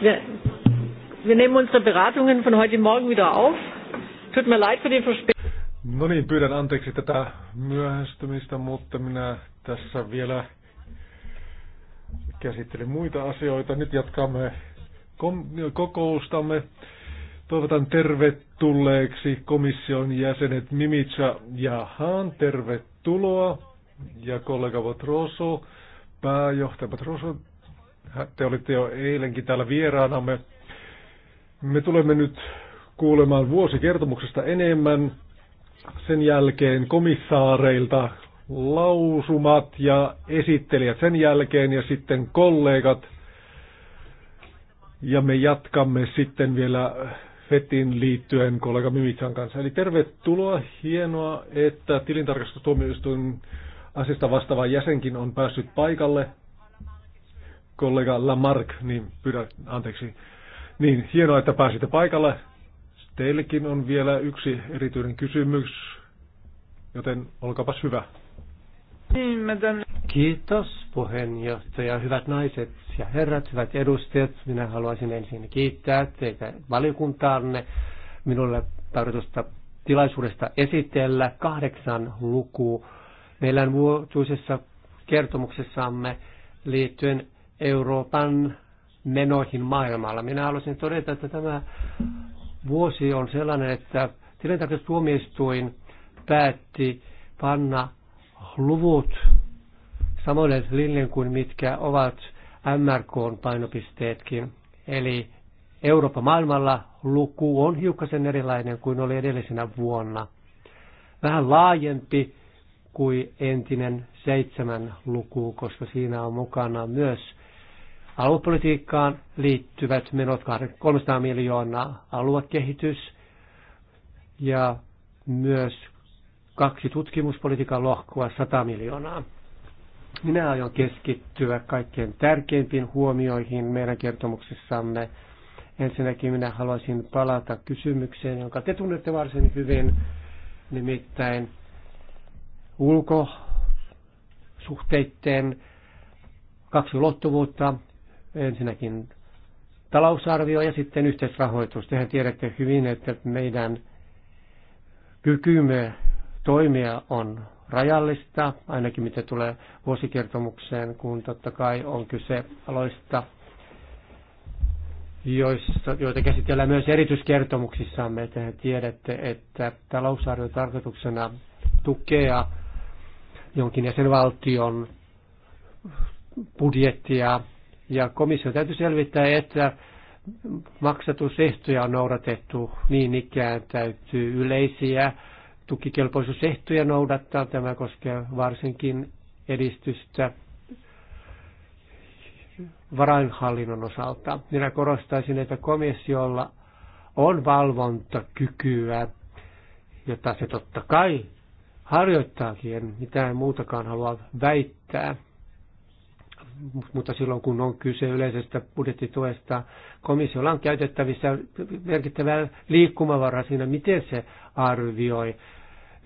Wir, wir nehmen unsere Beratungen von heute Morgen wieder auf. Tut mir leid für die Verspätung. No niin, pyydän anteeksi tätä myöhästymistä, mutta minä tässä vielä käsittelin muita asioita. Nyt jatkamme kokoustamme. Toivotan tervetulleeksi komission jäsenet Mimitsa ja Haan. Tervetuloa. Ja kollega Votroso, pääjohtaja Votroso, te olitte jo eilenkin täällä Me, Me tulemme nyt kuulemaan vuosikertomuksesta enemmän. Sen jälkeen komissaareilta lausumat ja esittelijät sen jälkeen ja sitten kollegat. Ja me jatkamme sitten vielä FETin liittyen kollega Mimitsan kanssa. Eli tervetuloa. Hienoa, että tilintarkastustuomioistuin asiasta vastaava jäsenkin on päässyt paikalle kollega Lamarck, niin pyydän anteeksi. Niin, hienoa, että pääsitte paikalle. Teillekin on vielä yksi erityinen kysymys, joten olkapas hyvä. Niin, Kiitos puheenjohtaja, hyvät naiset ja herrat, hyvät edustajat. Minä haluaisin ensin kiittää teitä valiokuntaanne minulle tarjotusta tilaisuudesta esitellä kahdeksan lukua meidän vuotuisessa kertomuksessamme liittyen Euroopan menoihin maailmalla. Minä haluaisin todeta, että tämä vuosi on sellainen, että tilintarkastustuomioistuin päätti panna luvut samoille linjan kuin mitkä ovat MRKn painopisteetkin. Eli Euroopan maailmalla luku on hiukkasen erilainen kuin oli edellisenä vuonna. Vähän laajempi kuin entinen seitsemän luku, koska siinä on mukana myös aluepolitiikkaan liittyvät menot 300 miljoonaa aluekehitys ja myös kaksi tutkimuspolitiikan lohkoa 100 miljoonaa. Minä aion keskittyä kaikkein tärkeimpiin huomioihin meidän kertomuksessamme. Ensinnäkin minä haluaisin palata kysymykseen, jonka te tunnette varsin hyvin, nimittäin ulkosuhteiden kaksi ulottuvuutta, Ensinnäkin talousarvio ja sitten yhteisrahoitus. Tehän tiedätte hyvin, että meidän kykymme toimia on rajallista, ainakin mitä tulee vuosikertomukseen, kun totta kai on kyse aloista, joissa, joita käsitellään myös erityiskertomuksissamme. Tehän tiedätte, että talousarvio tarkoituksena tukea jonkin jäsenvaltion budjettia ja komissio täytyy selvittää, että maksatusehtoja on noudatettu, niin ikään täytyy yleisiä tukikelpoisuusehtoja noudattaa. Tämä koskee varsinkin edistystä varainhallinnon osalta. Minä korostaisin, että komissiolla on valvontakykyä, jota se totta kai harjoittaakin, en mitään muutakaan halua väittää mutta silloin kun on kyse yleisestä budjettituesta, komissiolla on käytettävissä merkittävä liikkumavara siinä, miten se arvioi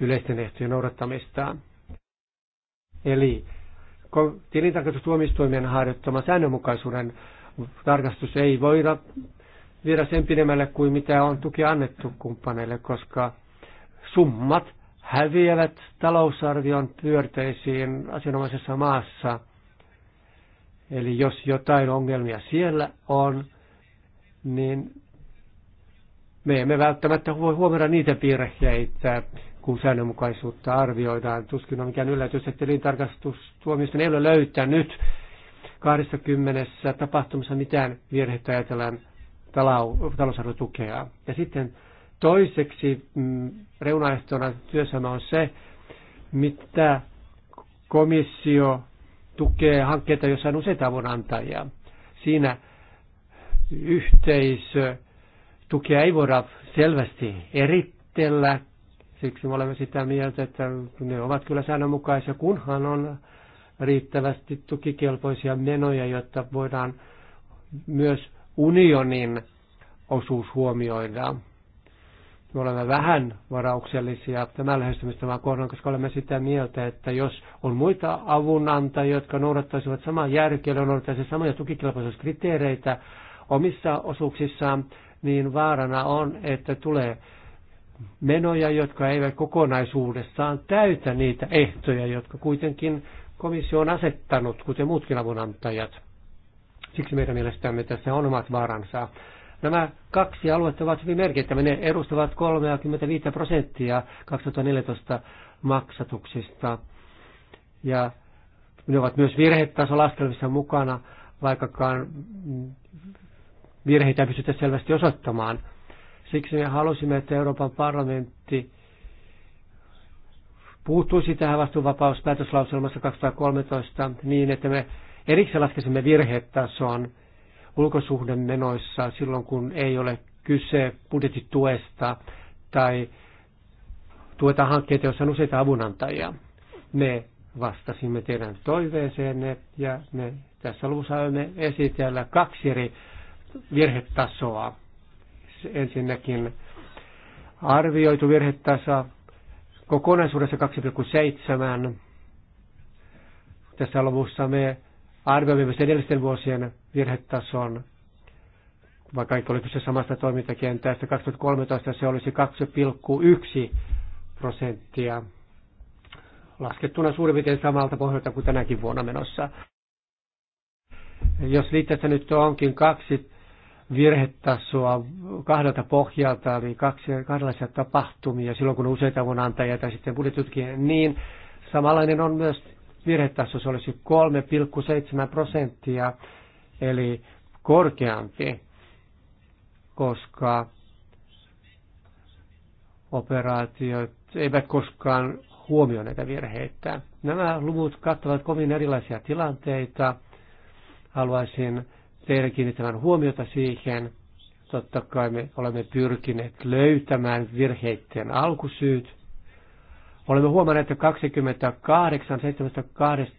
yleisten ehtojen noudattamista. Eli tilintarkastustuomistoimien harjoittama säännönmukaisuuden tarkastus ei voida viedä sen pidemmälle kuin mitä on tuki annettu kumppaneille, koska summat häviävät talousarvion pyörteisiin asianomaisessa maassa – Eli jos jotain ongelmia siellä on, niin me emme välttämättä voi huomioida niitä piirrehjeitä, kun säännönmukaisuutta arvioidaan. Tuskin on mikään yllätys, että elintarkastustuomioista ei ole löytänyt 20 tapahtumassa mitään virhettä ajatellaan talousarvotukea. Ja sitten toiseksi mm, reunaehtona työssämme on se, mitä komissio tukee hankkeita, joissa on useita avunantajia. Siinä yhteisö tukea ei voida selvästi erittellä. Siksi me olemme sitä mieltä, että ne ovat kyllä säännönmukaisia, kunhan on riittävästi tukikelpoisia menoja, jotta voidaan myös unionin osuus huomioida me olemme vähän varauksellisia tämän lähestymistavan kohdan, koska olemme sitä mieltä, että jos on muita avunantajia, jotka noudattaisivat samaa järkeä, noudattaisivat samoja tukikelpoisuuskriteereitä omissa osuuksissaan, niin vaarana on, että tulee menoja, jotka eivät kokonaisuudessaan täytä niitä ehtoja, jotka kuitenkin komissio on asettanut, kuten muutkin avunantajat. Siksi meidän mielestämme tässä on omat vaaransa. Nämä kaksi aluetta ovat hyvin merkittäviä. Ne edustavat 35 prosenttia 2014 maksatuksista. Ja ne ovat myös virhetaso laskelmissa mukana, vaikkakaan virheitä ei pystytä selvästi osoittamaan. Siksi me halusimme, että Euroopan parlamentti puuttuisi tähän vastuunvapauspäätöslauselmassa 2013 niin, että me erikseen laskisimme virhetason – ulkosuhdemenoissa silloin, kun ei ole kyse budjettituesta tai tuetaan hankkeita, joissa on useita avunantajia. Me vastasimme teidän toiveeseenne ja me tässä luvussa me esitellä kaksi eri virhetasoa. Ensinnäkin arvioitu virhetaso kokonaisuudessa 2,7. Tässä luvussa me arvioimme myös edellisten vuosien virhetason, vaikka kaikki oli kyse samasta toimintakentästä. 2013 se olisi 2,1 prosenttia laskettuna suurin piirtein samalta pohjalta kuin tänäkin vuonna menossa. Jos liitteessä nyt onkin kaksi virhetasoa kahdelta pohjalta, eli kaksi, kahdenlaisia tapahtumia silloin, kun useita vuonna antajia tai sitten budjetutkin niin samanlainen on myös virhetaso se olisi 3,7 prosenttia, eli korkeampi, koska operaatiot eivät koskaan huomio näitä virheitä. Nämä luvut kattavat kovin erilaisia tilanteita. Haluaisin teidän kiinnittämään huomiota siihen. Totta kai me olemme pyrkineet löytämään virheiden alkusyyt, Olemme huomanneet, että 28 72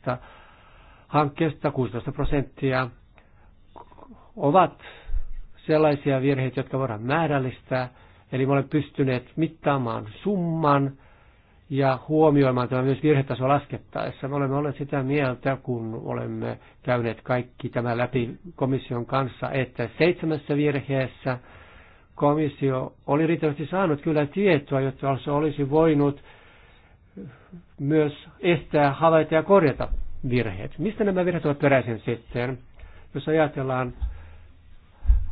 hankkeesta 16 prosenttia ovat sellaisia virheitä, jotka voidaan määrällistää. Eli me olemme pystyneet mittaamaan summan ja huomioimaan tämä myös virhetaso laskettaessa. Me olemme olleet sitä mieltä, kun olemme käyneet kaikki tämä läpi komission kanssa, että seitsemässä virheessä komissio oli riittävästi saanut kyllä tietoa, jotta se olisi voinut myös estää, havaita ja korjata virheet. Mistä nämä virheet ovat peräisin sitten? Jos ajatellaan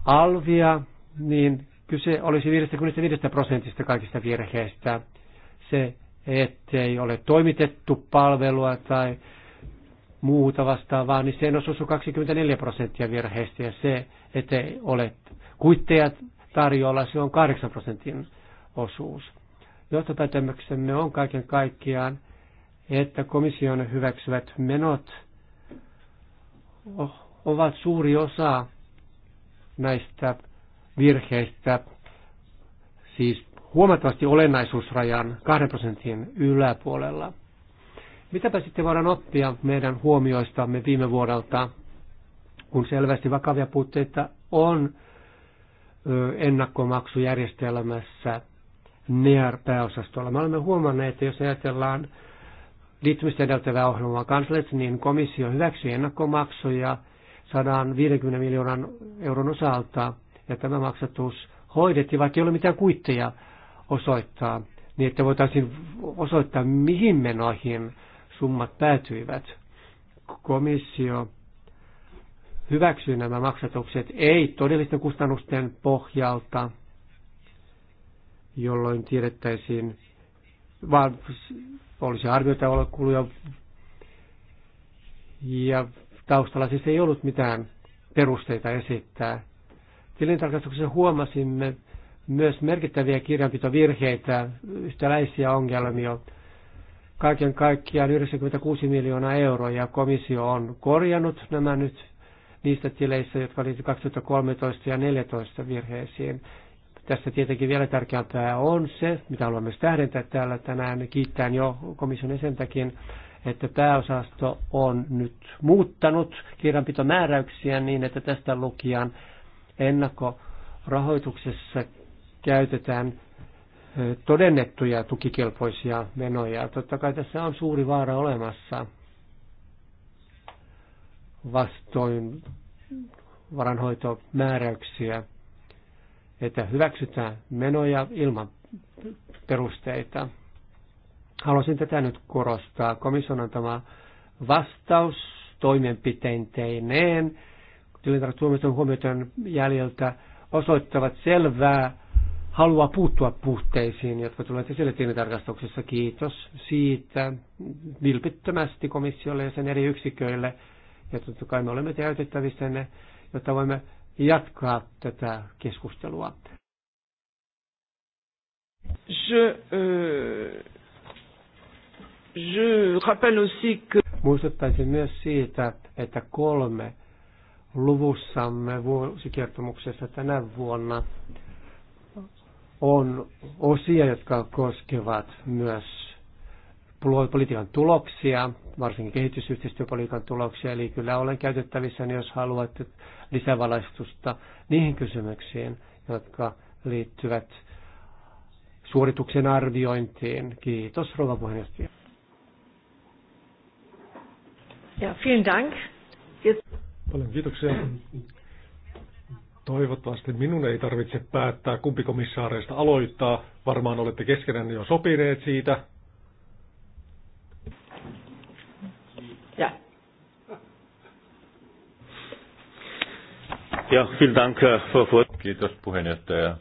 alvia, niin kyse olisi 55 prosentista kaikista virheistä. Se, ettei ole toimitettu palvelua tai muuta vastaavaa, niin on osuus on 24 prosenttia virheistä ja se, ettei ole kuitteja tarjolla, se on 8 prosentin osuus. Johtopäätämyksemme on kaiken kaikkiaan, että komission hyväksyvät menot ovat suuri osa näistä virheistä, siis huomattavasti olennaisuusrajan 2 prosentin yläpuolella. Mitäpä sitten voidaan oppia meidän huomioistamme viime vuodelta, kun selvästi vakavia puutteita on ennakkomaksujärjestelmässä – NEAR-pääosastolla. Me olemme huomanneet, että jos ajatellaan liittymistä edeltävää ohjelmaa kansalaiset, niin komissio hyväksyi ennakkomaksuja 150 miljoonan euron osalta, ja tämä maksatus hoidettiin, vaikka ei ole mitään kuitteja osoittaa, niin että voitaisiin osoittaa, mihin menoihin summat päätyivät. Komissio hyväksyy nämä maksatukset ei todellisten kustannusten pohjalta, jolloin tiedettäisiin, vaan olisi arvioita olla kuluja. Ja taustalla siis ei ollut mitään perusteita esittää. Tilintarkastuksessa huomasimme myös merkittäviä kirjanpitovirheitä, yhtäläisiä ongelmia. Kaiken kaikkiaan 96 miljoonaa euroa ja komissio on korjannut nämä nyt niistä tileissä, jotka liittyvät 2013 ja 2014 virheisiin. Tässä tietenkin vielä tärkeämpää on se, mitä haluan myös tähdentää täällä tänään, kiittäen jo komission esentäkin, että pääosasto on nyt muuttanut kirjanpitomääräyksiä niin, että tästä lukijan ennakkorahoituksessa käytetään todennettuja tukikelpoisia menoja. Totta kai tässä on suuri vaara olemassa vastoin varanhoitomääräyksiä että hyväksytään menoja ilman perusteita. Haluaisin tätä nyt korostaa. Komission antama vastaus toimenpiteineen tilintarkastustuomioistuimen huomioiden jäljiltä osoittavat selvää halua puuttua puutteisiin, jotka tulevat esille tilintarkastuksessa. Kiitos siitä vilpittömästi komissiolle ja sen eri yksiköille. Ja totta kai me olemme täytettävissä ne, jotta voimme jatkaa tätä keskustelua. Je, euh, je rappelle aussi que... Muistuttaisin myös siitä, että kolme luvussamme vuosikertomuksessa tänä vuonna on osia, jotka koskevat myös politiikan tuloksia, varsinkin kehitysyhteistyöpolitiikan tuloksia, eli kyllä olen käytettävissä, niin jos haluatte lisävalaistusta niihin kysymyksiin, jotka liittyvät suorituksen arviointiin. Kiitos, rouva puheenjohtaja. Ja, vielen dank. Paljon kiitoksia. Toivottavasti minun ei tarvitse päättää, kumpi komissaareista aloittaa. Varmaan olette keskenään jo sopineet siitä. Ja, vielen Dank. Äh, Kiitos puheenjohtaja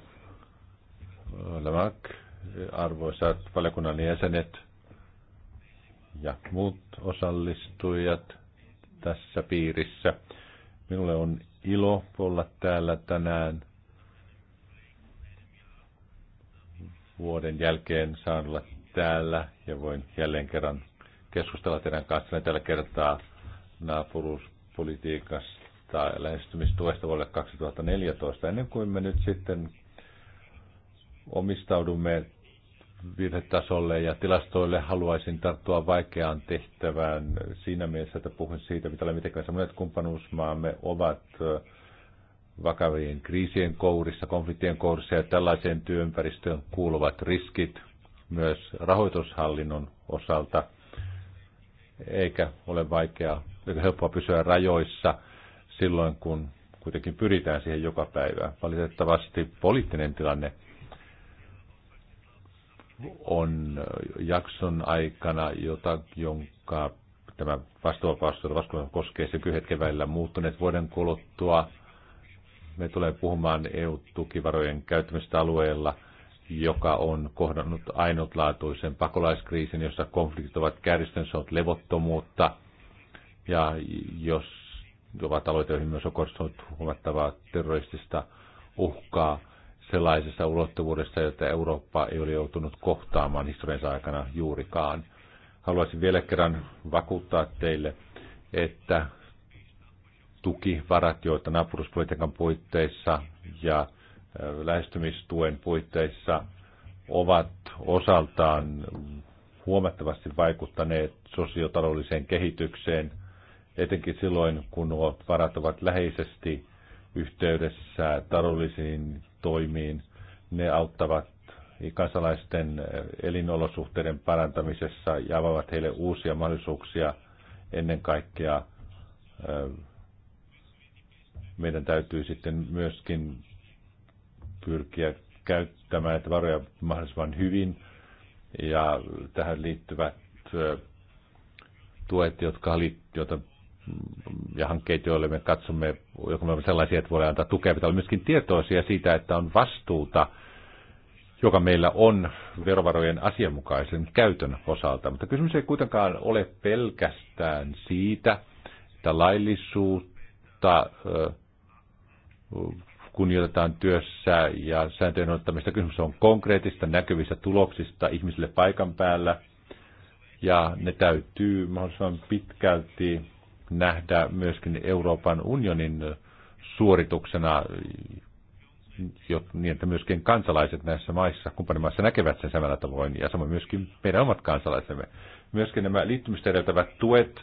Lamak, arvoisat valiokunnan jäsenet ja muut osallistujat tässä piirissä. Minulle on ilo olla täällä tänään. Vuoden jälkeen saan olla täällä ja voin jälleen kerran keskustella teidän kanssanne tällä kertaa naapuruuspolitiikasta uudesta lähestymistuesta vuodelle 2014, ennen kuin me nyt sitten omistaudumme virhetasolle ja tilastoille haluaisin tarttua vaikeaan tehtävään siinä mielessä, että puhun siitä, mitä olemme tekemässä. Monet kumppanuusmaamme ovat vakavien kriisien kourissa, konfliktien kourissa ja tällaiseen työympäristöön kuuluvat riskit myös rahoitushallinnon osalta, eikä ole vaikeaa, eikä helppoa pysyä rajoissa – silloin, kun kuitenkin pyritään siihen joka päivä. Valitettavasti poliittinen tilanne on jakson aikana, jota, jonka tämä vastuuvapaus, vastuun koskee se hetken välillä muuttuneet vuoden kuluttua. Me tulee puhumaan EU-tukivarojen käyttämistä alueella, joka on kohdannut ainutlaatuisen pakolaiskriisin, jossa konfliktit ovat kärjistyneet, levottomuutta, ja jos joka aloita, myös on korostunut huomattavaa terroristista uhkaa sellaisessa ulottuvuudessa, jota Eurooppa ei ole joutunut kohtaamaan historiansa aikana juurikaan. Haluaisin vielä kerran vakuuttaa teille, että tukivarat, joita naapuruspolitiikan puitteissa ja lähestymistuen puitteissa ovat osaltaan huomattavasti vaikuttaneet sosiotaloudelliseen kehitykseen etenkin silloin, kun nuo varat ovat läheisesti yhteydessä taloudellisiin toimiin. Ne auttavat kansalaisten eh, elinolosuhteiden parantamisessa ja avaavat heille uusia mahdollisuuksia ennen kaikkea eh, meidän täytyy sitten myöskin pyrkiä käyttämään että varoja mahdollisimman hyvin. Ja tähän liittyvät eh, tuet, jotka, joita ja hankkeita, joille me katsomme, joko me sellaisia, että voidaan antaa tukea. Pitää olla myöskin tietoisia siitä, että on vastuuta, joka meillä on verovarojen asianmukaisen käytön osalta. Mutta kysymys ei kuitenkaan ole pelkästään siitä, että laillisuutta kunnioitetaan työssä ja sääntöjen ottamista. Kysymys on konkreettista näkyvistä tuloksista ihmisille paikan päällä. Ja ne täytyy mahdollisimman pitkälti nähdä myöskin Euroopan unionin suorituksena, niin että myöskin kansalaiset näissä maissa, kumppanimaissa näkevät sen samalla tavoin, ja samoin myöskin meidän omat kansalaisemme. Myöskin nämä liittymistä edeltävät tuet,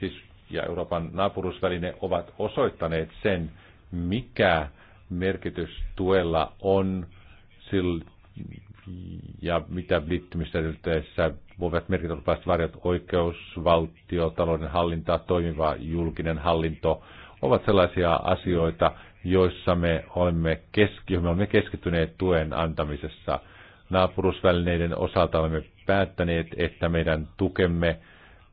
siis ja Euroopan naapuruusväline ovat osoittaneet sen, mikä merkitys tuella on sillä, ja mitä liittymistä edeltäessä voivat merkittävästi varjot oikeusvaltio, talouden hallinta, toimiva julkinen hallinto, ovat sellaisia asioita, joissa me olemme, keski, me olemme keskittyneet tuen antamisessa. Naapurusvälineiden osalta olemme päättäneet, että meidän tukemme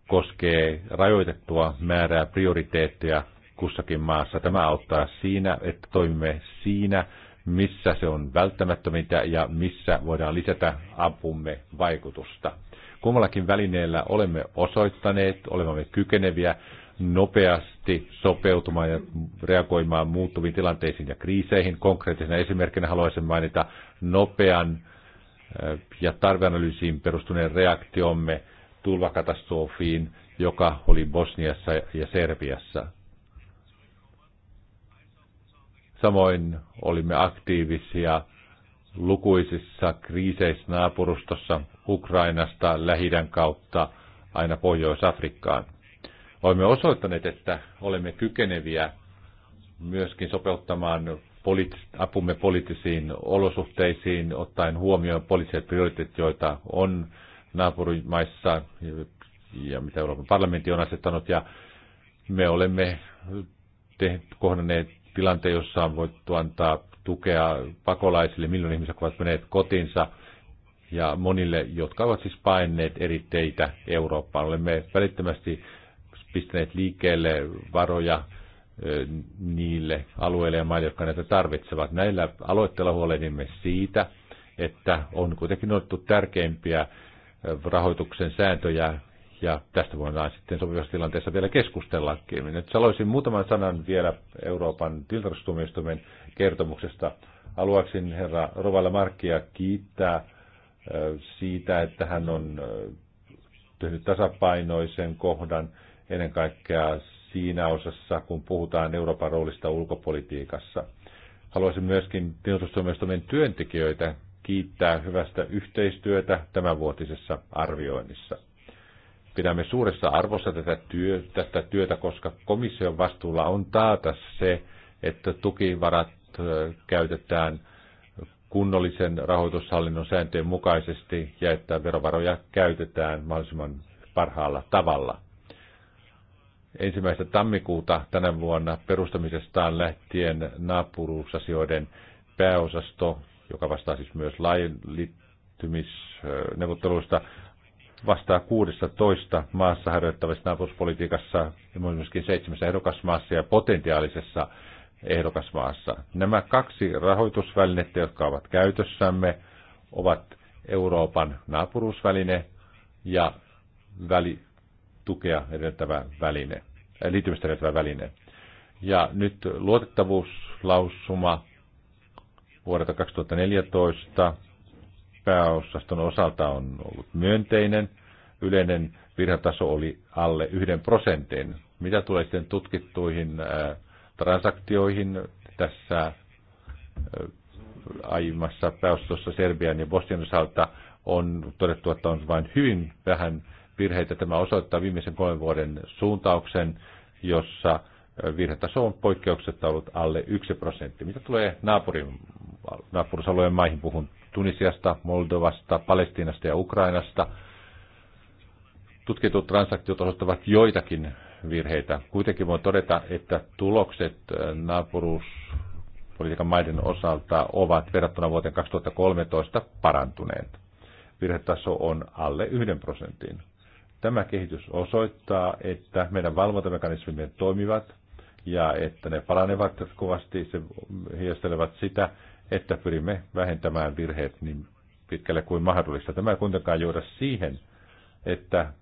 koskee rajoitettua määrää prioriteetteja kussakin maassa. Tämä auttaa siinä, että toimimme siinä, missä se on välttämättömintä ja missä voidaan lisätä apumme vaikutusta. Kummallakin välineellä olemme osoittaneet, olemme kykeneviä nopeasti sopeutumaan ja reagoimaan muuttuviin tilanteisiin ja kriiseihin. Konkreettisena esimerkkinä haluaisin mainita nopean eh, ja tarveanalyysiin perustuneen reaktiomme tulvakatastrofiin, joka oli Bosniassa ja Serbiassa. Samoin olimme aktiivisia lukuisissa kriiseissä naapurustossa, Ukrainasta, lähidän kautta aina Pohjois-Afrikkaan. Olemme osoittaneet, että olemme kykeneviä myöskin sopeuttamaan poliittis- apumme poliittisiin olosuhteisiin, ottaen huomioon poliittiset prioriteetit, joita on naapurimaissa ja mitä Euroopan parlamentti on asettanut. Ja me olemme te- kohdanneet tilanteen, jossa on voitu antaa tukea pakolaisille, milloin ihmiset ovat menneet kotiinsa – ja monille, jotka ovat siis paineet eri teitä Eurooppaan. Olemme välittömästi pistäneet liikkeelle varoja niille alueille ja maille, jotka näitä tarvitsevat. Näillä aloitteilla huolehdimme siitä, että on kuitenkin otettu tärkeimpiä rahoituksen sääntöjä, ja tästä voidaan sitten sopivassa tilanteessa vielä keskustellakin. Nyt sanoisin muutaman sanan vielä Euroopan tiltarustuomioistuimen kertomuksesta. Haluaisin herra Rovalla Markkia kiittää siitä, että hän on tehnyt tasapainoisen kohdan ennen kaikkea siinä osassa, kun puhutaan Euroopan roolista ulkopolitiikassa. Haluaisin myöskin tietotustuomioistuimen työntekijöitä kiittää hyvästä yhteistyötä tämänvuotisessa arvioinnissa. Pidämme suuressa arvossa tätä, työ, tätä työtä, koska komission vastuulla on taata se, että tukivarat käytetään – kunnollisen rahoitushallinnon sääntöjen mukaisesti ja että verovaroja käytetään mahdollisimman parhaalla tavalla. Ensimmäistä tammikuuta tänä vuonna perustamisestaan lähtien naapuruusasioiden pääosasto, joka vastaa siis myös lailliittymisneuvotteluista, vastaa 16 maassa harjoittavassa naapuruspolitiikassa ja myöskin seitsemässä ehdokasmaassa ja potentiaalisessa ehdokasmaassa. Nämä kaksi rahoitusvälinettä, jotka ovat käytössämme, ovat Euroopan naapuruusväline ja väli, tukea edeltävä väline, äh, liittymistä edeltävä väline. Ja nyt luotettavuuslausuma vuodelta 2014 pääosaston osalta on ollut myönteinen. Yleinen virhataso oli alle yhden prosentin. Mitä tulee sitten tutkittuihin ää, äh, transaktioihin tässä aiemmassa päästössä Serbian ja Bosnian osalta on todettu, että on vain hyvin vähän virheitä. Tämä osoittaa viimeisen kolmen vuoden suuntauksen, jossa virhetaso on poikkeuksetta ollut alle 1 prosentti. Mitä tulee naapurin, naapurusalueen maihin, puhun Tunisiasta, Moldovasta, Palestiinasta ja Ukrainasta. Tutkitut transaktiot osoittavat joitakin virheitä. Kuitenkin voin todeta, että tulokset äh, naapuruuspolitiikan maiden osalta ovat verrattuna vuoteen 2013 parantuneet. Virhetaso on alle 1 prosentin. Tämä kehitys osoittaa, että meidän valvontamekanismimme toimivat ja että ne paranevat kovasti. Se hiestelevat sitä, että pyrimme vähentämään virheet niin pitkälle kuin mahdollista. Tämä ei kuitenkaan johda siihen, että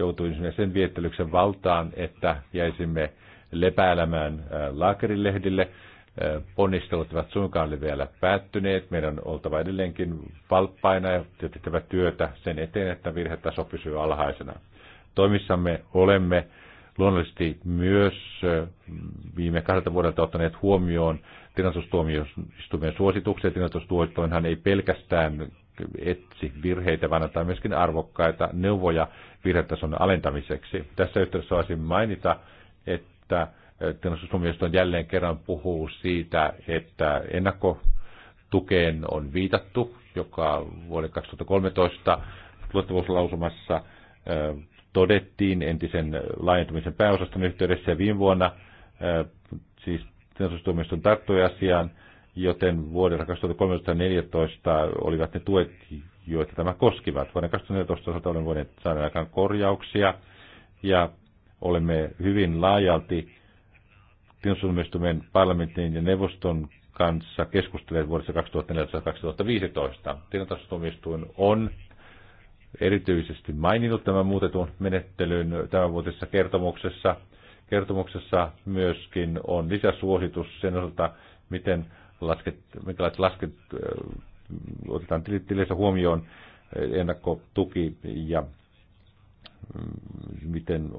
joutuisimme sen viettelyksen valtaan, että jäisimme lepäilemään laakerilehdille. Ponnistelut eivät suinkaan ole vielä päättyneet. Meidän on oltava edelleenkin valppaina ja tehtävä työtä sen eteen, että virhetaso pysyy alhaisena. Toimissamme olemme luonnollisesti myös viime kahdelta vuodelta ottaneet huomioon tilastustuomioistuimen suositukset. Tilastustuomioistuinhan ei pelkästään etsi virheitä, vaan antaa myöskin arvokkaita neuvoja virhetason alentamiseksi. Tässä yhteydessä haluaisin mainita, että tilastustuomioistuin jälleen kerran puhuu siitä, että ennakkotukeen on viitattu, joka vuoden 2013 luottamuslausumassa todettiin entisen laajentumisen pääosaston yhteydessä ja viime vuonna siis tilastustuomioistuin tarttui asiaan joten vuodella 2013 olivat ne tuet, joita tämä koskivat. Vuoden 2014 osalta olemme voineet saada aikaan korjauksia ja olemme hyvin laajalti tietosuojelmistumien parlamentin ja neuvoston kanssa keskustelleet vuodessa 2014-2015. Tietosuojelmistuin on erityisesti maininnut tämän muutetun menettelyn tämänvuotisessa kertomuksessa. Kertomuksessa myöskin on lisäsuositus sen osalta, miten lasket, minkälaiset lasket otetaan tilissä huomioon, ennakkotuki ja mm, miten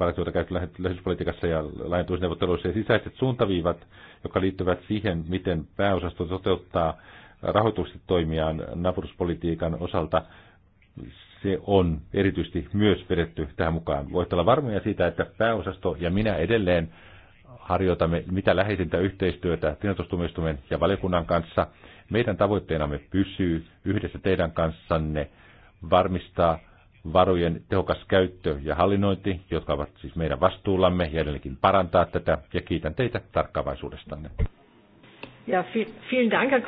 varat, joita käytetään lähetyspolitiikassa ja laajentumisneuvotteluissa ja sisäiset suuntaviivat, jotka liittyvät siihen, miten pääosasto toteuttaa rahoituksesta toimiaan naapuruspolitiikan osalta, se on erityisesti myös vedetty tähän mukaan. Voit olla varmoja siitä, että pääosasto ja minä edelleen harjoitamme mitä läheisintä yhteistyötä tietotustumistumien ja valiokunnan kanssa. Meidän tavoitteenamme pysyy yhdessä teidän kanssanne varmistaa varojen tehokas käyttö ja hallinnointi, jotka ovat siis meidän vastuullamme ja edelleenkin parantaa tätä. Ja kiitän teitä tarkkaavaisuudestanne. Ja vielen dank, Herr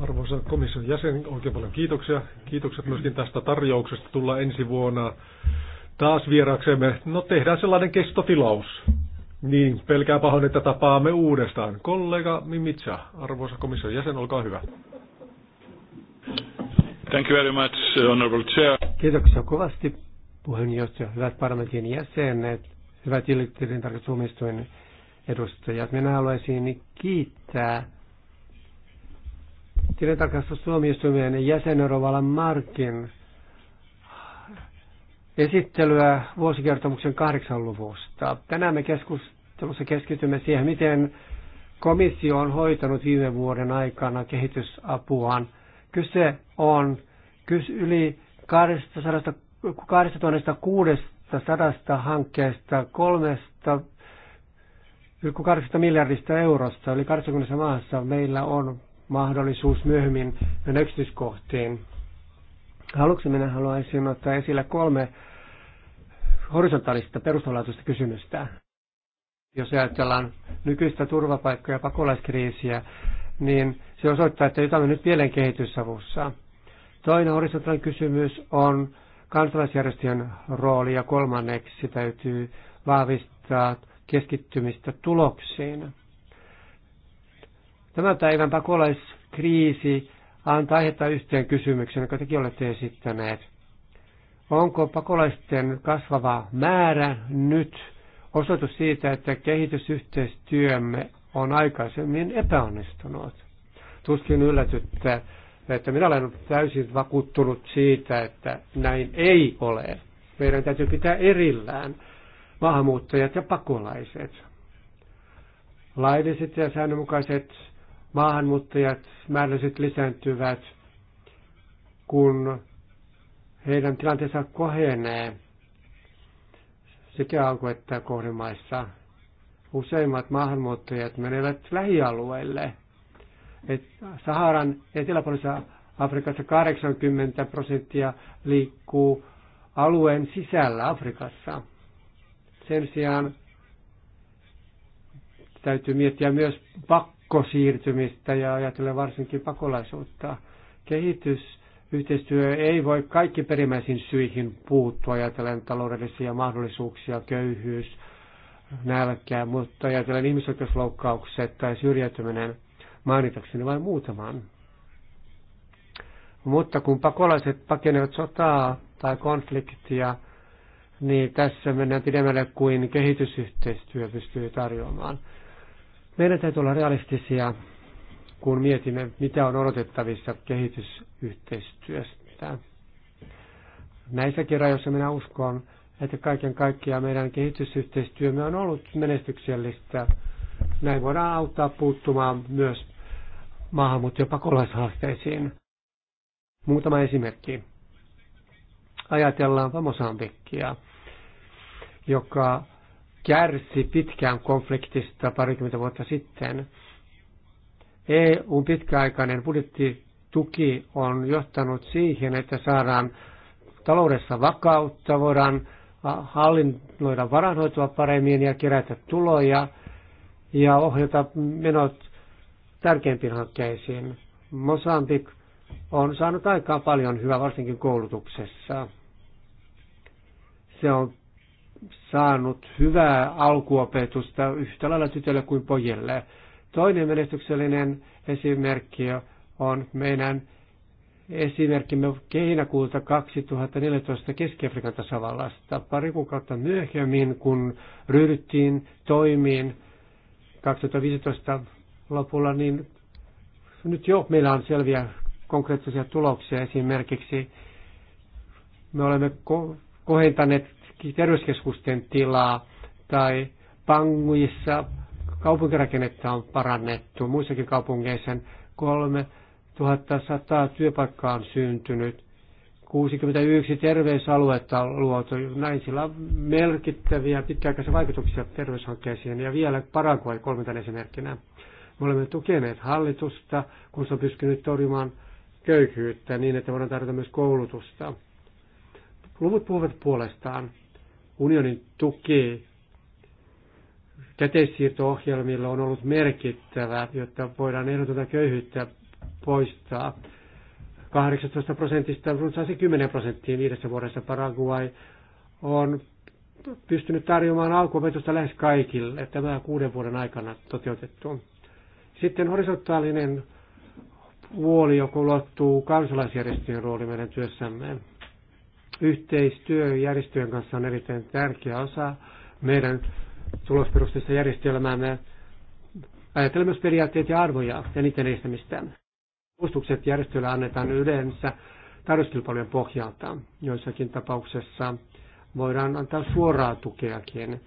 Arvoisa komission jäsen, oikein paljon kiitoksia. Kiitokset myöskin tästä tarjouksesta tulla ensi vuonna taas vieraksemme. No tehdään sellainen kestotilaus. Niin, pelkää pahoin, että tapaamme uudestaan. Kollega Mimitsa, arvoisa komission jäsen, olkaa hyvä. Thank you very much, uh, honorable chair. Kiitoksia kovasti puheenjohtaja, hyvät parlamentin jäsenet, hyvät tilintarkastustuomioistuin edustajat. Minä haluaisin kiittää tilintarkastustuomioistuimen jäsenen Rovalan Markin esittelyä vuosikertomuksen kahdeksan luvusta. Tänään me keskustelussa keskitymme siihen, miten komissio on hoitanut viime vuoden aikana kehitysapuaan. Kyse on kyse yli 2600 hankkeesta 3,8 miljardista eurosta. Eli 80 maassa meillä on mahdollisuus myöhemmin yksityiskohtiin Aluksi minä haluaisin ottaa esille kolme horisontaalista perustavanlaatuista kysymystä. Jos ajatellaan nykyistä turvapaikka- ja pakolaiskriisiä, niin se osoittaa, että jotain on nyt vielä kehitysavussa. Toinen horisontaalinen kysymys on kansalaisjärjestöjen rooli ja kolmanneksi täytyy vahvistaa keskittymistä tuloksiin. Tämän päivän pakolaiskriisi antaa aihetta yhteen kysymykseen, jonka tekin olette esittäneet. Onko pakolaisten kasvava määrä nyt osoitus siitä, että kehitysyhteistyömme on aikaisemmin epäonnistunut? Tuskin yllätyttä, että minä olen täysin vakuuttunut siitä, että näin ei ole. Meidän täytyy pitää erillään maahanmuuttajat ja pakolaiset. Laidiset ja säännönmukaiset maahanmuuttajat määrälliset lisääntyvät, kun heidän tilanteensa kohenee sekä alku- että kohdimaissa. Useimmat maahanmuuttajat menevät lähialueille. Et Saharan eteläpuolisessa Afrikassa 80 prosenttia liikkuu alueen sisällä Afrikassa. Sen sijaan täytyy miettiä myös pakko pakkosiirtymistä ja ajatellen varsinkin pakolaisuutta. Kehitysyhteistyö ei voi kaikki perimmäisiin syihin puuttua, ajatellen taloudellisia mahdollisuuksia, köyhyys, nälkää, mutta ajatellen ihmisoikeusloukkaukset tai syrjäytyminen mainitakseni vain muutaman. Mutta kun pakolaiset pakenevat sotaa tai konfliktia, niin tässä mennään pidemmälle kuin kehitysyhteistyö pystyy tarjoamaan. Meidän täytyy olla realistisia, kun mietimme, mitä on odotettavissa kehitysyhteistyöstä. Näissäkin rajoissa minä uskon, että kaiken kaikkiaan meidän kehitysyhteistyömme on ollut menestyksellistä. Näin voidaan auttaa puuttumaan myös maahanmuutto- ja pakolaishaasteisiin. Muutama esimerkki. Ajatellaanpa Mosambikkia, joka kärsi pitkään konfliktista parikymmentä vuotta sitten. EUn pitkäaikainen budjettituki on johtanut siihen, että saadaan taloudessa vakautta, voidaan hallinnoida varanhoitoa paremmin ja kerätä tuloja ja ohjata menot tärkeimpiin hankkeisiin. Mosambik on saanut aikaan paljon hyvää, varsinkin koulutuksessa. Se on saanut hyvää alkuopetusta yhtä lailla tytölle kuin pojille. Toinen menestyksellinen esimerkki on meidän esimerkkimme keinakuulta 2014 Keski-Afrikan tasavallasta. Pari kuukautta myöhemmin, kun ryhdyttiin toimiin 2015 lopulla, niin nyt jo meillä on selviä konkreettisia tuloksia. Esimerkiksi me olemme ko- kohentaneet terveyskeskusten tilaa tai Panguissa kaupunkirakennetta on parannettu. Muissakin kaupungeissa 3100 työpaikkaa on syntynyt. 61 terveysaluetta on luotu. Näin sillä on merkittäviä pitkäaikaisia vaikutuksia terveyshankkeisiin ja vielä Paraguay kolmantena esimerkkinä. Me olemme tukeneet hallitusta, kun se on pystynyt torjumaan köyhyyttä niin, että voidaan tarjota myös koulutusta. Luvut puhuvat puolestaan unionin tuki käteissiirto-ohjelmilla on ollut merkittävä, jotta voidaan ehdotonta köyhyyttä poistaa. 18 prosentista runsaasi 10 prosenttiin viidessä vuodessa Paraguay on pystynyt tarjoamaan alkuopetusta lähes kaikille. Tämä kuuden vuoden aikana toteutettu. Sitten horisontaalinen puoli, joka ulottuu kansalaisjärjestöjen rooli meidän työssämme. Yhteistyö järjestöjen kanssa on erittäin tärkeä osa meidän tulosperusteista järjestelmäämme. Ajatellaan myös periaatteet ja arvoja ja niiden edistämistä. Uustukset järjestöille annetaan yleensä tarjouskilpailujen pohjalta. Joissakin tapauksessa voidaan antaa suoraa tukeakin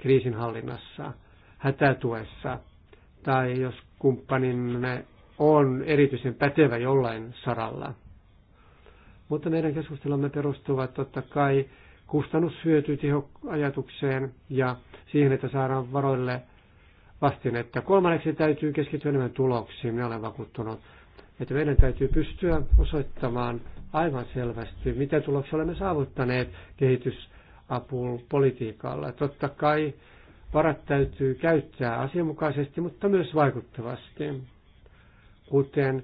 kriisinhallinnassa, hätätuessa tai jos kumppanimme on erityisen pätevä jollain saralla – mutta meidän keskustelumme perustuvat totta kai kustannushyötytehoajatukseen ja siihen, että saadaan varoille että Kolmanneksi täytyy keskittyä enemmän tuloksiin. Minä olen vakuuttunut, että meidän täytyy pystyä osoittamaan aivan selvästi, mitä tuloksia olemme saavuttaneet kehitysapupolitiikalla. Totta kai varat täytyy käyttää asianmukaisesti, mutta myös vaikuttavasti. Kuten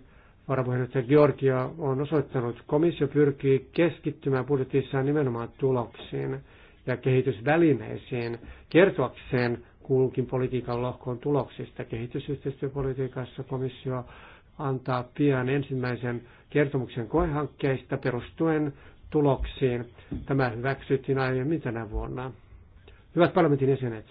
varapuheenjohtaja Georgia on osoittanut, komissio pyrkii keskittymään budjetissaan nimenomaan tuloksiin ja kehitysvälineisiin kertoakseen kuulunkin politiikan lohkoon tuloksista. Kehitysyhteistyöpolitiikassa komissio antaa pian ensimmäisen kertomuksen koehankkeista perustuen tuloksiin. Tämä hyväksyttiin aiemmin tänä vuonna. Hyvät parlamentin jäsenet,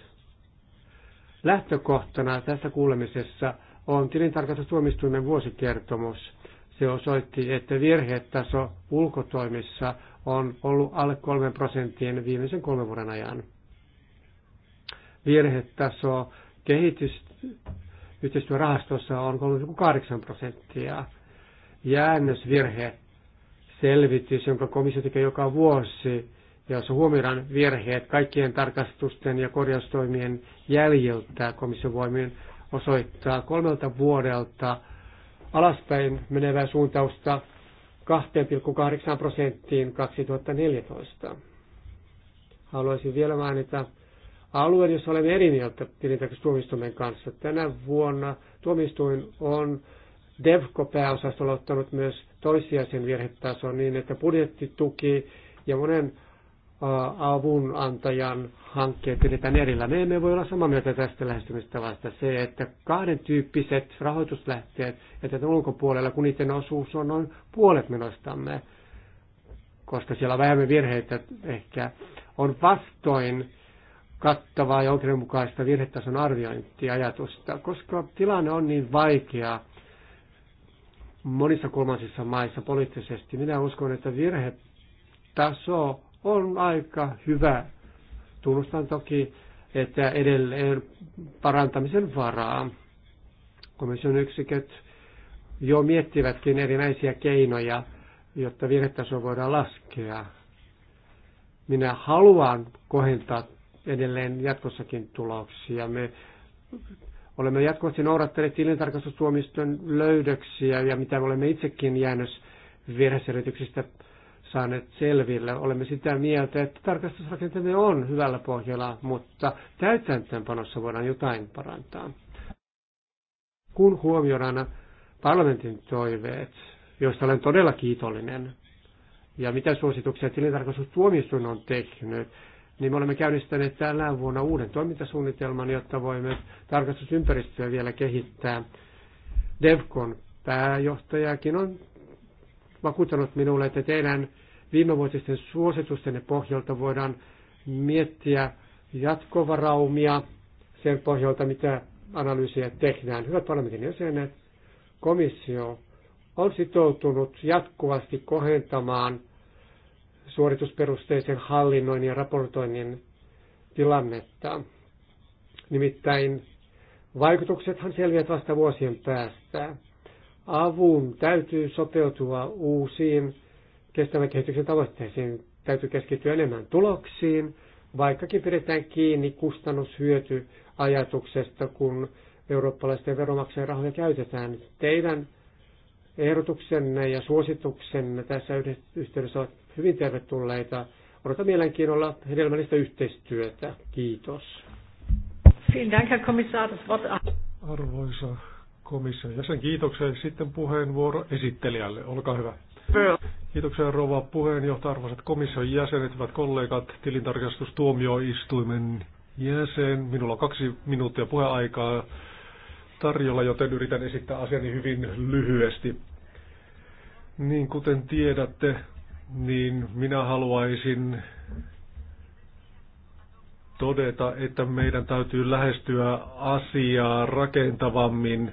lähtökohtana tässä kuulemisessa – on tilintarkastustuomistuimen vuosikertomus. Se osoitti, että virhetaso ulkotoimissa on ollut alle 3 prosenttien viimeisen kolmen vuoden ajan. Virhetaso kehitys yhteistyörahastossa on 3,8 prosenttia. Jäännösvirhe selvitys, jonka komissio tekee joka vuosi, ja jos huomioidaan virheet kaikkien tarkastusten ja korjaustoimien jäljiltä komission voimien osoittaa kolmelta vuodelta alaspäin menevää suuntausta 2,8 prosenttiin 2014. Haluaisin vielä mainita alueen, jossa olemme eri mieltä tilintarkastustuomioistuimen kanssa. Tänä vuonna tuomistuin on DEVCO-pääosastolla ottanut myös toissijaisen virhetason niin, että budjettituki ja monen avunantajan hankkeet pidetään erillä. Me emme voi olla samaa mieltä tästä lähestymistavasta. Se, että kahden tyyppiset rahoituslähteet että ulkopuolella, kun niiden osuus on noin puolet menostamme, koska siellä on vähemmän virheitä ehkä, on vastoin kattavaa ja oikeudenmukaista virhetason arviointiajatusta, koska tilanne on niin vaikea monissa kolmansissa maissa poliittisesti. Minä uskon, että virhetaso on aika hyvä. Tunnustan toki, että edelleen parantamisen varaa. Komission yksiköt jo miettivätkin erinäisiä keinoja, jotta virhetaso voidaan laskea. Minä haluan kohentaa edelleen jatkossakin tuloksia. Me olemme jatkuvasti noudattaneet tilintarkastustuomiston löydöksiä ja mitä olemme itsekin jäänyt virheselityksistä saaneet selville. Olemme sitä mieltä, että tarkastusrakenteemme on hyvällä pohjalla, mutta täytäntöönpanossa voidaan jotain parantaa. Kun huomioidaan parlamentin toiveet, joista olen todella kiitollinen, ja mitä suosituksia tilintarkastustuomioistuin on tehnyt, niin me olemme käynnistäneet tällä vuonna uuden toimintasuunnitelman, jotta voimme tarkastusympäristöä vielä kehittää. DevCon pääjohtajakin on vakuuttanut minulle, että teidän viimevuotisten suositusten pohjalta voidaan miettiä jatkovaraumia sen pohjalta, mitä analyysiä tehdään. Hyvät parlamentin jäsenet, komissio on sitoutunut jatkuvasti kohentamaan suoritusperusteisen hallinnoinnin ja raportoinnin tilannetta. Nimittäin vaikutuksethan selviät vasta vuosien päästä. Avun täytyy sopeutua uusiin kestävän kehityksen tavoitteisiin täytyy keskittyä enemmän tuloksiin, vaikkakin pidetään kiinni kustannushyötyajatuksesta, kun eurooppalaisten veronmaksajien rahoja käytetään. Teidän ehdotuksenne ja suosituksenne tässä yhteydessä ovat hyvin tervetulleita. Odotan mielenkiinnolla hedelmällistä yhteistyötä. Kiitos. Arvoisa komission jäsen, kiitoksia. Sitten puheenvuoro esittelijälle. Olkaa hyvä. Kiitoksia rouva puheenjohtaja, arvoisat komission jäsenet, hyvät kollegat, tilintarkastustuomioistuimen jäsen. Minulla on kaksi minuuttia puheaikaa tarjolla, joten yritän esittää asiani hyvin lyhyesti. Niin kuten tiedätte, niin minä haluaisin todeta, että meidän täytyy lähestyä asiaa rakentavammin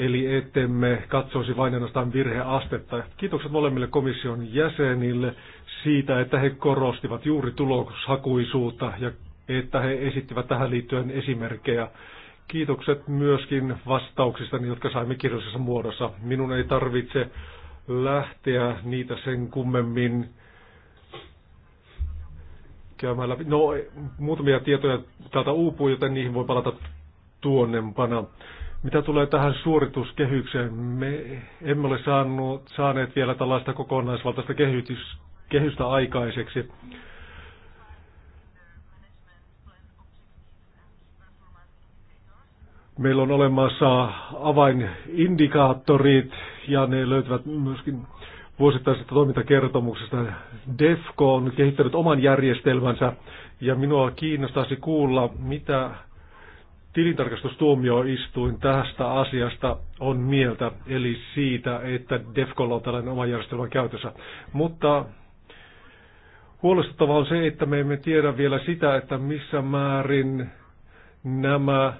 eli ettemme katsoisi vain ainoastaan virheastetta. Kiitokset molemmille komission jäsenille siitä, että he korostivat juuri tuloshakuisuutta ja että he esittivät tähän liittyen esimerkkejä. Kiitokset myöskin vastauksista, jotka saimme kirjallisessa muodossa. Minun ei tarvitse lähteä niitä sen kummemmin käymään läpi. No, muutamia tietoja täältä uupuu, joten niihin voi palata tuonnempana. Mitä tulee tähän suorituskehykseen, me emme ole saanut, saaneet vielä tällaista kokonaisvaltaista kehitys, kehystä aikaiseksi. Meillä on olemassa avainindikaattorit ja ne löytyvät myöskin vuosittaisesta toimintakertomuksesta. DEFCO on kehittänyt oman järjestelmänsä ja minua kiinnostaisi kuulla, mitä tilintarkastustuomioistuin tästä asiasta on mieltä, eli siitä, että DEFCOlla on tällainen oma järjestelmä käytössä. Mutta huolestuttavaa on se, että me emme tiedä vielä sitä, että missä määrin nämä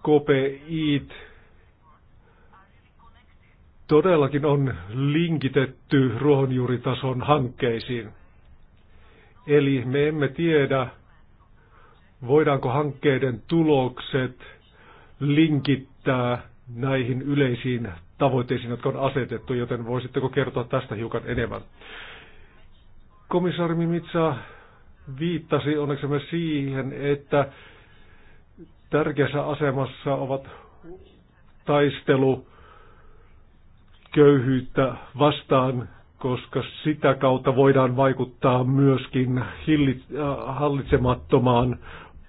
KPIt todellakin on linkitetty ruohonjuuritason hankkeisiin. Eli me emme tiedä, voidaanko hankkeiden tulokset linkittää näihin yleisiin tavoitteisiin, jotka on asetettu, joten voisitteko kertoa tästä hiukan enemmän? Komissaari Mimitsa viittasi onneksemme siihen, että tärkeässä asemassa ovat taistelu köyhyyttä vastaan, koska sitä kautta voidaan vaikuttaa myöskin äh, hallitsemattomaan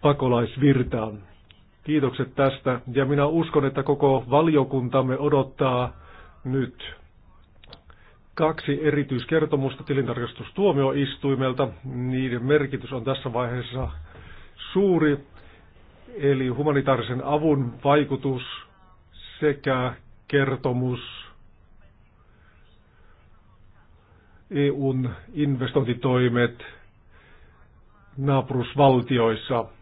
pakolaisvirtaan. Kiitokset tästä ja minä uskon, että koko valiokuntamme odottaa nyt kaksi erityiskertomusta tilintarkastustuomioistuimelta. Niiden merkitys on tässä vaiheessa suuri, eli humanitaarisen avun vaikutus sekä kertomus EUn investointitoimet naapurusvaltioissa –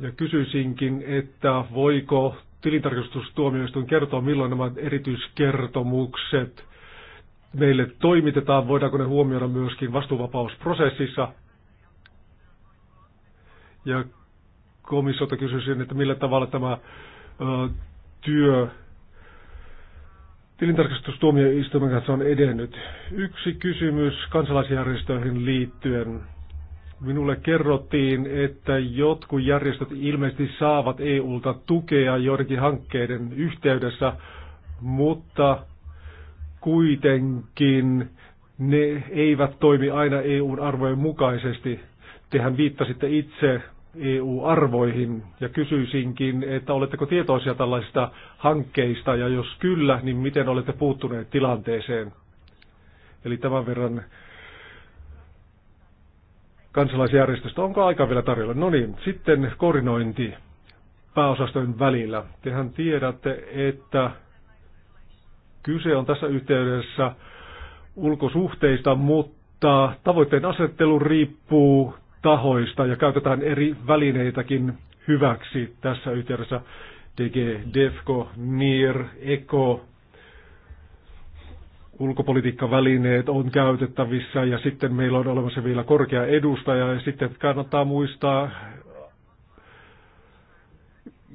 ja kysyisinkin, että voiko tilintarkastustuomioistuin kertoa, milloin nämä erityiskertomukset meille toimitetaan, voidaanko ne huomioida myöskin vastuuvapausprosessissa. Ja komissiota kysyisin, että millä tavalla tämä ö, työ tilintarkastustuomioistuimen kanssa on edennyt. Yksi kysymys kansalaisjärjestöihin liittyen Minulle kerrottiin, että jotkut järjestöt ilmeisesti saavat EUlta tukea joidenkin hankkeiden yhteydessä, mutta kuitenkin ne eivät toimi aina EUn arvojen mukaisesti. Tehän viittasitte itse EU-arvoihin ja kysyisinkin, että oletteko tietoisia tällaisista hankkeista ja jos kyllä, niin miten olette puuttuneet tilanteeseen? Eli tämän verran kansalaisjärjestöstä. Onko aika vielä tarjolla? No niin, sitten koordinointi pääosastojen välillä. Tehän tiedätte, että kyse on tässä yhteydessä ulkosuhteista, mutta tavoitteen asettelu riippuu tahoista ja käytetään eri välineitäkin hyväksi tässä yhteydessä. DG, DEFCO, NIR, ECO, ulkopolitiikkavälineet on käytettävissä ja sitten meillä on olemassa vielä korkea edustaja ja sitten kannattaa muistaa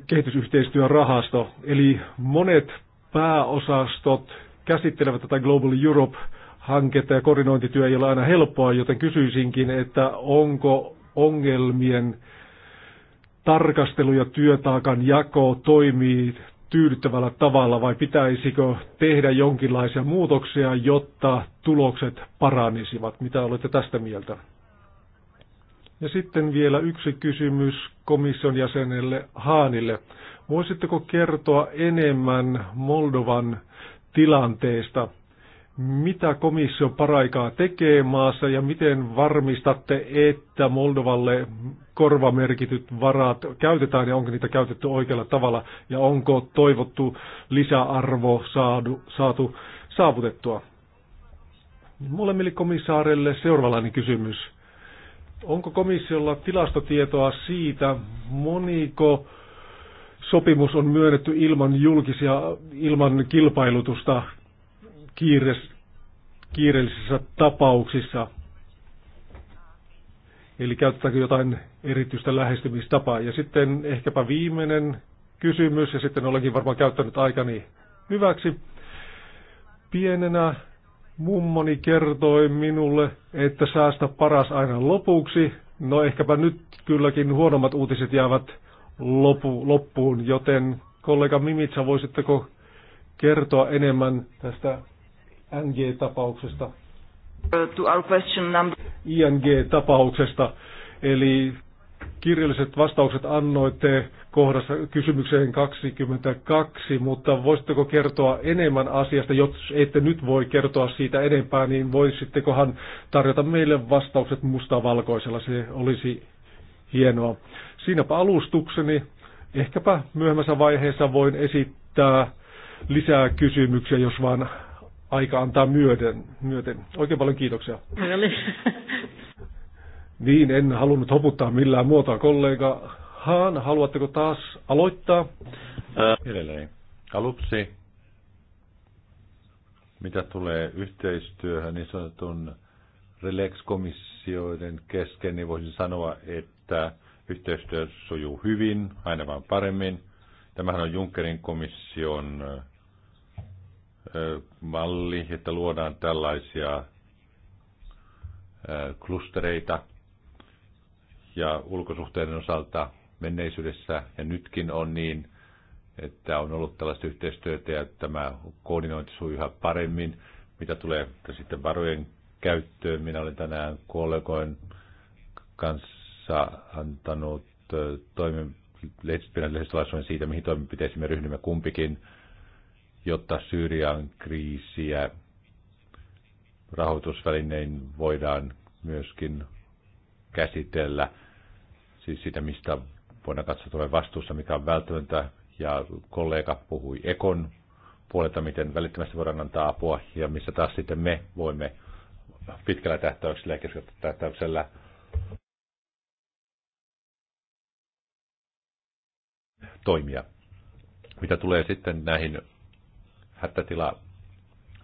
kehitysyhteistyörahasto. Eli monet pääosastot käsittelevät tätä Global Europe-hanketta ja koordinointityö ei ole aina helppoa, joten kysyisinkin, että onko ongelmien tarkastelu ja työtaakan jako toimii tyydyttävällä tavalla vai pitäisikö tehdä jonkinlaisia muutoksia, jotta tulokset paranisivat? Mitä olette tästä mieltä? Ja sitten vielä yksi kysymys komission jäsenelle Haanille. Voisitteko kertoa enemmän Moldovan tilanteesta? Mitä komissio paraikaa tekee maassa ja miten varmistatte, että Moldovalle korvamerkityt varat käytetään ja onko niitä käytetty oikealla tavalla ja onko toivottu lisäarvo saadu, saatu saavutettua. Molemmille komissaarille seuraavalainen kysymys. Onko komissiolla tilastotietoa siitä, moniko sopimus on myönnetty ilman julkisia, ilman kilpailutusta kiire, kiireellisissä tapauksissa – Eli käytetäänkö jotain erityistä lähestymistapaa? Ja sitten ehkäpä viimeinen kysymys, ja sitten olenkin varmaan käyttänyt aikani hyväksi. Pienenä mummoni kertoi minulle, että säästä paras aina lopuksi. No ehkäpä nyt kylläkin huonommat uutiset jäävät lopu, loppuun, joten kollega Mimitsa, voisitteko kertoa enemmän tästä NG-tapauksesta? Uh, to our question number... ING-tapauksesta. Eli kirjalliset vastaukset annoitte kohdassa kysymykseen 22, mutta voisitteko kertoa enemmän asiasta, jos ette nyt voi kertoa siitä enempää, niin voisittekohan tarjota meille vastaukset mustavalkoisella, se olisi hienoa. Siinäpä alustukseni, ehkäpä myöhemmässä vaiheessa voin esittää lisää kysymyksiä, jos vaan aika antaa myöten. myöten. Oikein paljon kiitoksia. No niin. niin, en halunnut hoputtaa millään muotoa kollega. Haan, haluatteko taas aloittaa? Ää, äh, edelleen. Aluksi, mitä tulee yhteistyöhön niin sanotun Relax-komissioiden kesken, niin voisin sanoa, että yhteistyö sujuu hyvin, aina vaan paremmin. Tämähän on Junckerin komission äh, malli, että luodaan tällaisia klustereita. Ja ulkosuhteiden osalta menneisyydessä ja nytkin on niin, että on ollut tällaista yhteistyötä ja tämä koordinointi sujuu yhä paremmin. Mitä tulee sitten varojen käyttöön, minä olen tänään kollegoin kanssa antanut toimen lehdistöpidän siitä, mihin toimenpiteisiin me ryhdymme kumpikin jotta Syyrian kriisiä rahoitusvälinein voidaan myöskin käsitellä, siis sitä, mistä voidaan katsoa tulee vastuussa, mikä on välttämätöntä, ja kollega puhui Ekon puolelta, miten välittömästi voidaan antaa apua, ja missä taas sitten me voimme pitkällä tähtäyksellä ja keskellä tähtäyksellä toimia. Mitä tulee sitten näihin hätätila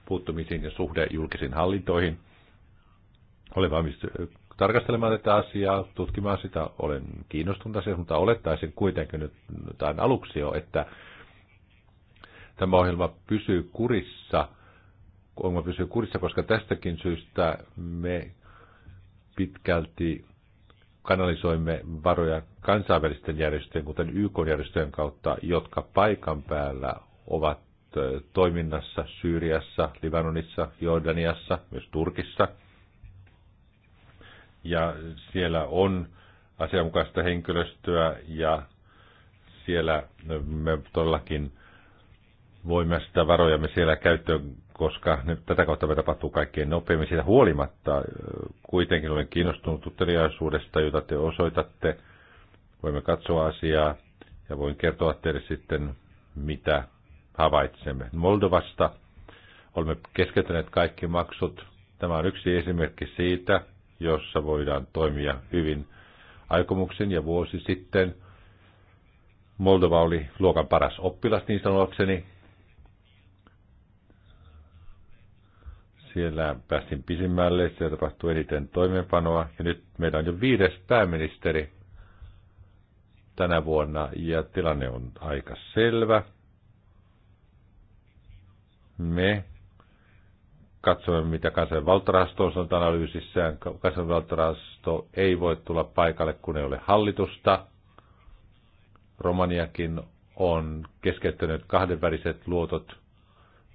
puuttumisiin ja suhde julkisiin hallintoihin. Olen valmis äh, tarkastelemaan tätä asiaa, tutkimaan sitä, olen kiinnostunut asiasta, mutta olettaisin kuitenkin nyt tämän aluksi jo, että tämä ohjelma pysyy kurissa, ohjelma pysyy kurissa, koska tästäkin syystä me pitkälti kanalisoimme varoja kansainvälisten järjestöjen, kuten YK-järjestöjen kautta, jotka paikan päällä ovat Äh, toiminnassa Syyriassa, Libanonissa, Jordaniassa, myös Turkissa. Ja siellä on asianmukaista henkilöstöä ja siellä me todellakin voimme sitä varojamme siellä käyttöön, koska ne, tätä kautta me tapahtuu kaikkein nopeimmin. Siitä huolimatta äh, kuitenkin olen kiinnostunut tutteliaisuudesta, jota te osoitatte. Voimme katsoa asiaa ja voin kertoa teille sitten, mitä havaitsemme. Moldovasta olemme keskeyttäneet kaikki maksut. Tämä on yksi esimerkki siitä, jossa voidaan toimia hyvin aikomuksen ja vuosi sitten. Moldova oli luokan paras oppilas niin sanoakseni. Siellä päästiin pisimmälle, siellä tapahtui eniten toimeenpanoa ja nyt meillä on jo viides pääministeri tänä vuonna ja tilanne on aika selvä. Me katsomme, mitä kansainvälinen on sanonut analyysissään. Kansainvälinen ei voi tulla paikalle, kun ei ole hallitusta. Romaniakin on keskeyttänyt kahdenväliset luotot.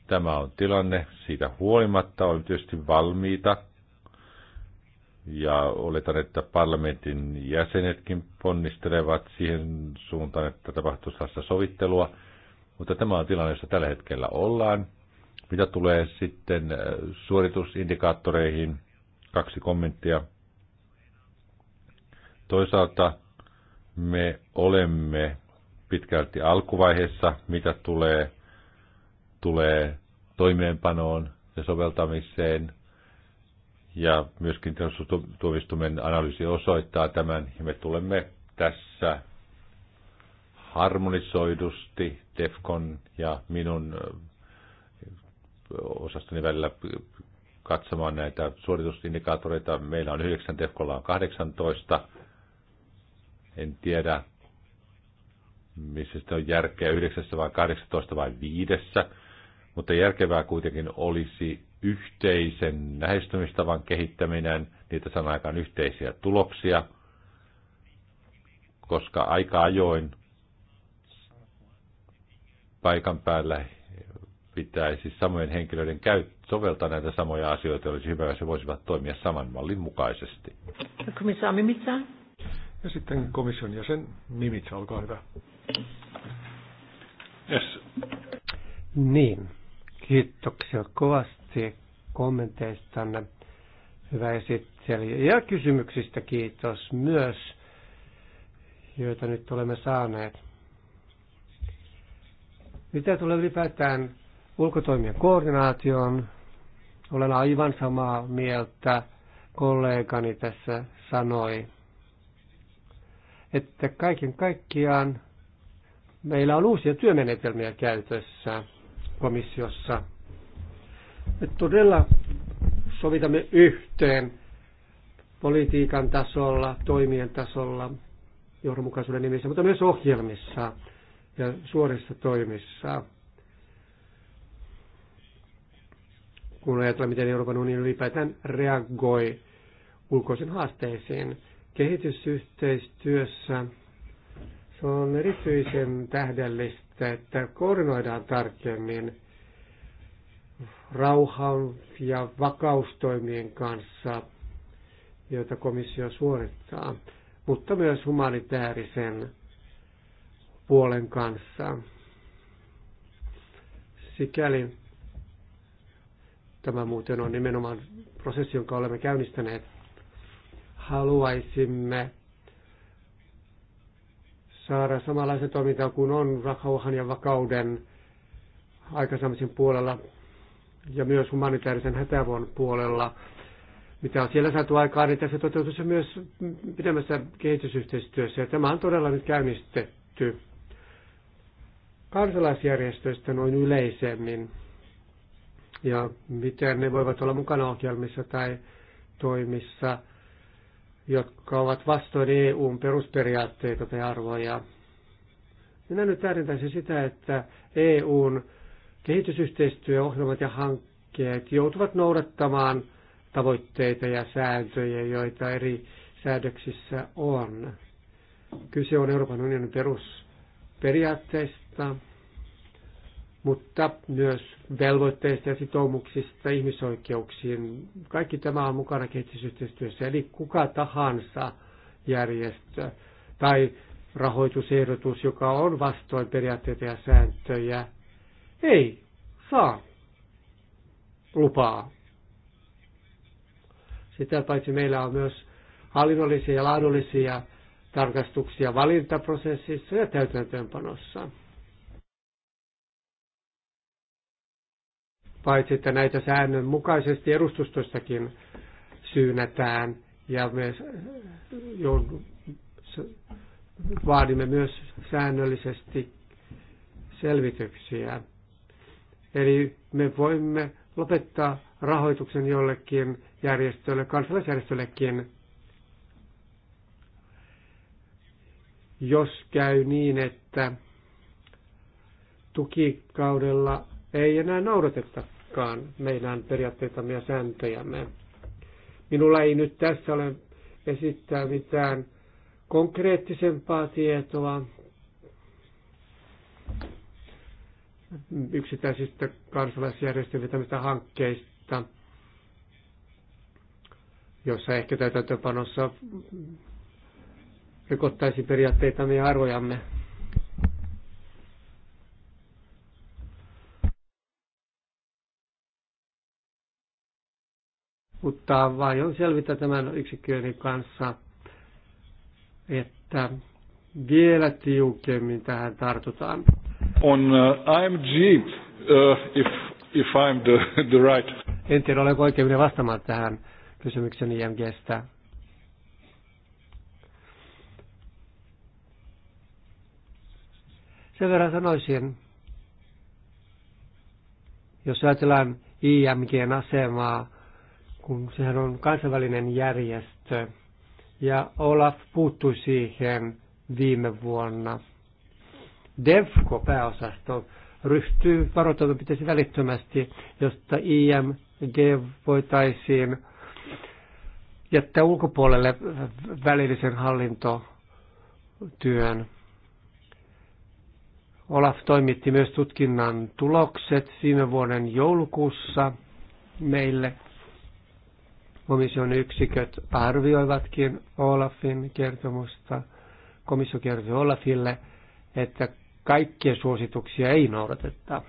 Tämä on tilanne. Siitä huolimatta olemme tietysti valmiita. Ja oletan, että parlamentin jäsenetkin ponnistelevat siihen suuntaan, että tapahtuisi sovittelua. Mutta tämä on tilanne, jossa tällä hetkellä ollaan. Mitä tulee sitten äh, suoritusindikaattoreihin, kaksi kommenttia. Toisaalta me olemme pitkälti alkuvaiheessa, mitä tulee, tulee toimeenpanoon ja soveltamiseen. Ja myöskin tuomistumen analyysi osoittaa tämän, ja me tulemme tässä harmonisoidusti DEFCON ja minun osastoni välillä katsomaan näitä suoritusindikaattoreita. Meillä on 9, Tefkolla on 18. En tiedä, missä sitten on järkeä, 9 vai 18 vai 5. Mutta järkevää kuitenkin olisi yhteisen lähestymistavan kehittäminen, niitä saman aikaan yhteisiä tuloksia, koska aika ajoin paikan päällä pitäisi samojen henkilöiden käyt- soveltaa näitä samoja asioita, olisi hyvä, jos he voisivat toimia saman mallin mukaisesti. Komissio Mimitsa. Ja sitten komission jäsen Mimitsa, olkaa hyvä. Yes. Niin, kiitoksia kovasti kommenteistanne. Hyvä esittely. Ja kysymyksistä kiitos myös, joita nyt olemme saaneet. Mitä tulee ylipäätään ulkotoimien koordinaation. Olen aivan samaa mieltä kollegani tässä sanoi, että kaiken kaikkiaan meillä on uusia työmenetelmiä käytössä komissiossa. Me todella sovitamme yhteen politiikan tasolla, toimien tasolla, johdonmukaisuuden nimissä, mutta myös ohjelmissa ja suorissa toimissa. kun ajatellaan, miten Euroopan unioni ylipäätään reagoi ulkoisen haasteisiin. Kehitysyhteistyössä se on erityisen tähdellistä, että koordinoidaan tarkemmin rauhan ja vakaustoimien kanssa, joita komissio suorittaa, mutta myös humanitaarisen puolen kanssa. Sikäli Tämä muuten on nimenomaan prosessi, jonka olemme käynnistäneet. Haluaisimme saada samanlaisen toimintaa kuin on rauhan ja vakauden aikaisemmin puolella ja myös humanitaarisen hätävuon puolella. Mitä on siellä saatu aikaan, niin tässä se myös pidemmässä kehitysyhteistyössä. Ja tämä on todella nyt käynnistetty kansalaisjärjestöistä noin yleisemmin ja miten ne voivat olla mukana ohjelmissa tai toimissa, jotka ovat vastoin EUn perusperiaatteita tai arvoja. Minä nyt tähdentäisin sitä, että EUn kehitysyhteistyöohjelmat ja hankkeet joutuvat noudattamaan tavoitteita ja sääntöjä, joita eri säädöksissä on. Kyse on Euroopan unionin perusperiaatteista, mutta myös velvoitteista ja sitoumuksista ihmisoikeuksiin. Kaikki tämä on mukana kehitysyhteistyössä, eli kuka tahansa järjestö tai rahoitusehdotus, joka on vastoin periaatteita ja sääntöjä, ei saa lupaa. Sitä paitsi meillä on myös hallinnollisia ja laadullisia tarkastuksia valintaprosessissa ja täytäntöönpanossa. paitsi että näitä säännönmukaisesti edustustostakin syynätään ja me eh, vaadimme myös säännöllisesti selvityksiä. Eli me voimme lopettaa rahoituksen jollekin järjestölle, kansalaisjärjestöllekin, jos käy niin, että tukikaudella ei enää noudateta rikkokaan meidän periaatteitamme ja sääntöjämme. Minulla ei nyt tässä ole esittää mitään konkreettisempaa tietoa yksittäisistä kansalaisjärjestelmistä hankkeista, jossa ehkä täytäntöpanossa rikottaisi periaatteitamme ja arvojamme. mutta on selvitä tämän yksikön kanssa, että vielä tiukemmin tähän tartutaan. On uh, IMG, uh, if, if I'm the, the right. En tiedä, olenko oikein vastaamaan tähän kysymykseen IMGstä. Sen verran sanoisin, jos ajatellaan IMGn asemaa kun sehän on kansainvälinen järjestö. Ja Olaf puuttui siihen viime vuonna. DEFCO pääosasto ryhtyy varoitoimenpiteisiin välittömästi, josta IMG voitaisiin jättää ulkopuolelle välillisen hallintotyön. Olaf toimitti myös tutkinnan tulokset viime vuoden joulukuussa meille Komission yksiköt arvioivatkin Olafin kertomusta. Komissio kertoi Olafille, että kaikkia suosituksia ei noudateta.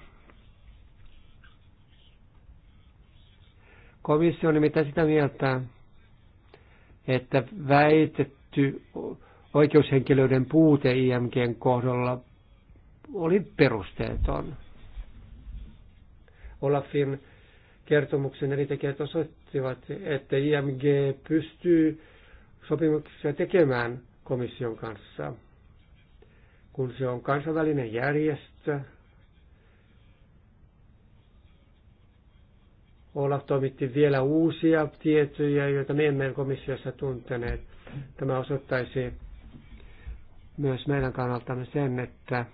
Komissio on mitä sitä mieltä, että väitetty oikeushenkilöiden puute IMGn kohdalla oli perusteeton. Olafin kertomuksen eri tekijät osoittivat, että IMG pystyy sopimuksia tekemään komission kanssa. Kun se on kansainvälinen järjestö, Olaf toimitti vielä uusia tietoja, joita me emme komissiossa tunteneet. Tämä osoittaisi myös meidän kannaltamme sen, että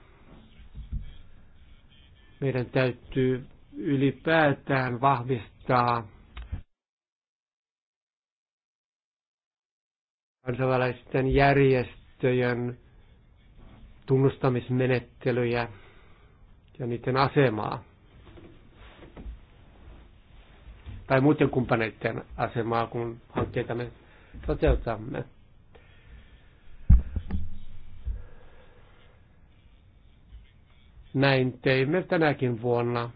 meidän täytyy ylipäätään vahvistaa kansainvälisten järjestöjen tunnustamismenettelyjä ja niiden asemaa. Tai muiden kumppaneiden asemaa, kun hankkeita me toteutamme. Näin teimme tänäkin vuonna.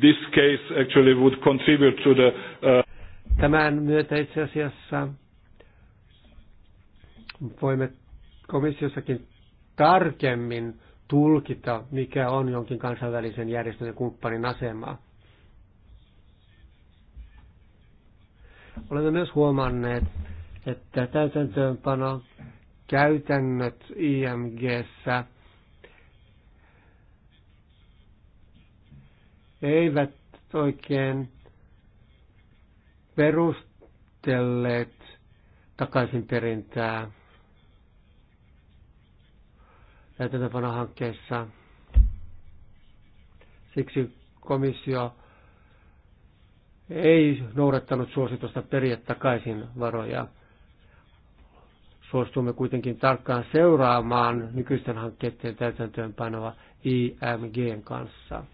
This case actually would contribute to the, uh... Tämän myötä itse asiassa voimme komissiossakin tarkemmin tulkita, mikä on jonkin kansainvälisen järjestön ja kumppanin asemaa. Olemme myös huomanneet, että täytäntöönpano käytännöt IMGssä eivät oikein perustelleet takaisinperintää täytäntöpanohankkeessa. Siksi komissio ei noudattanut suositusta periä takaisin varoja. Suostumme kuitenkin tarkkaan seuraamaan nykyisten hankkeiden täytäntöönpanoa IMGn kanssa.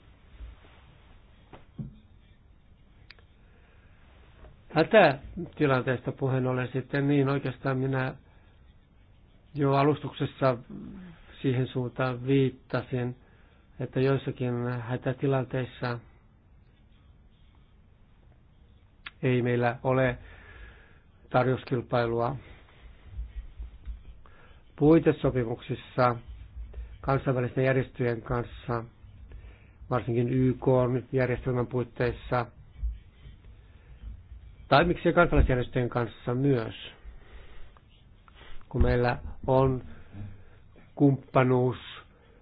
Hätätilanteesta puheen ollen sitten, niin oikeastaan minä jo alustuksessa siihen suuntaan viittasin, että joissakin hätätilanteissa ei meillä ole tarjouskilpailua. Puitesopimuksissa kansainvälisten järjestöjen kanssa, varsinkin YK järjestelmän puitteissa – tai miksi kansalaisjärjestöjen kanssa myös, kun meillä on kumppanuus,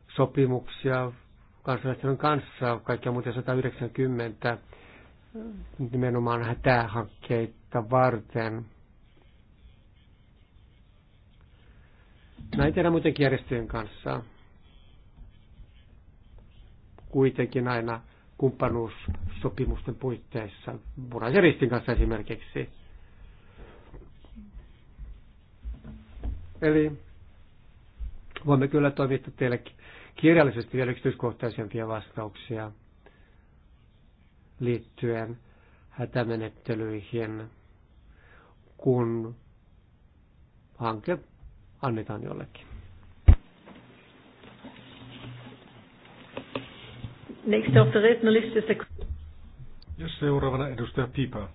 sopimuksia kansalaisjärjestöjen kanssa, kaikkia muuten 190 nimenomaan hätähankkeita varten. Näin tehdään muutenkin järjestöjen kanssa. Kuitenkin aina kumppanuussopimusten puitteissa, Punaisen Ristin kanssa esimerkiksi. Eli voimme kyllä toimittaa teille kirjallisesti vielä yksityiskohtaisempia vastauksia liittyen hätämenettelyihin, kun hanke annetaan jollekin. Next auf der Rednerliste ist der... Ja seuraavana edustaja Pipa.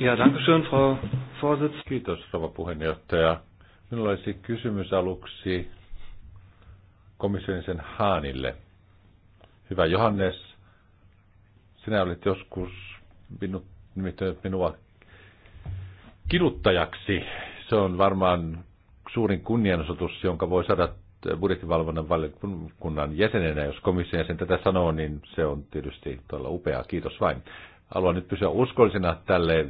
Ja, schön, Frau Vorsitz. Kiitos, rouva puheenjohtaja. Minulla olisi kysymys aluksi komissionisen sen Haanille. Hyvä Johannes, sinä olit joskus minut, nimittänyt minua kiduttajaksi. Se on varmaan suurin kunnianosoitus, jonka voi saada budjettivalvonnan valiokunnan jäsenenä, jos komission jäsen tätä sanoo, niin se on tietysti todella upeaa. Kiitos vain. Haluan nyt pysyä uskollisena tälle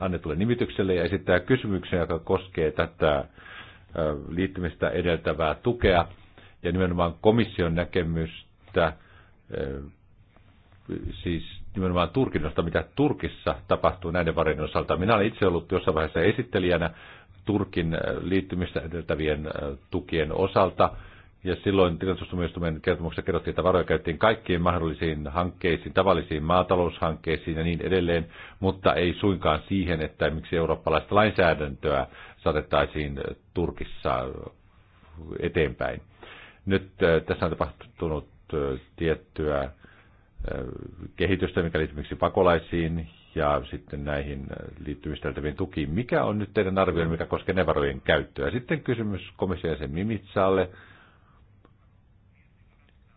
annetulle nimitykselle ja esittää kysymyksen, joka koskee tätä liittymistä edeltävää tukea ja nimenomaan komission näkemystä, siis nimenomaan Turkin osalta, mitä Turkissa tapahtuu näiden varien osalta. Minä olen itse ollut jossain vaiheessa esittelijänä Turkin äh, liittymistä edeltävien äh, tukien osalta. Ja silloin tilastustumistumien kertomuksessa kerrottiin, että varoja käytettiin kaikkiin mahdollisiin hankkeisiin, tavallisiin maataloushankkeisiin ja niin edelleen, mutta ei suinkaan siihen, että miksi eurooppalaista lainsäädäntöä saatettaisiin Turkissa eteenpäin. Nyt äh, tässä on tapahtunut tiettyä kehitystä, mikä liittyy pakolaisiin ja sitten näihin äh, liittymisteltäviin tukiin. Mikä on nyt teidän arvio, mikä koskee ne varojen käyttöä? Sitten kysymys komission jäsen Mimitsalle.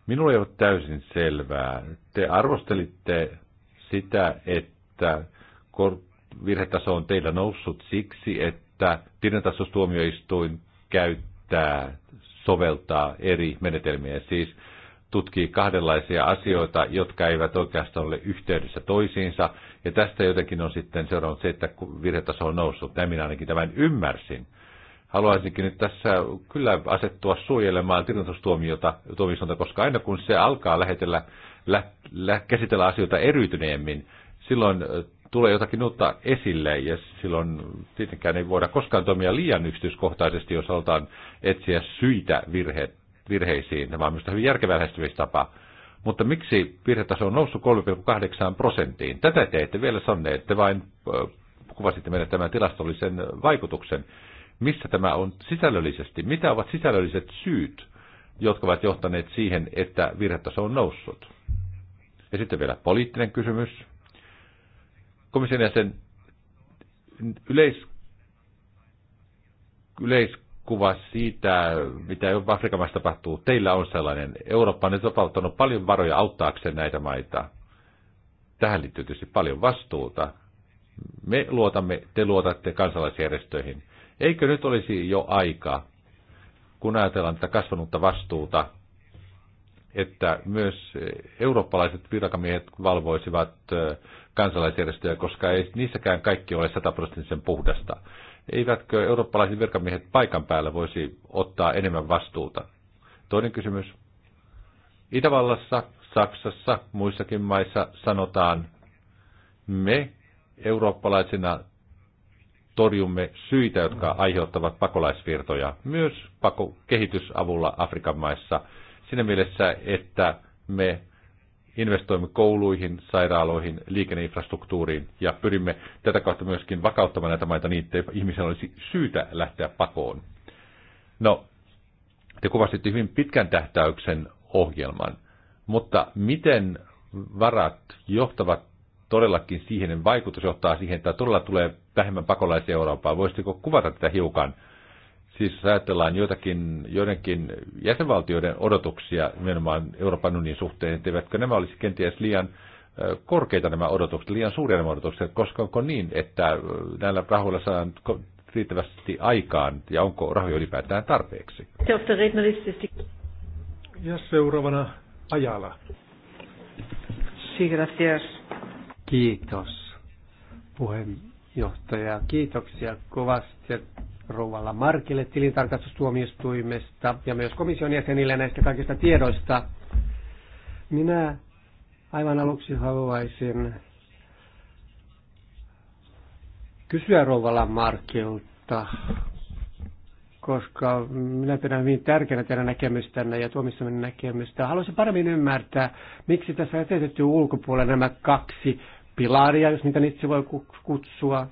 Minulle ei ole täysin selvää. Te arvostelitte sitä, että virhetaso on teillä noussut siksi, että tilintasostuomioistuin käyttää, soveltaa eri menetelmiä. Siis tutkii kahdenlaisia asioita, jotka eivät oikeastaan ole yhteydessä toisiinsa. Ja tästä jotenkin on sitten seurannut se, että virhetaso on noussut. Näin minä ainakin tämän ymmärsin. Haluaisinkin nyt tässä kyllä asettua suojelemaan tilintustuomiota, koska aina kun se alkaa lähetellä, lä, lä, käsitellä asioita eriytyneemmin, silloin tulee jotakin uutta esille ja silloin tietenkään ei voida koskaan toimia liian yksityiskohtaisesti, jos halutaan etsiä syitä virhe, virheisiin. Tämä on minusta hyvin järkevä lähestymistapa. Mutta miksi virhetaso on noussut 3,8 prosenttiin? Tätä te ette vielä sanne, te vain kuvasitte meille tämän tilastollisen vaikutuksen. Missä tämä on sisällöllisesti? Mitä ovat sisällölliset syyt, jotka ovat johtaneet siihen, että virhetaso on noussut? Ja sitten vielä poliittinen kysymys. Komission jäsen yleis, yleis kuva siitä, mitä Afrikan maissa tapahtuu. Teillä on sellainen. Eurooppa on nyt sopauttanut paljon varoja auttaakseen näitä maita. Tähän liittyy tietysti paljon vastuuta. Me luotamme, te luotatte kansalaisjärjestöihin. Eikö nyt olisi jo aika, kun ajatellaan tätä kasvanutta vastuuta, että myös eurooppalaiset virkamiehet valvoisivat kansalaisjärjestöjä, koska ei niissäkään kaikki ole sataprosenttisen puhdasta eivätkö eurooppalaiset virkamiehet paikan päällä voisi ottaa enemmän vastuuta? Toinen kysymys. Itävallassa, Saksassa, muissakin maissa sanotaan, me eurooppalaisina torjumme syitä, jotka aiheuttavat pakolaisvirtoja, myös pako- kehitysavulla Afrikan maissa, siinä mielessä, että me investoimme kouluihin, sairaaloihin, liikenneinfrastruktuuriin ja pyrimme tätä kautta myöskin vakauttamaan näitä maita niin, että ihmisen olisi syytä lähteä pakoon. No, te kuvasitte hyvin pitkän tähtäyksen ohjelman, mutta miten varat johtavat todellakin siihen, vaikutus johtaa siihen, että todella tulee vähemmän pakolaisia Eurooppaan? Voisitteko kuvata tätä hiukan? Siis jos ajatellaan joitakin, joidenkin jäsenvaltioiden odotuksia nimenomaan Euroopan unionin suhteen, etteivätkö nämä olisi kenties liian korkeita nämä odotukset, liian suuria nämä odotukset, koska onko niin, että näillä rahoilla saadaan riittävästi aikaan ja onko rahoja ylipäätään tarpeeksi? Ja seuraavana Ajala. Kiitos puheenjohtaja. Kiitoksia kovasti rouvalla Markille tilintarkastustuomioistuimesta ja myös komission jäsenille näistä kaikista tiedoista. Minä aivan aluksi haluaisin kysyä rouvalla Markilta, koska minä pidän hyvin tärkeänä teidän näkemystänne ja tuomistaminen näkemystä. Haluaisin paremmin ymmärtää, miksi tässä on jätetty ulkopuolelle nämä kaksi pilaria, jos niitä itse voi kutsua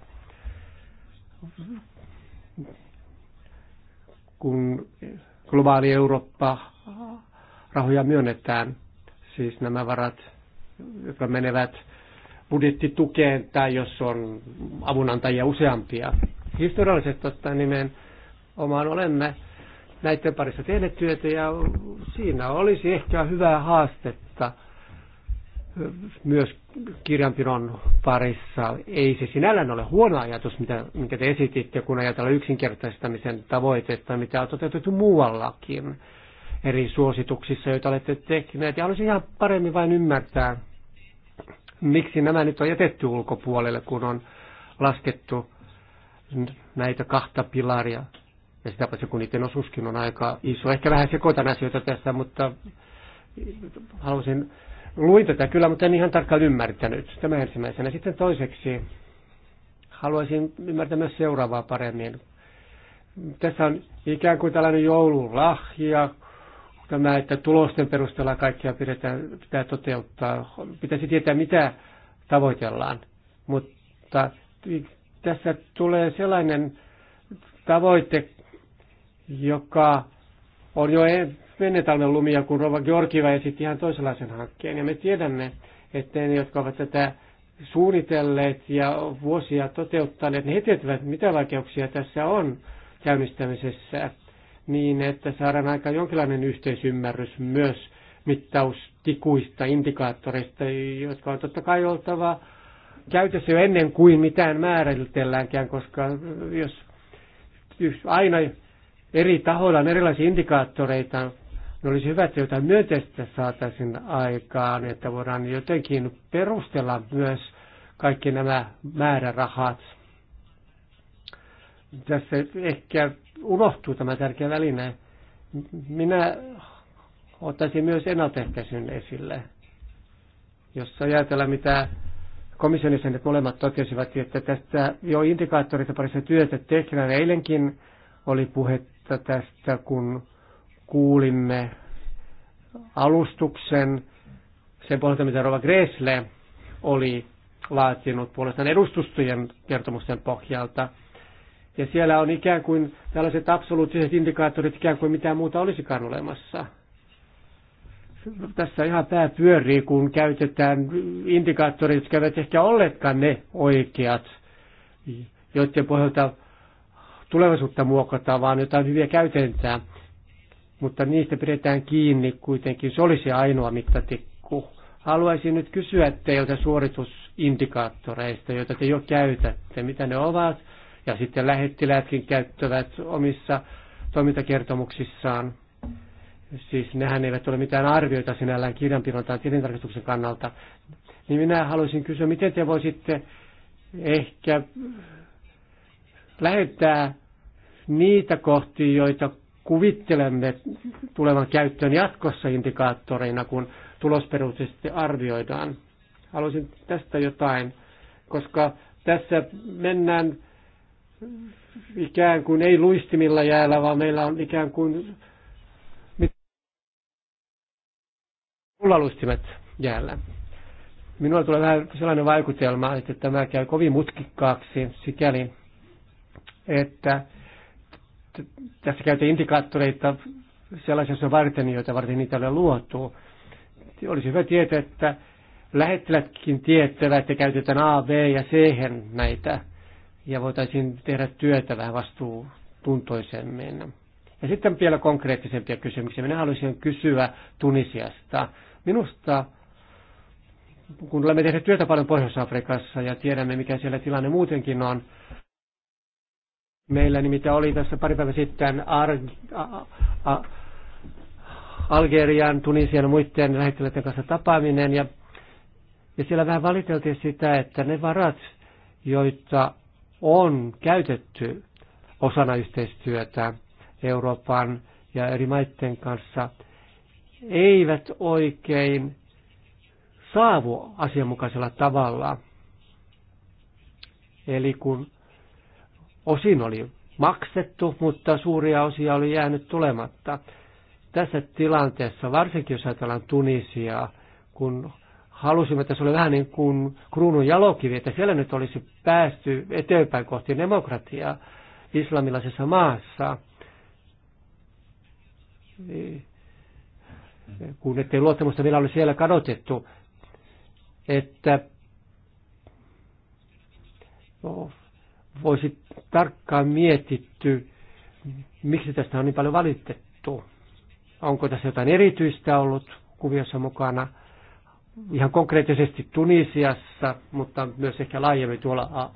kun globaali Eurooppa rahoja myönnetään, siis nämä varat, jotka menevät budjettitukeen tai jos on avunantajia useampia. Historiallisesti ottaen nimen omaan olemme näiden parissa tehneet työtä ja siinä olisi ehkä hyvää haastetta – myös kirjanpidon parissa. Ei se sinällään ole huono ajatus, mitä, minkä te esititte, kun ajatellaan yksinkertaistamisen tavoitetta, mitä on toteutettu muuallakin eri suosituksissa, joita olette tehneet. Ja haluaisin ihan paremmin vain ymmärtää, miksi nämä nyt on jätetty ulkopuolelle, kun on laskettu näitä kahta pilaria. Ja sitä paitsi kun niiden osuuskin on aika iso. Ehkä vähän sekoitan asioita tässä, mutta haluaisin Luin tätä kyllä, mutta en ihan tarkkaan ymmärtänyt. Tämä ensimmäisenä. Sitten toiseksi haluaisin ymmärtää myös seuraavaa paremmin. Tässä on ikään kuin tällainen joululahja, tämä, että tulosten perusteella kaikkia pidetään, pitää toteuttaa. Pitäisi tietää, mitä tavoitellaan. Mutta tässä tulee sellainen tavoite, joka on jo menneen talven lumia, kun Rova Georgiva esitti ihan toisenlaisen hankkeen. Ja me tiedämme, että ne, jotka ovat tätä suunnitelleet ja vuosia toteuttaneet, niin he tietävät, mitä vaikeuksia tässä on käynnistämisessä, niin että saadaan aika jonkinlainen yhteisymmärrys myös mittaustikuista, indikaattoreista, jotka on totta kai oltava käytössä jo ennen kuin mitään määritelläänkään, koska jos, jos aina eri tahoilla on erilaisia indikaattoreita, No olisi hyvä, että jotain myönteistä saataisiin aikaan, että voidaan jotenkin perustella myös kaikki nämä määrärahat. Tässä ehkä unohtuu tämä tärkeä väline. Minä ottaisin myös ennaltaehkäisyn esille. Jos ajatellaan, mitä komission jäsenet molemmat totesivat, että tästä jo indikaattorita parissa työtä tehdään. Eilenkin oli puhetta tästä, kun kuulimme alustuksen sen pohjalta, mitä Rova Gresle oli laatinut puolestaan edustustujen kertomusten pohjalta. Ja siellä on ikään kuin tällaiset absoluuttiset indikaattorit ikään kuin mitään muuta olisikaan olemassa. Tässä ihan pää pyörii, kun käytetään indikaattorit, jotka eivät ehkä olleetkaan ne oikeat, joiden pohjalta tulevaisuutta muokataan, vaan jotain hyviä käytäntöä mutta niistä pidetään kiinni kuitenkin. Se olisi ainoa mittatikku. Haluaisin nyt kysyä teiltä suoritusindikaattoreista, joita te jo käytätte, mitä ne ovat, ja sitten lähettilätkin käyttävät omissa toimintakertomuksissaan. Siis nehän eivät ole mitään arvioita sinällään kirjanpidon tai tilintarkastuksen kannalta. Niin minä haluaisin kysyä, miten te voisitte ehkä lähettää niitä kohtia, joita kuvittelemme tulevan käyttöön jatkossa indikaattoreina, kun tulosperusteisesti arvioidaan. Haluaisin tästä jotain, koska tässä mennään ikään kuin ei luistimilla jäällä, vaan meillä on ikään kuin rullaluistimet jäällä. Minulla tulee vähän sellainen vaikutelma, että tämä käy kovin mutkikkaaksi sikäli, että tässä käytetään indikaattoreita sellaisia varten, joita varten niitä on luotu. Olisi hyvä tietää, että lähettilätkin tietävät, että käytetään A, B ja C näitä, ja voitaisiin tehdä työtä vähän vastuutuntoisemmin. Ja sitten vielä konkreettisempia kysymyksiä. Minä haluaisin kysyä Tunisiasta. Minusta, kun olemme tehneet työtä paljon Pohjois-Afrikassa ja tiedämme, mikä siellä tilanne muutenkin on, Meillä nimittäin oli tässä pari päivä sitten Ar- a- a- Algerian, Tunisian ja muiden lähettiläiden kanssa tapaaminen ja, ja siellä vähän valiteltiin sitä, että ne varat, joita on käytetty osana yhteistyötä Euroopan ja eri maiden kanssa, eivät oikein saavu asianmukaisella tavalla. Eli kun Osin oli maksettu, mutta suuria osia oli jäänyt tulematta. Tässä tilanteessa, varsinkin jos ajatellaan Tunisiaa, kun halusimme, että se oli vähän niin kuin kruunun jalokivi, että siellä nyt olisi päästy eteenpäin kohti demokratiaa islamilaisessa maassa, kun ettei luottamusta vielä oli siellä kadotettu, että no, voisi tarkkaan mietitty, miksi tästä on niin paljon valitettu. Onko tässä jotain erityistä ollut kuviossa mukana? Ihan konkreettisesti Tunisiassa, mutta myös ehkä laajemmin tuolla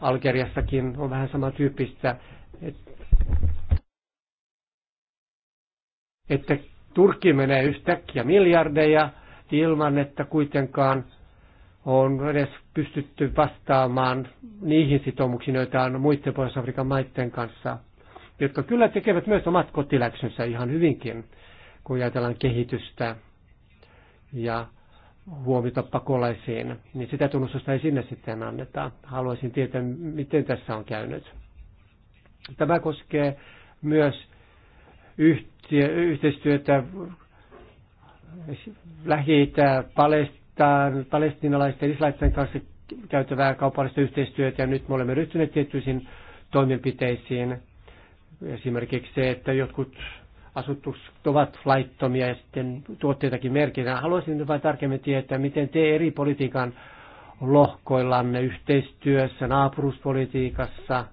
Algeriassakin on vähän samantyyppistä. Että Turkki menee yhtäkkiä miljardeja ilman, että kuitenkaan on edes pystytty vastaamaan niihin sitoumuksiin, joita on muiden Pohjois-Afrikan maiden kanssa, jotka kyllä tekevät myös omat kotiläksynsä ihan hyvinkin, kun ajatellaan kehitystä ja huomiota pakolaisiin, niin sitä tunnustusta ei sinne sitten anneta. Haluaisin tietää, miten tässä on käynyt. Tämä koskee myös yhtiö, yhteistyötä lähi palestiin jatketaan palestinalaisten islaisten kanssa käytävää kaupallista yhteistyötä ja nyt me olemme ryhtyneet tiettyisiin toimenpiteisiin. Esimerkiksi se, että jotkut asutukset ovat laittomia ja sitten tuotteitakin merkitään. Haluaisin vain tarkemmin tietää, miten te eri politiikan lohkoillanne yhteistyössä, naapuruspolitiikassa,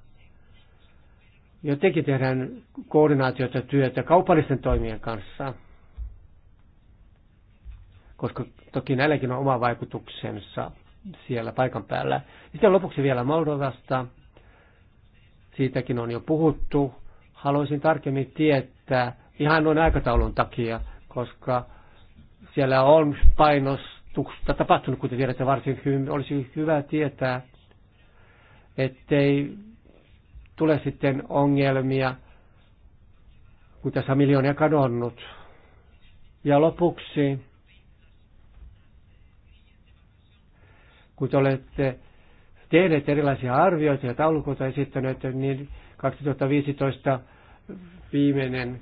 jotenkin tehdään koordinaatiota työtä kaupallisten toimien kanssa koska toki näilläkin on oma vaikutuksensa siellä paikan päällä. Sitten lopuksi vielä Moldovasta. Siitäkin on jo puhuttu. Haluaisin tarkemmin tietää ihan noin aikataulun takia, koska siellä on painostusta tapahtunut, kuten tiedätte varsin hyvin. Olisi hyvä tietää, ettei tule sitten ongelmia, kun tässä on miljoonia kadonnut. Ja lopuksi kun te olette tehneet erilaisia arvioita ja taulukoita esittäneet, niin 2015 viimeinen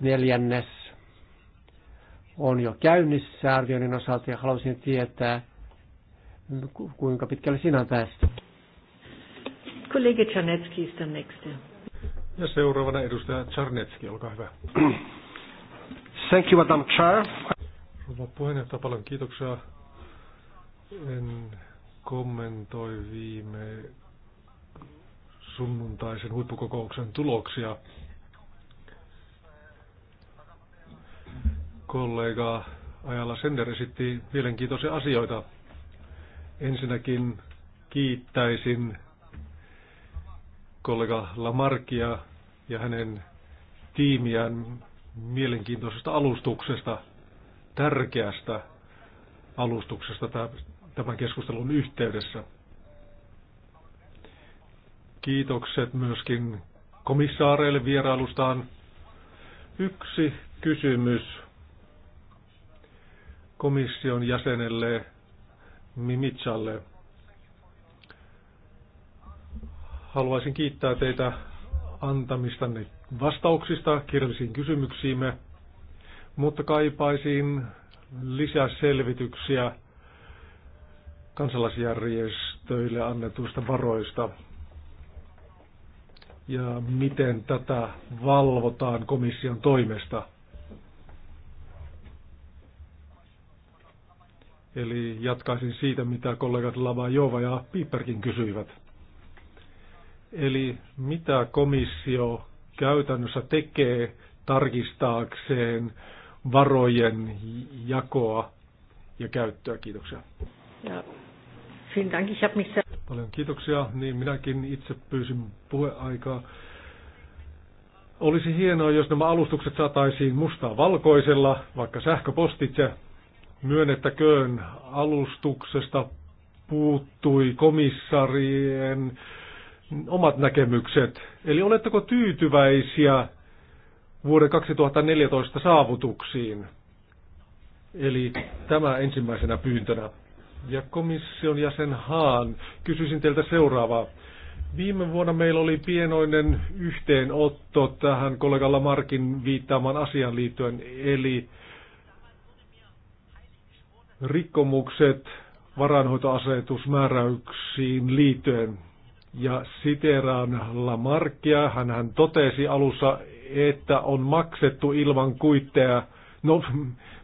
neljännes on jo käynnissä arvioinnin osalta ja haluaisin tietää, kuinka pitkälle sinä on päästy. Kollegi Czarnecki is the next. Ja seuraavana edustaja Czarnecki, olkaa hyvä. Thank you, Madam Chair. Rouva puheenjohtaja, paljon kiitoksia en kommentoi viime sunnuntaisen huippukokouksen tuloksia. Kollega Ajala Sender esitti mielenkiintoisia asioita. Ensinnäkin kiittäisin kollega Lamarkia ja hänen tiimiään mielenkiintoisesta alustuksesta, tärkeästä alustuksesta tämän keskustelun yhteydessä. Kiitokset myöskin komissaareille vierailustaan. Yksi kysymys komission jäsenelle Mimitsalle. Haluaisin kiittää teitä antamistanne vastauksista kirjallisiin kysymyksiimme, mutta kaipaisin lisää selvityksiä kansalaisjärjestöille annetuista varoista ja miten tätä valvotaan komission toimesta. Eli jatkaisin siitä, mitä kollegat Lava, Jova ja Piperkin kysyivät. Eli mitä komissio käytännössä tekee tarkistaakseen varojen jakoa ja käyttöä? Kiitoksia. Ja, Vielen Dank, ich habe mich sehr... Paljon kiitoksia. Niin minäkin itse pyysin puheaikaa. Olisi hienoa, jos nämä alustukset saataisiin mustaa valkoisella, vaikka sähköpostitse. Myönnettäköön alustuksesta puuttui komissarien omat näkemykset. Eli oletteko tyytyväisiä vuoden 2014 saavutuksiin? Eli tämä ensimmäisenä pyyntönä ja komission jäsen Haan. Kysyisin teiltä seuraavaa. Viime vuonna meillä oli pienoinen yhteenotto tähän kollegalla Markin viittaamaan asian liittyen, eli rikkomukset varainhoitoasetusmääräyksiin liittyen. Ja siteraan Lamarckia, hän, hän totesi alussa, että on maksettu ilman kuitteja. No,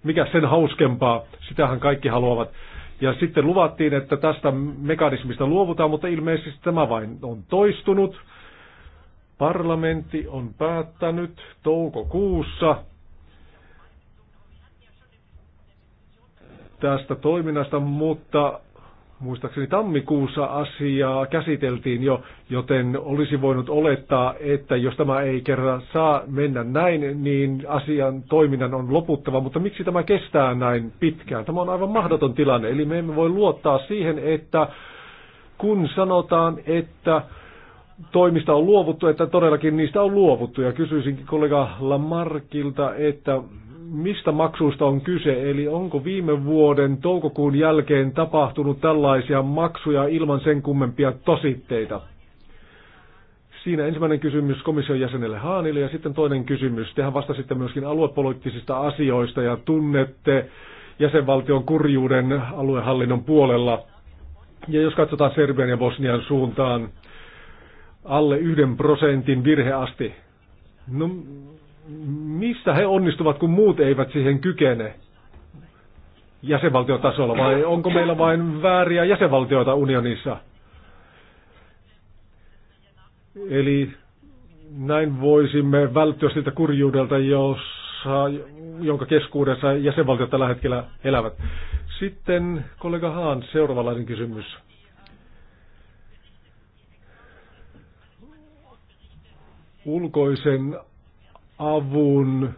mikä sen hauskempaa, sitähän kaikki haluavat. Ja sitten luvattiin, että tästä mekanismista luovutaan, mutta ilmeisesti tämä vain on toistunut. Parlamentti on päättänyt toukokuussa tästä toiminnasta, mutta Muistaakseni tammikuussa asiaa käsiteltiin jo, joten olisi voinut olettaa, että jos tämä ei kerran saa mennä näin, niin asian toiminnan on loputtava. Mutta miksi tämä kestää näin pitkään? Tämä on aivan mahdoton tilanne. Eli me emme voi luottaa siihen, että kun sanotaan, että toimista on luovuttu, että todellakin niistä on luovuttu. Ja kysyisinkin kollega Lamarkilta, että mistä maksuista on kyse, eli onko viime vuoden toukokuun jälkeen tapahtunut tällaisia maksuja ilman sen kummempia tositteita? Siinä ensimmäinen kysymys komission jäsenelle Haanille ja sitten toinen kysymys. Tehän vastasitte myöskin aluepoliittisista asioista ja tunnette jäsenvaltion kurjuuden aluehallinnon puolella. Ja jos katsotaan Serbian ja Bosnian suuntaan alle yhden prosentin virheasti, no Mistä he onnistuvat, kun muut eivät siihen kykene? jäsenvaltiotasolla vai onko meillä vain vääriä jäsenvaltioita unionissa? Eli näin voisimme välttyä siltä kurjuudelta, jossa, jonka keskuudessa jäsenvaltiot tällä hetkellä elävät. Sitten kollega Haan, seuraavanlainen kysymys. Ulkoisen avun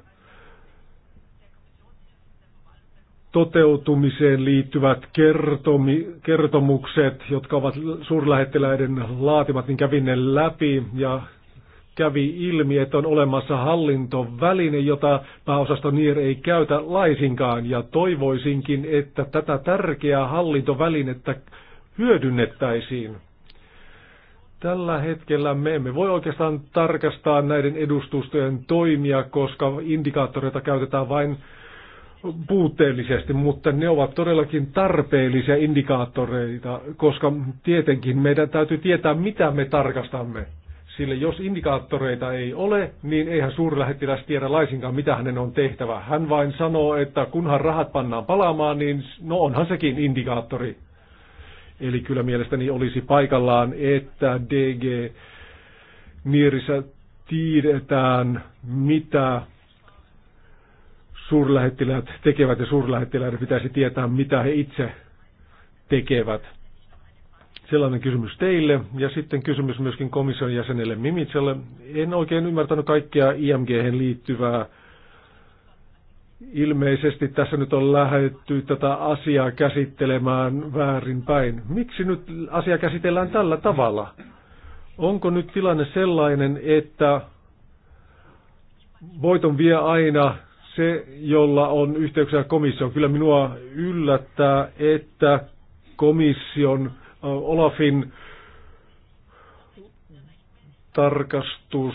toteutumiseen liittyvät kertomi, kertomukset, jotka ovat suurlähettiläiden laatimat, niin kävin ne läpi ja kävi ilmi, että on olemassa hallintoväline, jota pääosasto NIR ei käytä laisinkaan. Ja toivoisinkin, että tätä tärkeää hallintovälinettä hyödynnettäisiin. Tällä hetkellä me emme voi oikeastaan tarkastaa näiden edustustojen toimia, koska indikaattoreita käytetään vain puutteellisesti, mutta ne ovat todellakin tarpeellisia indikaattoreita, koska tietenkin meidän täytyy tietää, mitä me tarkastamme. Sillä jos indikaattoreita ei ole, niin eihän suurlähettiläs tiedä laisinkaan, mitä hänen on tehtävä. Hän vain sanoo, että kunhan rahat pannaan palaamaan, niin no onhan sekin indikaattori. Eli kyllä mielestäni olisi paikallaan, että DG Niirissä tiedetään, mitä suurlähettiläät tekevät ja suurlähettiläät pitäisi tietää, mitä he itse tekevät. Sellainen kysymys teille ja sitten kysymys myöskin komission jäsenelle Mimitselle. En oikein ymmärtänyt kaikkea IMG liittyvää Ilmeisesti tässä nyt on lähetty tätä asiaa käsittelemään väärinpäin. Miksi nyt asia käsitellään tällä tavalla? Onko nyt tilanne sellainen, että voiton vie aina se, jolla on yhteyksiä komissioon. Kyllä minua yllättää, että komission, Olafin tarkastus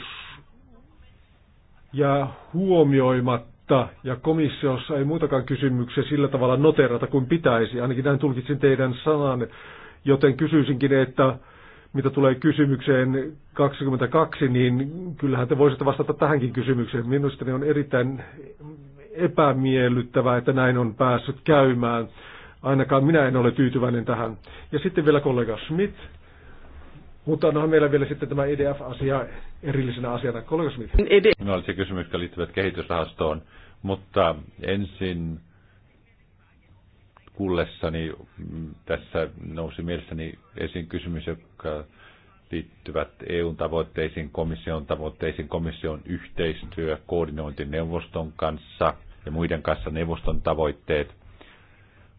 ja huomioimatta mutta, ja komissiossa ei muutakaan kysymyksiä sillä tavalla noterata kuin pitäisi, ainakin näin tulkitsin teidän sanan, joten kysyisinkin, että mitä tulee kysymykseen 22, niin kyllähän te voisitte vastata tähänkin kysymykseen. Minusta ne on erittäin epämiellyttävää, että näin on päässyt käymään. Ainakaan minä en ole tyytyväinen tähän. Ja sitten vielä kollega Schmidt. Mutta onhan meillä vielä sitten tämä EDF-asia erillisenä asiana. Kollega Smith. oli e olisi kysymys, jotka liittyvät kehitysrahastoon, mutta ensin kullessani mm, tässä nousi mielessäni esiin kysymys, joka liittyvät EUn tavoitteisiin, komission tavoitteisiin, komission yhteistyö, koordinointi neuvoston kanssa ja muiden kanssa neuvoston tavoitteet.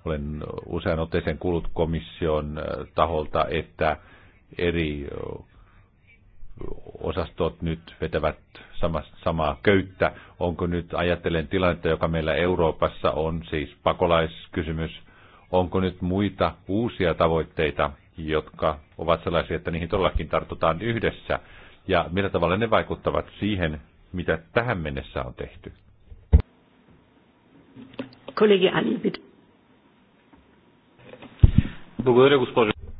Olen usein otteeseen kuullut komission äh, taholta, että eri osastot nyt vetävät sama, samaa köyttä. Onko nyt, ajatellen tilannetta, joka meillä Euroopassa on, siis pakolaiskysymys, onko nyt muita uusia tavoitteita, jotka ovat sellaisia, että niihin todellakin tartutaan yhdessä, ja millä tavalla ne vaikuttavat siihen, mitä tähän mennessä on tehty? Kollegi Ali, bitte.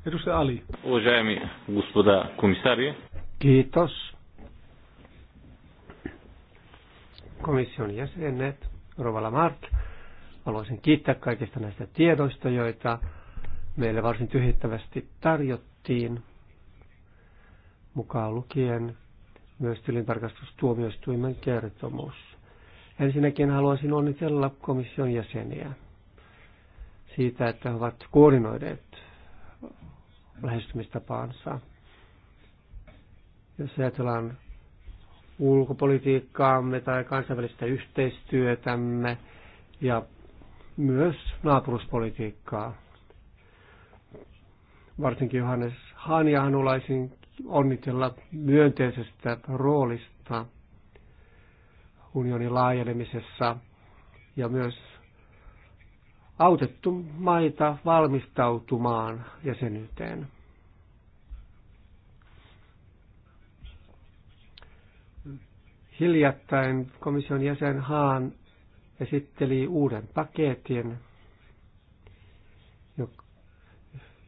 Edustaja Ali. Уважаеми господа комисари. Kiitos. Komission jäsenet, Rovala Mart, haluaisin kiittää kaikista näistä tiedoista, joita meille varsin tyhjittävästi tarjottiin, mukaan lukien myös tilintarkastustuomioistuimen kertomus. Ensinnäkin haluaisin onnitella komission jäseniä siitä, että he ovat koordinoineet lähestymistapaansa. Jos ajatellaan ulkopolitiikkaamme tai kansainvälistä yhteistyötämme ja myös naapuruspolitiikkaa. Varsinkin Johannes hani ja Hanulaisin onnitella myönteisestä roolista unionin laajenemisessa ja myös autettu maita valmistautumaan jäsenyyteen. Hiljattain komission jäsen Haan esitteli uuden paketin,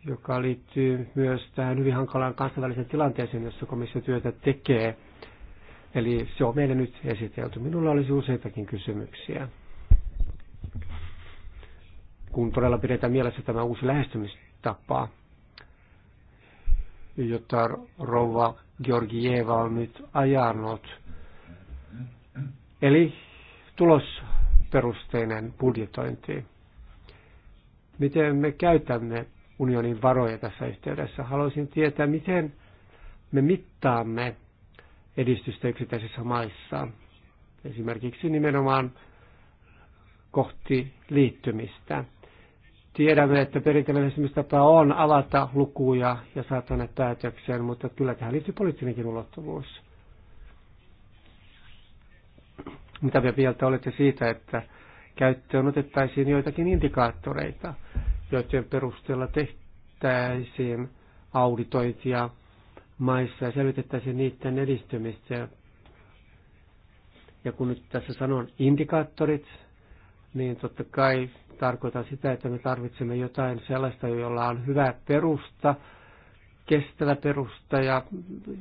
joka liittyy myös tähän hyvin hankalaan kansainväliseen tilanteeseen, jossa komissio työtä tekee. Eli se on meille nyt esitelty. Minulla olisi useitakin kysymyksiä kun todella pidetään mielessä tämä uusi lähestymistapa, jota rouva Georgieva on nyt ajanut. Eli tulosperusteinen budjetointi. Miten me käytämme unionin varoja tässä yhteydessä? Haluaisin tietää, miten me mittaamme edistystä yksittäisissä maissa. Esimerkiksi nimenomaan kohti liittymistä. Tiedämme, että perinteinen lähestymistapa on avata lukuja ja saattaa ne päätökseen, mutta kyllä tähän liittyy poliittinenkin ulottuvuus. Mitä mieltä olette siitä, että käyttöön otettaisiin joitakin indikaattoreita, joiden perusteella tehtäisiin auditointia maissa ja selvitettäisiin niiden edistymistä. Ja kun nyt tässä sanon indikaattorit, niin totta kai tarkoitan sitä, että me tarvitsemme jotain sellaista, jolla on hyvä perusta, kestävä perusta ja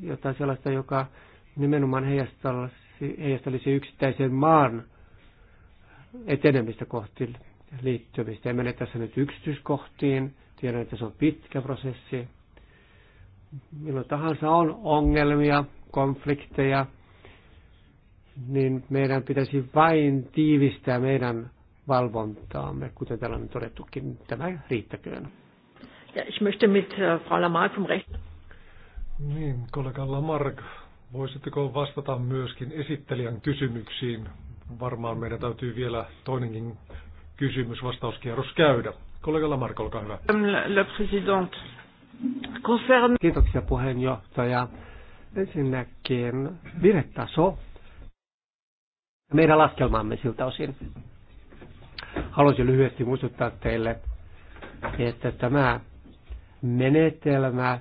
jotain sellaista, joka nimenomaan heijastelisi yksittäisen maan etenemistä kohti liittymistä. Emme mene tässä nyt yksityiskohtiin, tiedän, että se on pitkä prosessi. Milloin tahansa on ongelmia, konflikteja, niin meidän pitäisi vain tiivistää meidän valvontaamme, kuten täällä on todettukin. Tämä riittäköön. Ja, ich möchte mit äh, Frau Lamar vom Recht. Niin, kollega Lamarck, voisitteko vastata myöskin esittelijän kysymyksiin? Varmaan meidän täytyy vielä toinenkin kysymys-vastauskierros käydä. Kollega Lamarck, olkaa hyvä. Le président. Concern... Kiitoksia puheenjohtaja. Ensinnäkin virhetaso meidän laskelmamme siltä osin. Haluaisin lyhyesti muistuttaa teille, että tämä menetelmä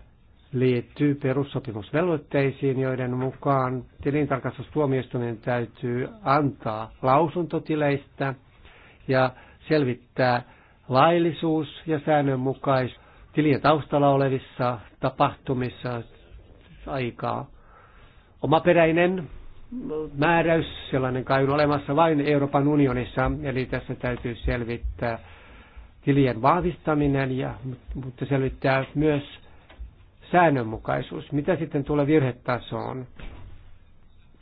liittyy perussopimusvelvoitteisiin, joiden mukaan tilintarkastustuomioistuminen täytyy antaa lausuntotileistä ja selvittää laillisuus ja säännönmukaisuus tilien taustalla olevissa tapahtumissa aikaa. Omaperäinen määräys, sellainen kai on olemassa vain Euroopan unionissa, eli tässä täytyy selvittää tilien vahvistaminen, ja, mutta selvittää myös säännönmukaisuus. Mitä sitten tulee virhetasoon,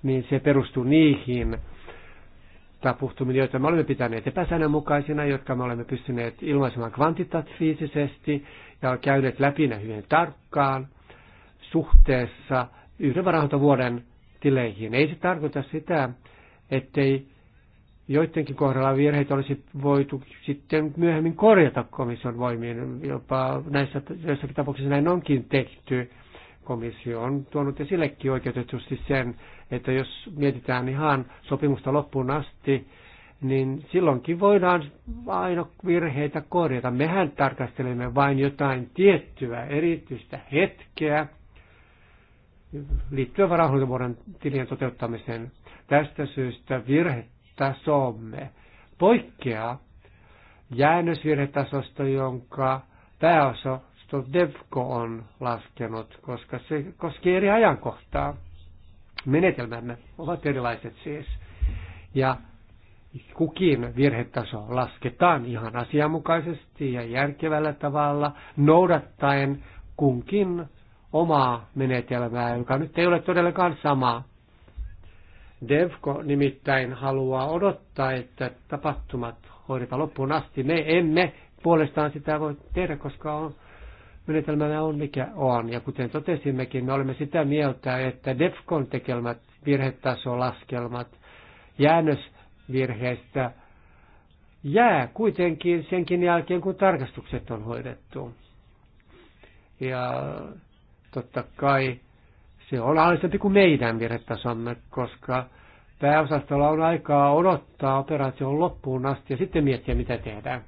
niin se perustuu niihin tapahtumiin, joita me olemme pitäneet epäsäännönmukaisina, jotka me olemme pystyneet ilmaisemaan kvantitatiivisesti ja käyneet läpi ne hyvin tarkkaan suhteessa yhden vuoden tileihin. Ei se tarkoita sitä, ettei joidenkin kohdalla virheitä olisi voitu sitten myöhemmin korjata komission voimien, Jopa näissä joissakin tapauksissa näin onkin tehty. Komissio on tuonut esillekin oikeutetusti sen, että jos mietitään ihan sopimusta loppuun asti, niin silloinkin voidaan aina virheitä korjata. Mehän tarkastelemme vain jotain tiettyä erityistä hetkeä, liittyen varainhoitovuoden tilien toteuttamiseen. Tästä syystä virhetasomme poikkeaa jäännösvirhetasosta, jonka pääosa DEVCO on laskenut, koska se koskee eri ajankohtaa. Menetelmämme ovat erilaiset siis. Ja kukin virhetaso lasketaan ihan asianmukaisesti ja järkevällä tavalla, noudattaen kunkin omaa menetelmää, joka nyt ei ole todellakaan sama. Devko nimittäin haluaa odottaa, että tapahtumat hoidetaan loppuun asti. Me emme puolestaan sitä voi tehdä, koska on, menetelmänä on mikä on. Ja kuten totesimmekin, me olemme sitä mieltä, että DEFCON tekelmät, virhetasolaskelmat jäännösvirheistä jää kuitenkin senkin jälkeen, kun tarkastukset on hoidettu. Ja Totta kai se on alhaisempi kuin meidän virhetasomme, koska pääosastolla on aikaa odottaa operaation loppuun asti ja sitten miettiä, mitä tehdään.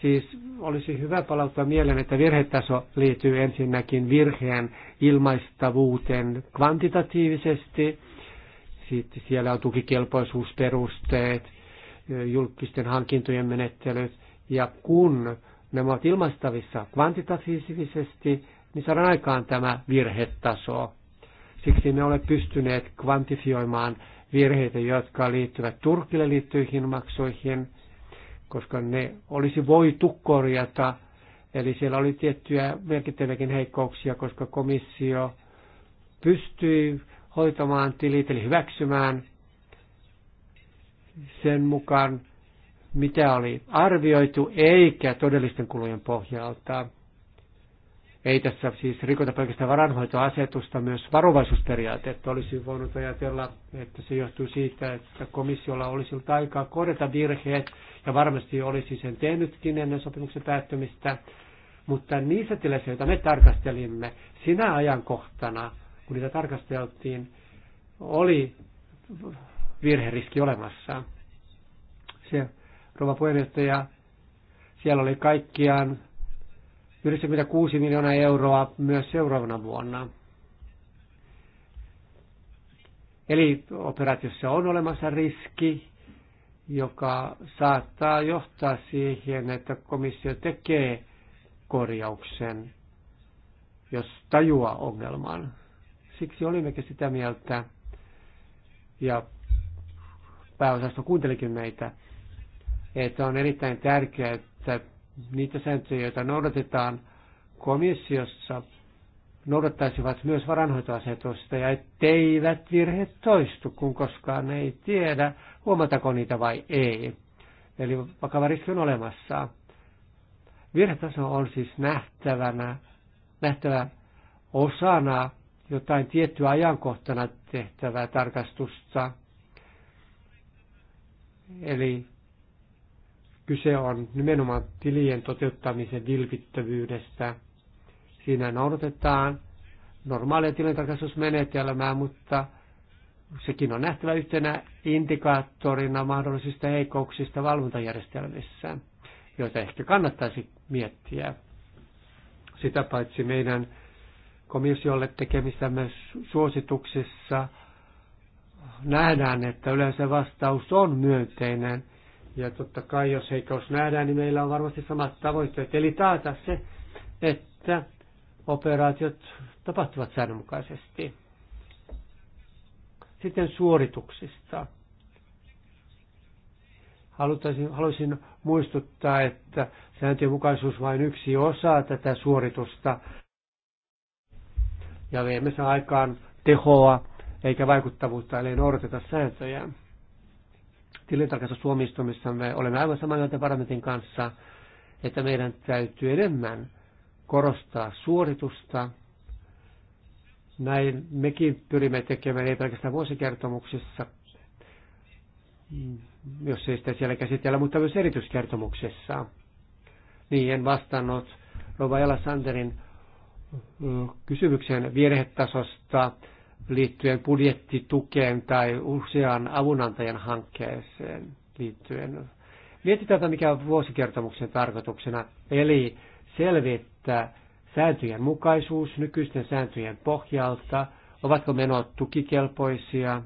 Siis olisi hyvä palauttaa mieleen, että virhetaso liittyy ensinnäkin virheen ilmaistavuuteen kvantitatiivisesti. Sitten siellä on tukikelpoisuusperusteet, julkisten hankintojen menettelyt. Ja kun nämä ovat ilmaistavissa kvantitatiivisesti, niin saadaan aikaan tämä virhetaso. Siksi me olemme pystyneet kvantifioimaan virheitä, jotka liittyvät Turkille liittyihin maksoihin, koska ne olisi voitu korjata. Eli siellä oli tiettyjä merkittäviäkin heikkouksia, koska komissio pystyi hoitamaan tilit, eli hyväksymään sen mukaan, mitä oli arvioitu, eikä todellisten kulujen pohjalta. Ei tässä siis rikota pelkästään varanhoitoasetusta, myös että olisi voinut ajatella, että se johtuu siitä, että komissiolla olisi ollut aikaa korjata virheet ja varmasti olisi sen tehnytkin ennen sopimuksen päättymistä. Mutta niissä tilanteissa, joita me tarkastelimme sinä ajankohtana, kun niitä tarkasteltiin, oli virheriski olemassa. Se rouva puheenjohtaja, siellä oli kaikkiaan 96 miljoonaa euroa myös seuraavana vuonna. Eli operaatiossa on olemassa riski, joka saattaa johtaa siihen, että komissio tekee korjauksen, jos tajuaa ongelman. Siksi olimmekin sitä mieltä, ja pääosasto kuuntelikin meitä, että on erittäin tärkeää, että niitä sääntöjä, joita noudatetaan komissiossa, noudattaisivat myös varanhoitoasetusta ja etteivät virheet toistu, kun koskaan ei tiedä, huomatako niitä vai ei. Eli vakava riski on olemassa. Virhetaso on siis nähtävänä, nähtävä osana jotain tiettyä ajankohtana tehtävää tarkastusta. Eli Kyse on nimenomaan tilien toteuttamisen vilpittömyydestä. Siinä noudatetaan normaalia tilintarkastusmenetelmää, mutta sekin on nähtävä yhtenä indikaattorina mahdollisista heikouksista valvontajärjestelmissä, joita ehkä kannattaisi miettiä. Sitä paitsi meidän komissiolle tekemistämme suosituksissa nähdään, että yleensä vastaus on myönteinen ja totta kai, jos heikkous nähdään, niin meillä on varmasti samat tavoitteet. Eli taata se, että operaatiot tapahtuvat säännönmukaisesti. Sitten suorituksista. Haluaisin, haluaisin muistuttaa, että sääntöjenmukaisuus mukaisuus vain yksi osa tätä suoritusta. Ja me emme saa aikaan tehoa eikä vaikuttavuutta, eli noudateta sääntöjä tilintarkastustuomioistuimissa me olemme aivan samaa mieltä parlamentin kanssa, että meidän täytyy enemmän korostaa suoritusta. Näin mekin pyrimme tekemään, ei pelkästään vuosikertomuksissa, jos ei sitä siellä käsitellä, mutta myös erityiskertomuksessa. Niin, en vastannut Rova Ela Sanderin kysymyksen virhetasosta liittyen budjettitukeen tai usean avunantajan hankkeeseen liittyen. Mietitään, mikä on vuosikertomuksen tarkoituksena, eli selvittää sääntöjen mukaisuus nykyisten sääntöjen pohjalta, ovatko menot tukikelpoisia,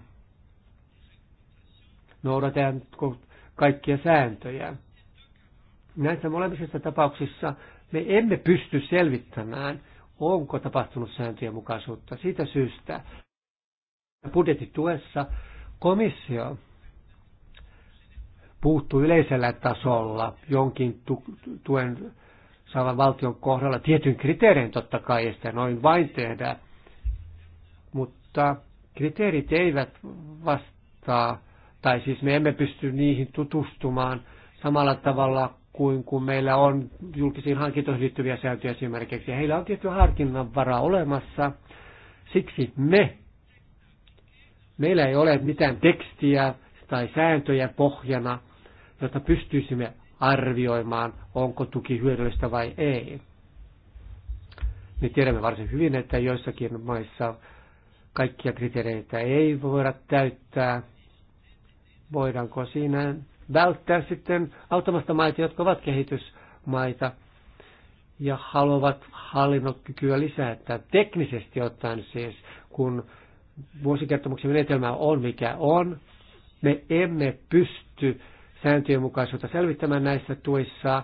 noudatanko kaikkia sääntöjä. Näissä molemmissa tapauksissa me emme pysty selvittämään, onko tapahtunut sääntöjen mukaisuutta siitä syystä, budjettituessa komissio puuttuu yleisellä tasolla jonkin tuen saavan valtion kohdalla tietyn kriteerin totta kai, ja sitä noin vain tehdä. Mutta kriteerit eivät vastaa, tai siis me emme pysty niihin tutustumaan samalla tavalla kuin kun meillä on julkisiin hankintoihin liittyviä sääntöjä esimerkiksi. Heillä on tietty harkinnanvara olemassa, siksi me Meillä ei ole mitään tekstiä tai sääntöjä pohjana, jotta pystyisimme arvioimaan, onko tuki hyödyllistä vai ei. Me tiedämme varsin hyvin, että joissakin maissa kaikkia kriteereitä ei voida täyttää. Voidaanko siinä välttää sitten auttamasta maita, jotka ovat kehitysmaita ja haluavat hallinnon kykyä lisätä teknisesti ottaen siis, kun vuosikertomuksen menetelmä on mikä on. Me emme pysty sääntöjen mukaisuutta selvittämään näissä tuissa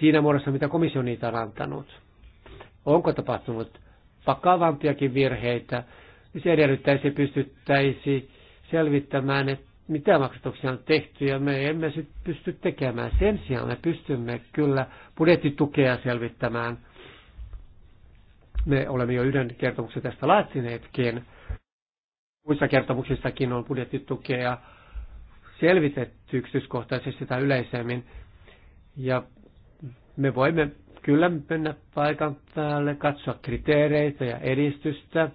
siinä muodossa, mitä komissio niitä on antanut. Onko tapahtunut vakavampiakin virheitä, niin se edellyttäisi pystyttäisi selvittämään, että mitä maksatuksia on tehty ja me emme sit pysty tekemään. Sen sijaan me pystymme kyllä budjettitukea selvittämään – me olemme jo yhden kertomuksen tästä laatineetkin. Muissa kertomuksissakin on budjettitukea selvitetty yksityiskohtaisesti tai yleisemmin. Ja me voimme kyllä mennä paikan päälle, katsoa kriteereitä ja edistystä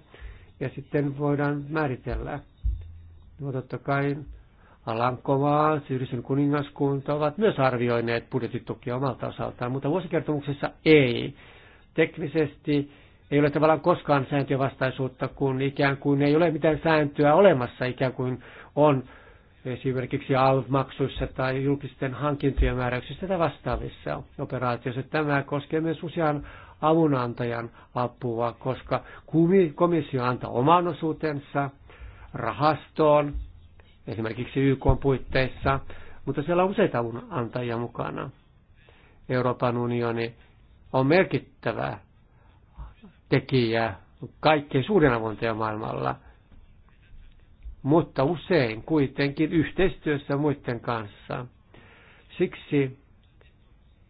ja sitten voidaan määritellä. No totta kai Alankovaa, Syyrisen kuningaskunta ovat myös arvioineet budjetitukia omalta osaltaan, mutta vuosikertomuksessa ei. Teknisesti ei ole tavallaan koskaan sääntövastaisuutta, vastaisuutta, kun ikään kuin ei ole mitään sääntöä olemassa, ikään kuin on esimerkiksi ALV-maksuissa tai julkisten hankintojen määräyksissä tai vastaavissa operaatioissa. Tämä koskee myös usean avunantajan apua, koska komissio antaa oman osuutensa rahastoon, esimerkiksi YK puitteissa, mutta siellä on useita avunantajia mukana. Euroopan unioni on merkittävä tekijä, kaikkein suurin avontaja maailmalla. Mutta usein kuitenkin yhteistyössä muiden kanssa. Siksi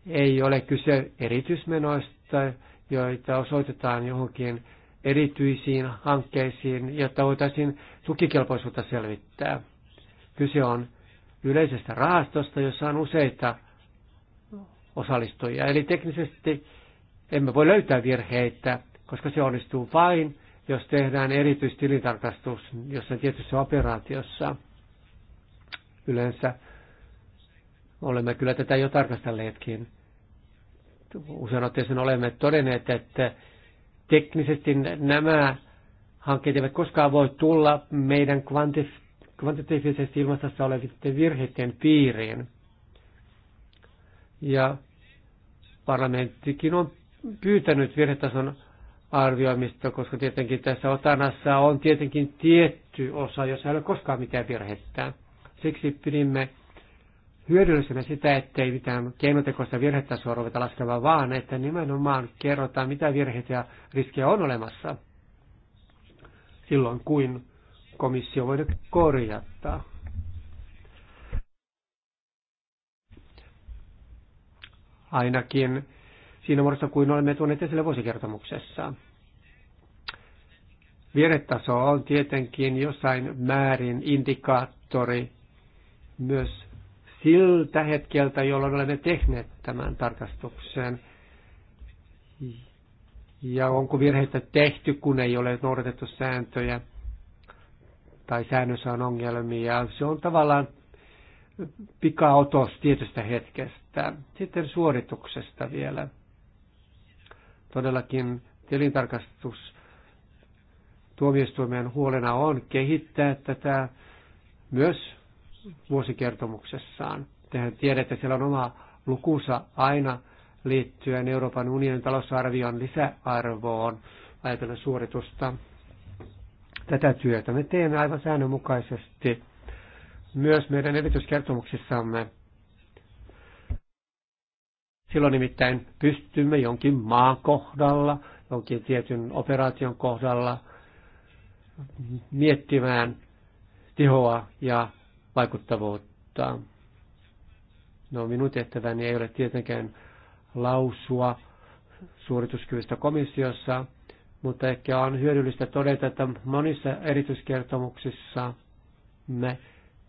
ei ole kyse erityismenoista, joita osoitetaan johonkin erityisiin hankkeisiin, jotta voitaisiin tukikelpoisuutta selvittää. Kyse on yleisestä rahastosta, jossa on useita osallistujia. Eli teknisesti emme voi löytää virheitä koska se onnistuu vain, jos tehdään erityistilintarkastus jossain tietyssä operaatiossa. Yleensä olemme kyllä tätä jo tarkastelleetkin. Usein otteeseen olemme todenneet, että teknisesti nämä hankkeet eivät koskaan voi tulla meidän kvantif- kvantitatiivisesti ilmastossa olevien virheiden piiriin. Ja parlamenttikin on pyytänyt virhetason arvioimista, koska tietenkin tässä otanassa on tietenkin tietty osa, jossa ei ole koskaan mitään virhettä. Siksi pidimme hyödyllisenä sitä, ettei mitään keinotekoista virhettä suoruveta laskemaan, vaan että nimenomaan kerrotaan, mitä virheitä ja riskejä on olemassa silloin, kuin komissio voi korjata. Ainakin siinä muodossa, kuin olemme tuoneet esille vuosikertomuksessa. Vieretaso on tietenkin jossain määrin indikaattori myös siltä hetkeltä, jolloin olemme tehneet tämän tarkastuksen. Ja onko virheitä tehty, kun ei ole noudatettu sääntöjä tai säännössä on ongelmia. Se on tavallaan pikaotos tietystä hetkestä. Sitten suorituksesta vielä. Todellakin tilintarkastus Tuomioistuimen huolena on kehittää tätä myös vuosikertomuksessaan. Tehän tiedätte, siellä on oma lukunsa aina liittyen Euroopan unionin talousarvion lisäarvoon ajatellen suoritusta. Tätä työtä me teemme aivan säännönmukaisesti myös meidän erityiskertomuksissamme. Silloin nimittäin pystymme jonkin maan kohdalla, jonkin tietyn operaation kohdalla – miettimään tehoa ja vaikuttavuutta. No minun tehtäväni ei ole tietenkään lausua suorituskyvystä komissiossa, mutta ehkä on hyödyllistä todeta, että monissa erityiskertomuksissa, me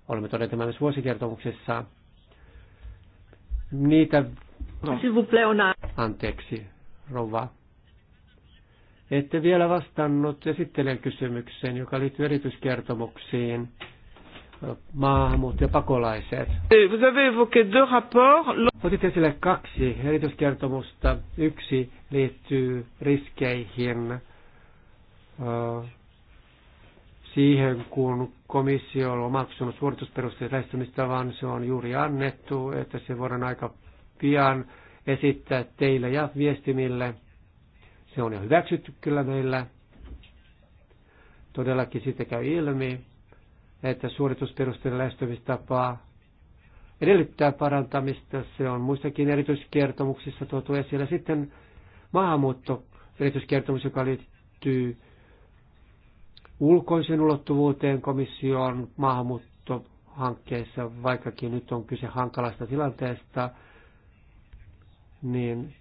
olemme todenneet myös vuosikertomuksessa, niitä... Anteeksi, rouva ette vielä vastannut esittelen kysymykseen, joka liittyy erityiskertomuksiin maahanmuutto- ja pakolaiset. Vous avez évoqué deux rapports. Otit esille kaksi erityiskertomusta. Yksi liittyy riskeihin siihen, kun komissio on omaksunut suoritusperusteet lähestymistavan, se on juuri annettu, että se voidaan aika pian esittää teille ja viestimille – se on jo hyväksytty kyllä meillä. Todellakin siitä käy ilmi, että suoritusperusteinen lähestymistapa edellyttää parantamista. Se on muissakin erityiskertomuksissa tuotu esille. Sitten maahanmuutto erityiskertomus, joka liittyy ulkoisen ulottuvuuteen komission maahanmuuttohankkeessa, vaikkakin nyt on kyse hankalasta tilanteesta, niin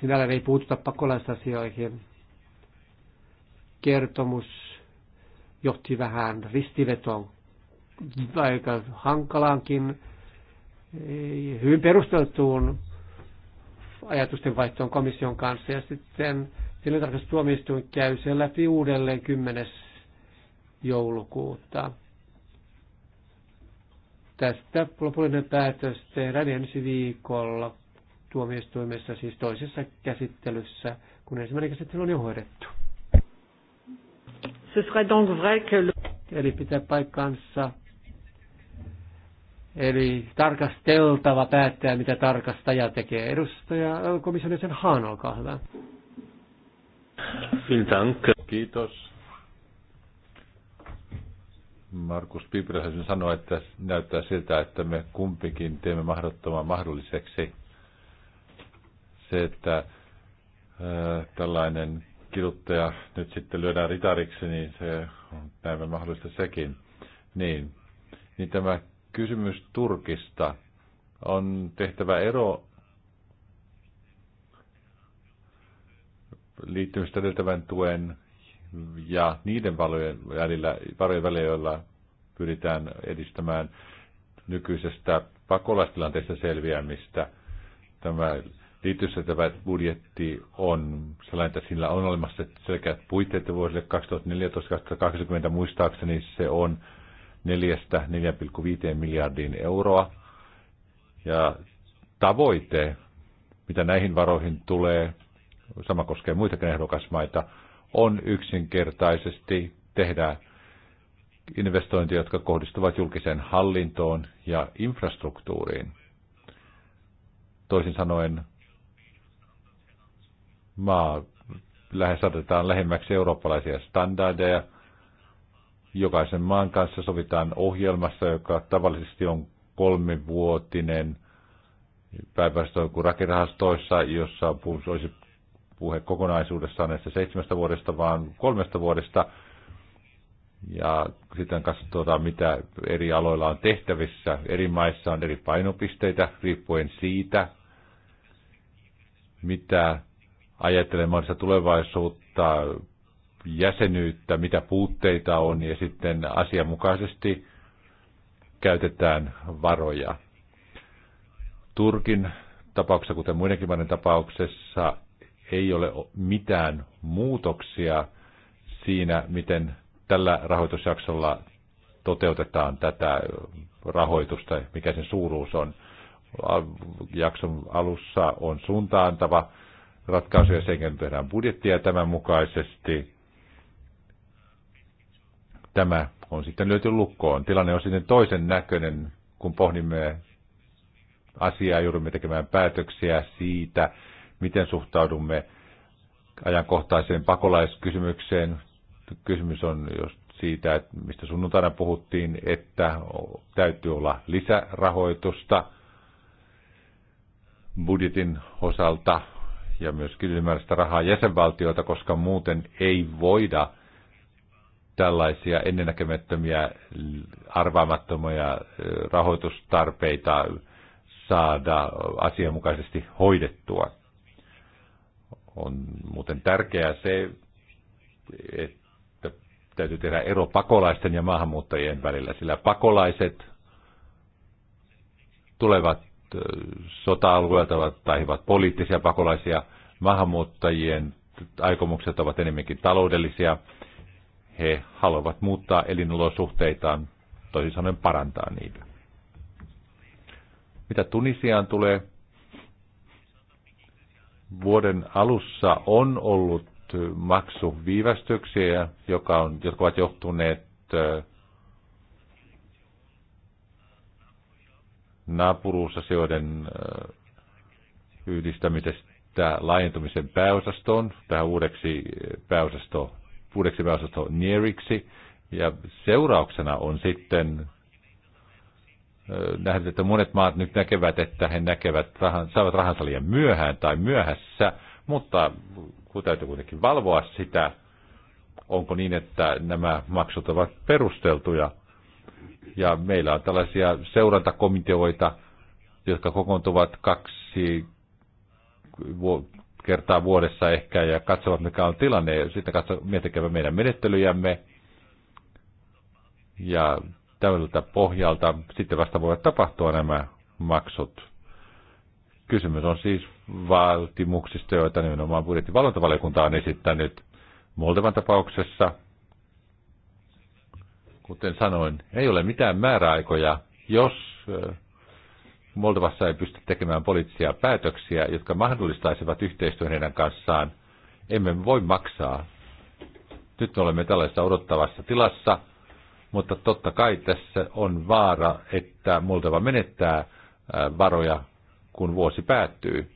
Sinällään ei puututa pakolaisasioihin. Kertomus johti vähän ristivetoon aika hankalaankin, hyvin perusteltuun ajatusten vaihtoon komission kanssa. Ja sitten tilintarkastustuomioistuin käy sen läpi uudelleen 10. joulukuuta. Tästä lopullinen päätös tehdään ensi viikolla tuomioistuimessa, siis toisessa käsittelyssä, kun ensimmäinen käsittely on jo hoidettu. Ce serait donc vrai que le... Eli pitää paikkansa. Eli tarkasteltava päättää, mitä tarkastaja tekee. Edustaja komission sen Haan, olkaa hyvä. Kiitos. Markus Pipiläisen sanoi, että näyttää siltä, että me kumpikin teemme mahdottoman mahdolliseksi se, että tällainen kiduttaja nyt sitten lyödään ritariksi, niin se on näin mahdollista sekin. Niin, niin tämä kysymys Turkista on tehtävä ero liittymistä edeltävän tuen ja niiden valojen välillä, varojen välillä, joilla pyritään edistämään nykyisestä pakolaistilanteesta selviämistä. Tämä tämä budjetti on sellainen, että sillä on olemassa selkeät puitteet vuosille 2014-2020 muistaakseni se on 4-4,5 miljardiin euroa. Ja tavoite, mitä näihin varoihin tulee, sama koskee muitakin ehdokasmaita, on yksinkertaisesti tehdä investointeja, jotka kohdistuvat julkiseen hallintoon ja infrastruktuuriin. Toisin sanoen maa lähes otetaan lähemmäksi eurooppalaisia standardeja. Jokaisen maan kanssa sovitaan ohjelmassa, joka tavallisesti on kolmivuotinen päinvastoin kuin rakennerahastoissa, jossa olisi puhe kokonaisuudessaan näistä seitsemästä vuodesta, vaan kolmesta vuodesta. Ja sitten katsotaan, mitä eri aloilla on tehtävissä. Eri maissa on eri painopisteitä riippuen siitä, mitä ajattelemaan sitä tulevaisuutta, jäsenyyttä, mitä puutteita on ja sitten asianmukaisesti käytetään varoja. Turkin tapauksessa, kuten muidenkin maiden tapauksessa, ei ole mitään muutoksia siinä, miten tällä rahoitusjaksolla toteutetaan tätä rahoitusta, mikä sen suuruus on. Jakson alussa on suuntaantava ratkaisuja sen tehdään budjettia tämän mukaisesti. Tämä on sitten löyty lukkoon. Tilanne on sitten toisen näköinen, kun pohdimme asiaa, joudumme tekemään päätöksiä siitä, miten suhtaudumme ajankohtaiseen pakolaiskysymykseen. Kysymys on jos siitä, että mistä sunnuntaina puhuttiin, että täytyy olla lisärahoitusta budjetin osalta ja myöskin ylimääräistä rahaa jäsenvaltioita, koska muuten ei voida tällaisia ennennäkemättömiä, arvaamattomia rahoitustarpeita saada asianmukaisesti hoidettua. On muuten tärkeää se, että täytyy tehdä ero pakolaisten ja maahanmuuttajien välillä, sillä pakolaiset tulevat sota-alueelta tai ovat poliittisia pakolaisia. Maahanmuuttajien aikomukset ovat enemmänkin taloudellisia. He haluavat muuttaa elinolosuhteitaan, toisin sanoen parantaa niitä. Mitä Tunisiaan tulee, vuoden alussa on ollut maksuviivästyksiä, joka on, jotka ovat johtuneet naapuruusasioiden äh, yhdistämisestä laajentumisen pääosastoon, tähän uudeksi pääosasto, uudeksi pääosasto Nieriksi. Ja seurauksena on sitten äh, nähdä, että monet maat nyt näkevät, että he näkevät rahan, saavat rahansa liian myöhään tai myöhässä, mutta kun täytyy kuitenkin valvoa sitä, onko niin, että nämä maksut ovat perusteltuja. Ja meillä on tällaisia seurantakomiteoita, jotka kokoontuvat kaksi kertaa vuodessa ehkä ja katsovat, mikä on tilanne. Ja sitten miettikäämme meidän menettelyjämme. Ja täydeltä pohjalta sitten vasta voivat tapahtua nämä maksut. Kysymys on siis vaatimuksista, joita nimenomaan budjettivalvontavaliokunta on esittänyt Moldovan tapauksessa – Kuten sanoin, ei ole mitään määräaikoja, jos Moldovassa ei pysty tekemään poliittisia päätöksiä, jotka mahdollistaisivat yhteistyön heidän kanssaan, emme voi maksaa. Nyt me olemme tällaisessa odottavassa tilassa, mutta totta kai tässä on vaara, että Moldova menettää varoja, kun vuosi päättyy.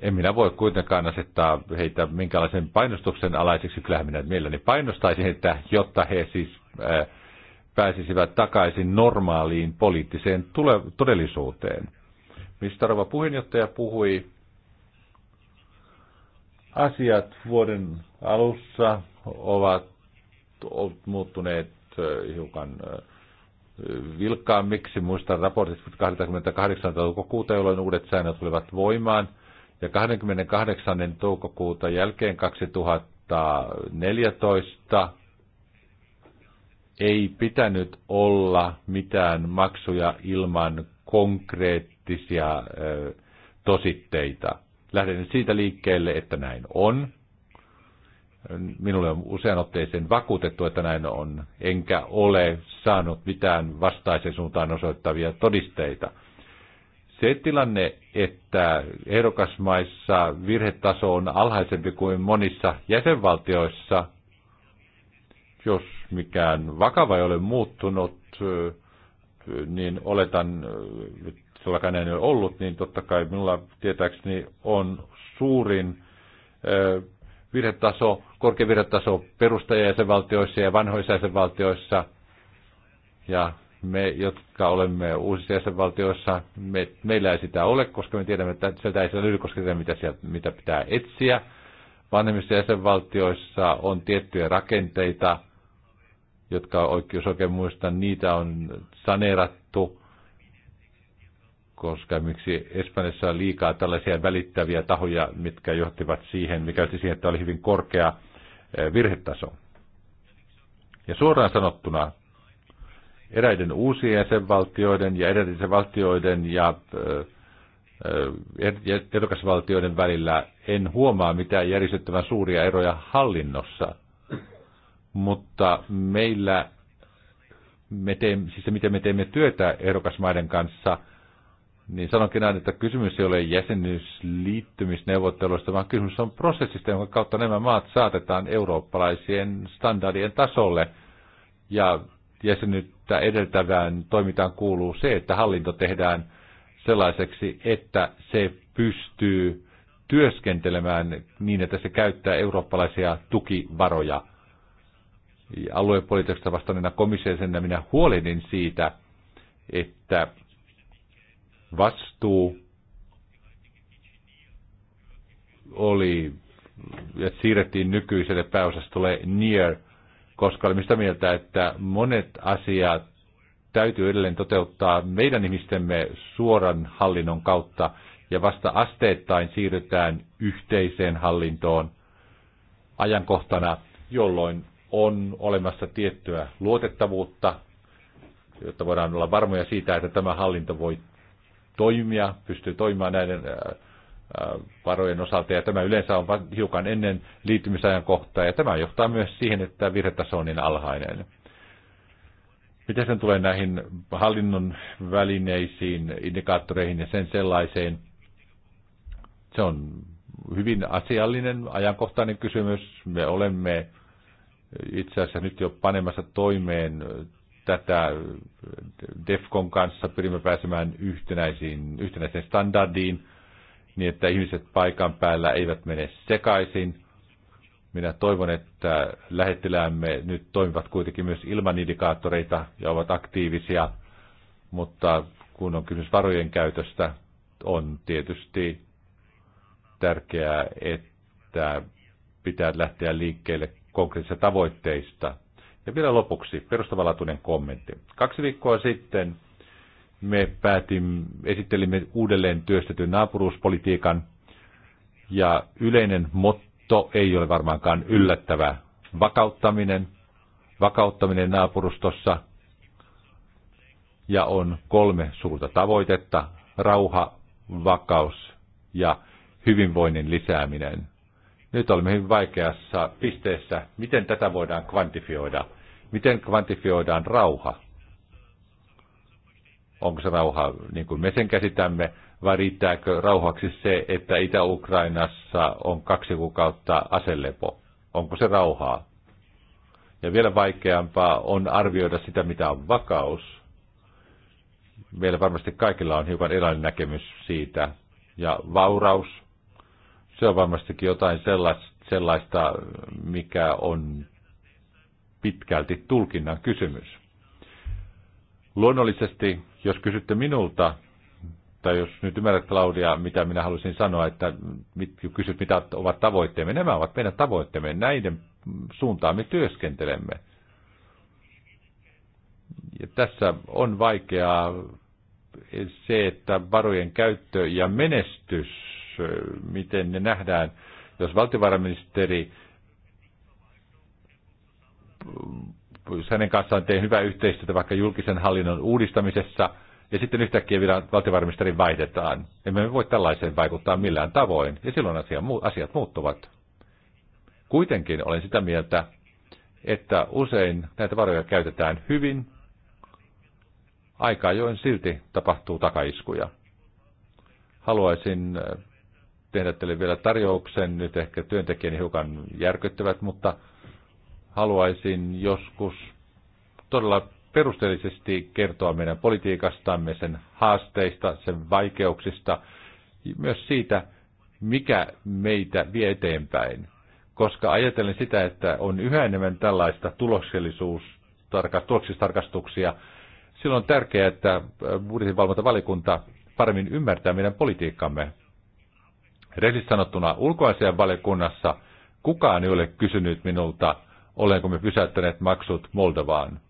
En minä voi kuitenkaan asettaa heitä minkälaisen painostuksen alaisiksi. Kyllähän minä mielelläni painostaisin, että jotta he siis pääsisivät takaisin normaaliin poliittiseen tule- todellisuuteen. Mistä rouva puheenjohtaja puhui, asiat vuoden alussa ovat muuttuneet hiukan vilkkaammiksi. Muistan raportit 28. toukokuuta, jolloin uudet säännöt tulivat voimaan. Ja 28. toukokuuta jälkeen 2014 ei pitänyt olla mitään maksuja ilman konkreettisia tositteita. Lähden siitä liikkeelle, että näin on. Minulle on usean otteeseen vakuutettu, että näin on, enkä ole saanut mitään vastaisen suuntaan osoittavia todisteita. Se tilanne, että ehdokasmaissa virhetaso on alhaisempi kuin monissa jäsenvaltioissa, jos mikään vakava ei ole muuttunut, niin oletan, että sellakaan ei ole ollut, niin totta kai minulla tietääkseni on suurin virhetaso, korkea virhetaso perustajajäsenvaltioissa ja vanhoissa jäsenvaltioissa. Ja me, jotka olemme uusissa jäsenvaltioissa, me, meillä ei sitä ole, koska me tiedämme, että sieltä ei löydy, koska tiedämme, mitä, sieltä, mitä pitää etsiä. Vanhemmissa jäsenvaltioissa on tiettyjä rakenteita, jotka, jos oikein muistan, niitä on saneerattu, koska miksi Espanjassa on liikaa tällaisia välittäviä tahoja, mitkä johtivat siihen, mikä johti siihen, että oli hyvin korkea eh, virhetaso. Ja suoraan sanottuna, eräiden uusien jäsenvaltioiden ja edellisen valtioiden eh, eh, ja ehdokasvaltioiden välillä en huomaa mitään järjestettävän suuria eroja hallinnossa – mutta meillä, me teemme, siis se miten me teemme työtä ehdokasmaiden kanssa, niin sanonkin aina, että kysymys ei ole jäsenyysliittymisneuvotteluista, vaan kysymys on prosessista, jonka kautta nämä maat saatetaan eurooppalaisien standardien tasolle. Ja jäsenyyttä edeltävään toimintaan kuuluu se, että hallinto tehdään sellaiseksi, että se pystyy työskentelemään niin, että se käyttää eurooppalaisia tukivaroja – aluepolitiikasta vastanneena niin komissiosenä minä huolehdin siitä, että vastuu oli, ja siirrettiin nykyiselle pääosastolle near, koska olemme mistä mieltä, että monet asiat täytyy edelleen toteuttaa meidän ihmistemme suoran hallinnon kautta, ja vasta asteittain siirrytään yhteiseen hallintoon ajankohtana, jolloin on olemassa tiettyä luotettavuutta, jotta voidaan olla varmoja siitä, että tämä hallinto voi toimia, pystyy toimimaan näiden varojen osalta, ja tämä yleensä on hiukan ennen liittymisajan kohtaa, ja tämä johtaa myös siihen, että virhetaso on niin alhainen. Mitä sen tulee näihin hallinnon välineisiin, indikaattoreihin ja sen sellaiseen? Se on hyvin asiallinen, ajankohtainen kysymys. Me olemme itse asiassa nyt jo panemassa toimeen tätä DEFCON kanssa. Pyrimme pääsemään yhtenäisiin, yhtenäiseen standardiin niin, että ihmiset paikan päällä eivät mene sekaisin. Minä toivon, että lähettiläämme nyt toimivat kuitenkin myös ilman indikaattoreita ja ovat aktiivisia, mutta kun on kysymys varojen käytöstä, on tietysti tärkeää, että pitää lähteä liikkeelle konkreettisista tavoitteista. Ja vielä lopuksi perustavanlaatuinen kommentti. Kaksi viikkoa sitten me päätimme, esittelimme uudelleen työstetyn naapuruuspolitiikan ja yleinen motto ei ole varmaankaan yllättävä. Vakauttaminen, vakauttaminen naapurustossa ja on kolme suurta tavoitetta. Rauha, vakaus ja hyvinvoinnin lisääminen. Nyt olemme hyvin vaikeassa pisteessä. Miten tätä voidaan kvantifioida? Miten kvantifioidaan rauha? Onko se rauha niin kuin me sen käsitämme, vai riittääkö rauhaksi se, että Itä-Ukrainassa on kaksi kuukautta aselepo? Onko se rauhaa? Ja vielä vaikeampaa on arvioida sitä, mitä on vakaus. Meillä varmasti kaikilla on hiukan erilainen näkemys siitä. Ja vauraus, se on varmastikin jotain sellaista, mikä on pitkälti tulkinnan kysymys. Luonnollisesti, jos kysytte minulta, tai jos nyt ymmärrät Claudia, mitä minä halusin sanoa, että kysyt, mitä ovat tavoitteemme, nämä ovat meidän tavoitteemme, näiden suuntaan me työskentelemme. Ja tässä on vaikeaa se, että varojen käyttö ja menestys miten ne nähdään. Jos valtiovarainministeri jos hänen kanssaan tein hyvää yhteistyötä vaikka julkisen hallinnon uudistamisessa, ja sitten yhtäkkiä vielä valtiovarainministeri vaihdetaan. Emme voi tällaiseen vaikuttaa millään tavoin, ja silloin asia, asiat muuttuvat. Kuitenkin olen sitä mieltä, että usein näitä varoja käytetään hyvin, aika ajoin silti tapahtuu takaiskuja. Haluaisin tehdä teille vielä tarjouksen, nyt ehkä työntekijäni hiukan järkyttävät, mutta haluaisin joskus todella perusteellisesti kertoa meidän politiikastamme, sen haasteista, sen vaikeuksista, myös siitä, mikä meitä vie eteenpäin. Koska ajatellen sitä, että on yhä enemmän tällaista tuloksellisuus, tuloksillistarkastuksia, silloin on tärkeää, että budjetinvalvontavalikunta paremmin ymmärtää meidän politiikkamme. Rehellisesti sanottuna ulkoasian valiokunnassa kukaan ei ole kysynyt minulta, olenko me pysäyttäneet maksut Moldovaan.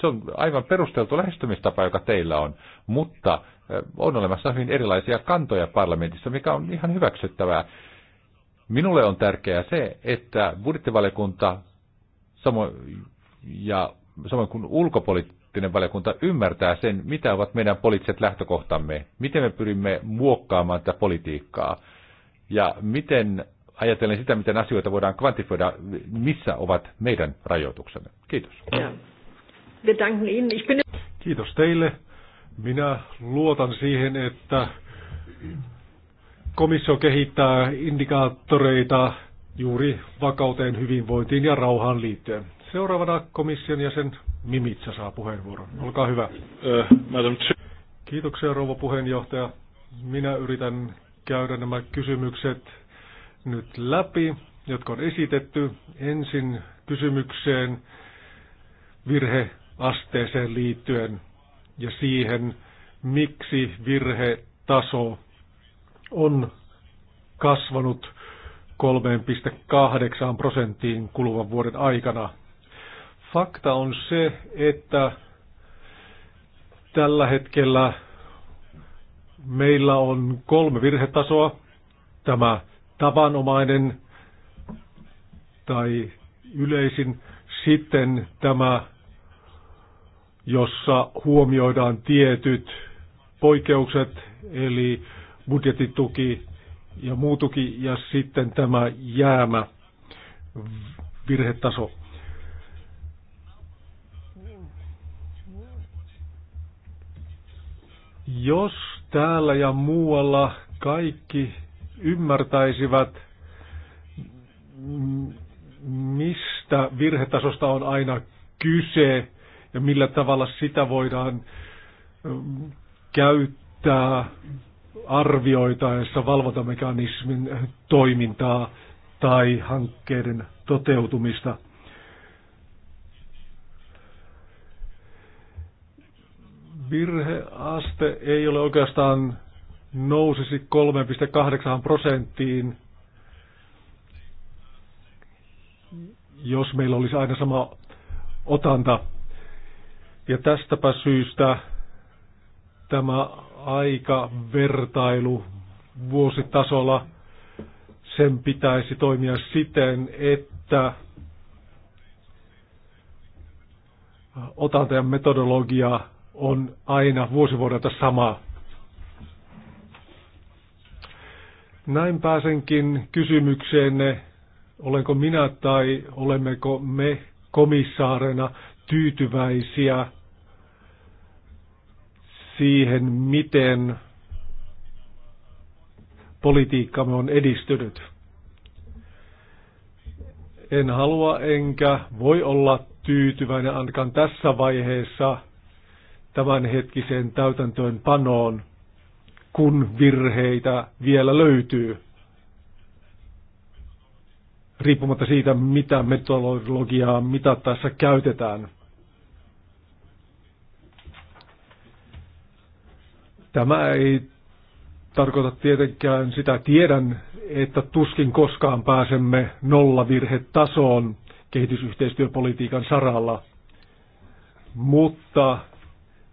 Se on aivan perusteltu lähestymistapa, joka teillä on, mutta eh, on olemassa hyvin erilaisia kantoja parlamentissa, mikä on ihan hyväksyttävää. Minulle on tärkeää se, että budjettivaliokunta samoin, ja samoin kuin ulkopoliittinen valiokunta ymmärtää sen, mitä ovat meidän poliittiset lähtökohtamme, miten me pyrimme muokkaamaan tätä politiikkaa ja miten ajatellen sitä, miten asioita voidaan kvantifioida, missä ovat meidän rajoituksemme. Kiitos. Kiitos teille. Minä luotan siihen, että komissio kehittää indikaattoreita juuri vakauteen, hyvinvointiin ja rauhaan liittyen. Seuraavana komission jäsen Mimitsa saa puheenvuoron. Olkaa hyvä. Kiitoksia rouva puheenjohtaja. Minä yritän käydä nämä kysymykset nyt läpi, jotka on esitetty. Ensin kysymykseen virheasteeseen liittyen ja siihen, miksi virhetaso on kasvanut 3,8 prosenttiin kuluvan vuoden aikana. Fakta on se, että tällä hetkellä meillä on kolme virhetasoa. Tämä tavanomainen tai yleisin. Sitten tämä, jossa huomioidaan tietyt poikkeukset, eli budjetituki ja muu tuki, ja sitten tämä jäämä virhetaso. Jos täällä ja muualla kaikki ymmärtäisivät, mistä virhetasosta on aina kyse ja millä tavalla sitä voidaan käyttää arvioitaessa valvontamekanismin toimintaa tai hankkeiden toteutumista – Virheaste ei ole oikeastaan nousisi 3,8 prosenttiin, jos meillä olisi aina sama otanta. Ja tästäpä syystä tämä aika vertailu vuositasolla, sen pitäisi toimia siten, että otantajan metodologia on aina vuosivuodelta sama. Näin pääsenkin kysymykseenne, olenko minä tai olemmeko me komissaarena tyytyväisiä siihen, miten politiikkamme on edistynyt. En halua enkä voi olla tyytyväinen ainakaan tässä vaiheessa – tämänhetkiseen täytäntöönpanoon, kun virheitä vielä löytyy. Riippumatta siitä, mitä metodologiaa mitattaessa käytetään. Tämä ei tarkoita tietenkään sitä. Tiedän, että tuskin koskaan pääsemme nollavirhetasoon kehitysyhteistyöpolitiikan saralla. Mutta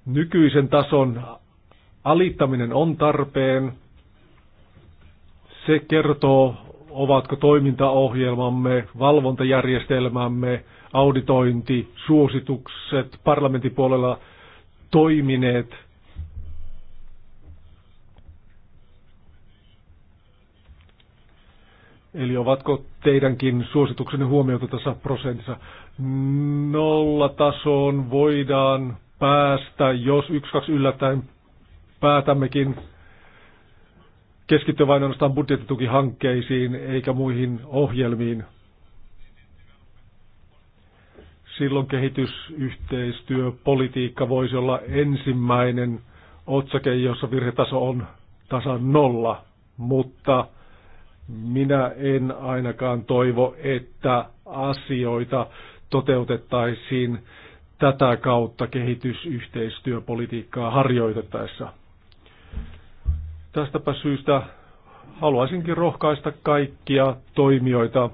nykyisen tason alittaminen on tarpeen. Se kertoo, ovatko toimintaohjelmamme, valvontajärjestelmämme, auditointi, suositukset parlamentin puolella toimineet. Eli ovatko teidänkin suosituksenne huomioitu tässä prosentissa? Nollatasoon voidaan päästä, jos yksi kaksi yllättäen päätämmekin keskittyä vain ainoastaan budjettitukihankkeisiin eikä muihin ohjelmiin. Silloin kehitysyhteistyöpolitiikka voisi olla ensimmäinen otsake, jossa virhetaso on tasan nolla, mutta minä en ainakaan toivo, että asioita toteutettaisiin tätä kautta kehitysyhteistyöpolitiikkaa harjoitettaessa. Tästäpä syystä haluaisinkin rohkaista kaikkia toimijoita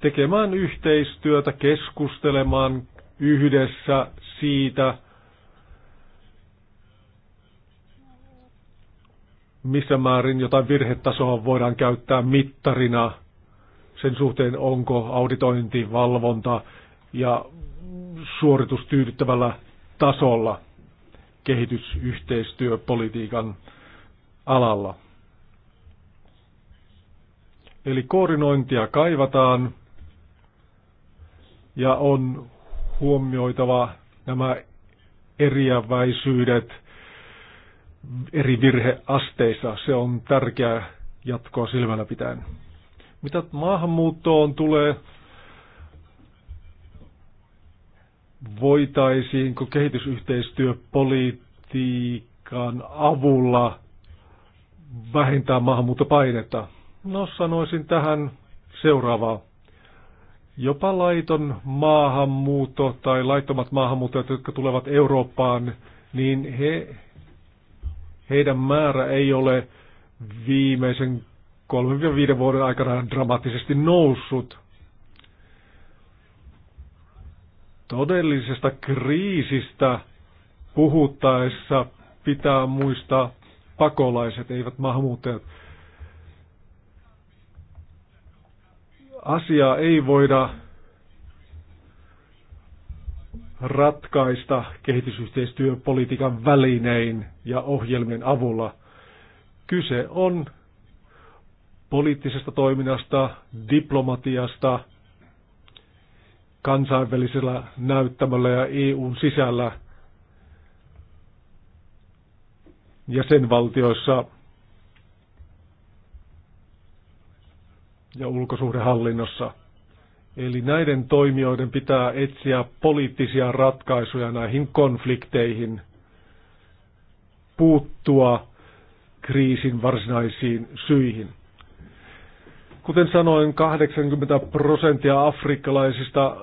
tekemään yhteistyötä, keskustelemaan yhdessä siitä, missä määrin jotain virhetasoa voidaan käyttää mittarina sen suhteen, onko auditointi, valvonta ja suoritustyydyttävällä tasolla kehitysyhteistyöpolitiikan alalla. Eli koordinointia kaivataan ja on huomioitava nämä eriäväisyydet eri virheasteissa. Se on tärkeää jatkoa silmällä pitäen. Mitä maahanmuuttoon tulee, voitaisiinko kehitysyhteistyöpolitiikan avulla vähentää maahanmuuttopainetta? No sanoisin tähän seuraavaa. Jopa laiton maahanmuutto tai laittomat maahanmuuttajat, jotka tulevat Eurooppaan, niin he, heidän määrä ei ole viimeisen 3-5 vuoden aikana dramaattisesti noussut. Todellisesta kriisistä puhuttaessa pitää muistaa pakolaiset, eivät maahanmuuttajat. Asiaa ei voida ratkaista kehitysyhteistyöpolitiikan välinein ja ohjelmien avulla. Kyse on poliittisesta toiminnasta, diplomatiasta, kansainvälisellä näyttämällä ja EUn sisällä jäsenvaltioissa ja ulkosuhdehallinnossa. Eli näiden toimijoiden pitää etsiä poliittisia ratkaisuja näihin konflikteihin, puuttua kriisin varsinaisiin syihin. Kuten sanoin, 80 prosenttia afrikkalaisista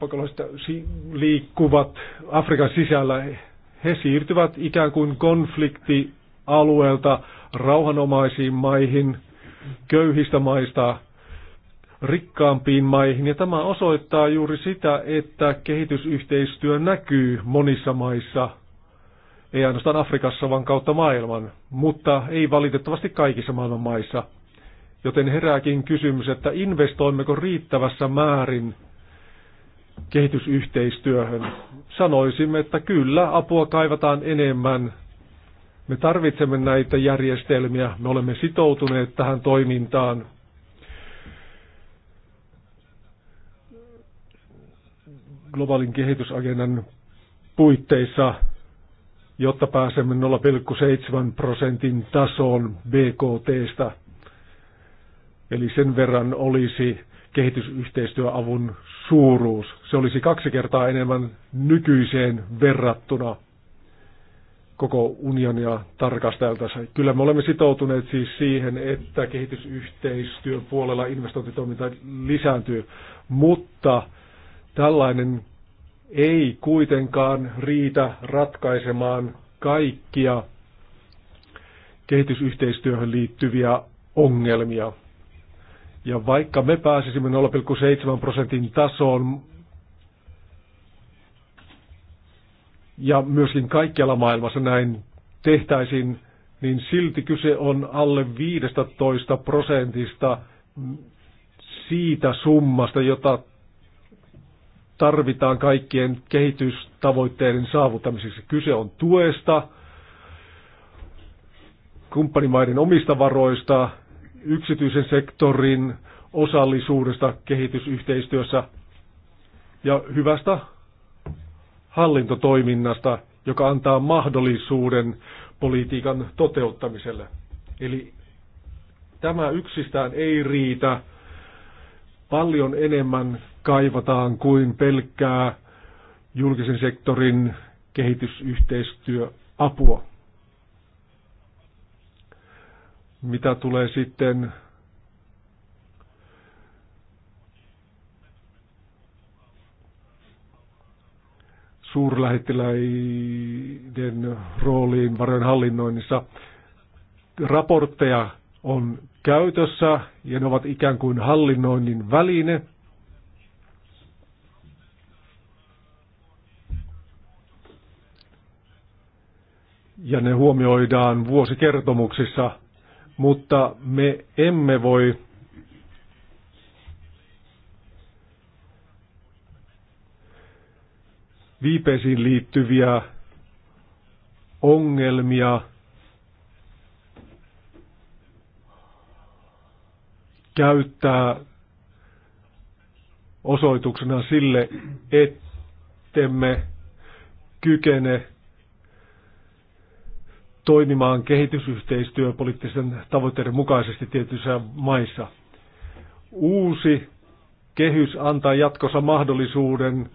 pakolaisista liikkuvat Afrikan sisällä. He siirtyvät ikään kuin konfliktialueelta rauhanomaisiin maihin, köyhistä maista rikkaampiin maihin. Ja tämä osoittaa juuri sitä, että kehitysyhteistyö näkyy monissa maissa, ei ainoastaan Afrikassa, vaan kautta maailman, mutta ei valitettavasti kaikissa maailman maissa. Joten herääkin kysymys, että investoimmeko riittävässä määrin kehitysyhteistyöhön. Sanoisimme, että kyllä, apua kaivataan enemmän. Me tarvitsemme näitä järjestelmiä, me olemme sitoutuneet tähän toimintaan. globaalin kehitysagendan puitteissa, jotta pääsemme 0,7 prosentin tasoon BKTstä. Eli sen verran olisi kehitysyhteistyöavun suuruus. Se olisi kaksi kertaa enemmän nykyiseen verrattuna koko unionia tarkasteltaessa. Kyllä me olemme sitoutuneet siis siihen, että kehitysyhteistyön puolella investointitoiminta lisääntyy, mutta tällainen ei kuitenkaan riitä ratkaisemaan kaikkia kehitysyhteistyöhön liittyviä ongelmia. Ja vaikka me pääsisimme 0,7 prosentin tasoon, ja myöskin kaikkialla maailmassa näin tehtäisiin, niin silti kyse on alle 15 prosentista siitä summasta, jota tarvitaan kaikkien kehitystavoitteiden saavuttamiseksi. Kyse on tuesta, kumppanimaiden omista varoista yksityisen sektorin osallisuudesta kehitysyhteistyössä ja hyvästä hallintotoiminnasta, joka antaa mahdollisuuden politiikan toteuttamiselle. Eli tämä yksistään ei riitä. Paljon enemmän kaivataan kuin pelkkää julkisen sektorin kehitysyhteistyöapua. Mitä tulee sitten suurlähettiläiden rooliin varojen hallinnoinnissa. Raportteja on käytössä ja ne ovat ikään kuin hallinnoinnin väline. Ja ne huomioidaan vuosikertomuksissa – mutta me emme voi viipesiin liittyviä ongelmia käyttää osoituksena sille, ettemme kykene toimimaan kehitysyhteistyöpoliittisten tavoitteiden mukaisesti tietyissä maissa. Uusi kehys antaa jatkossa mahdollisuuden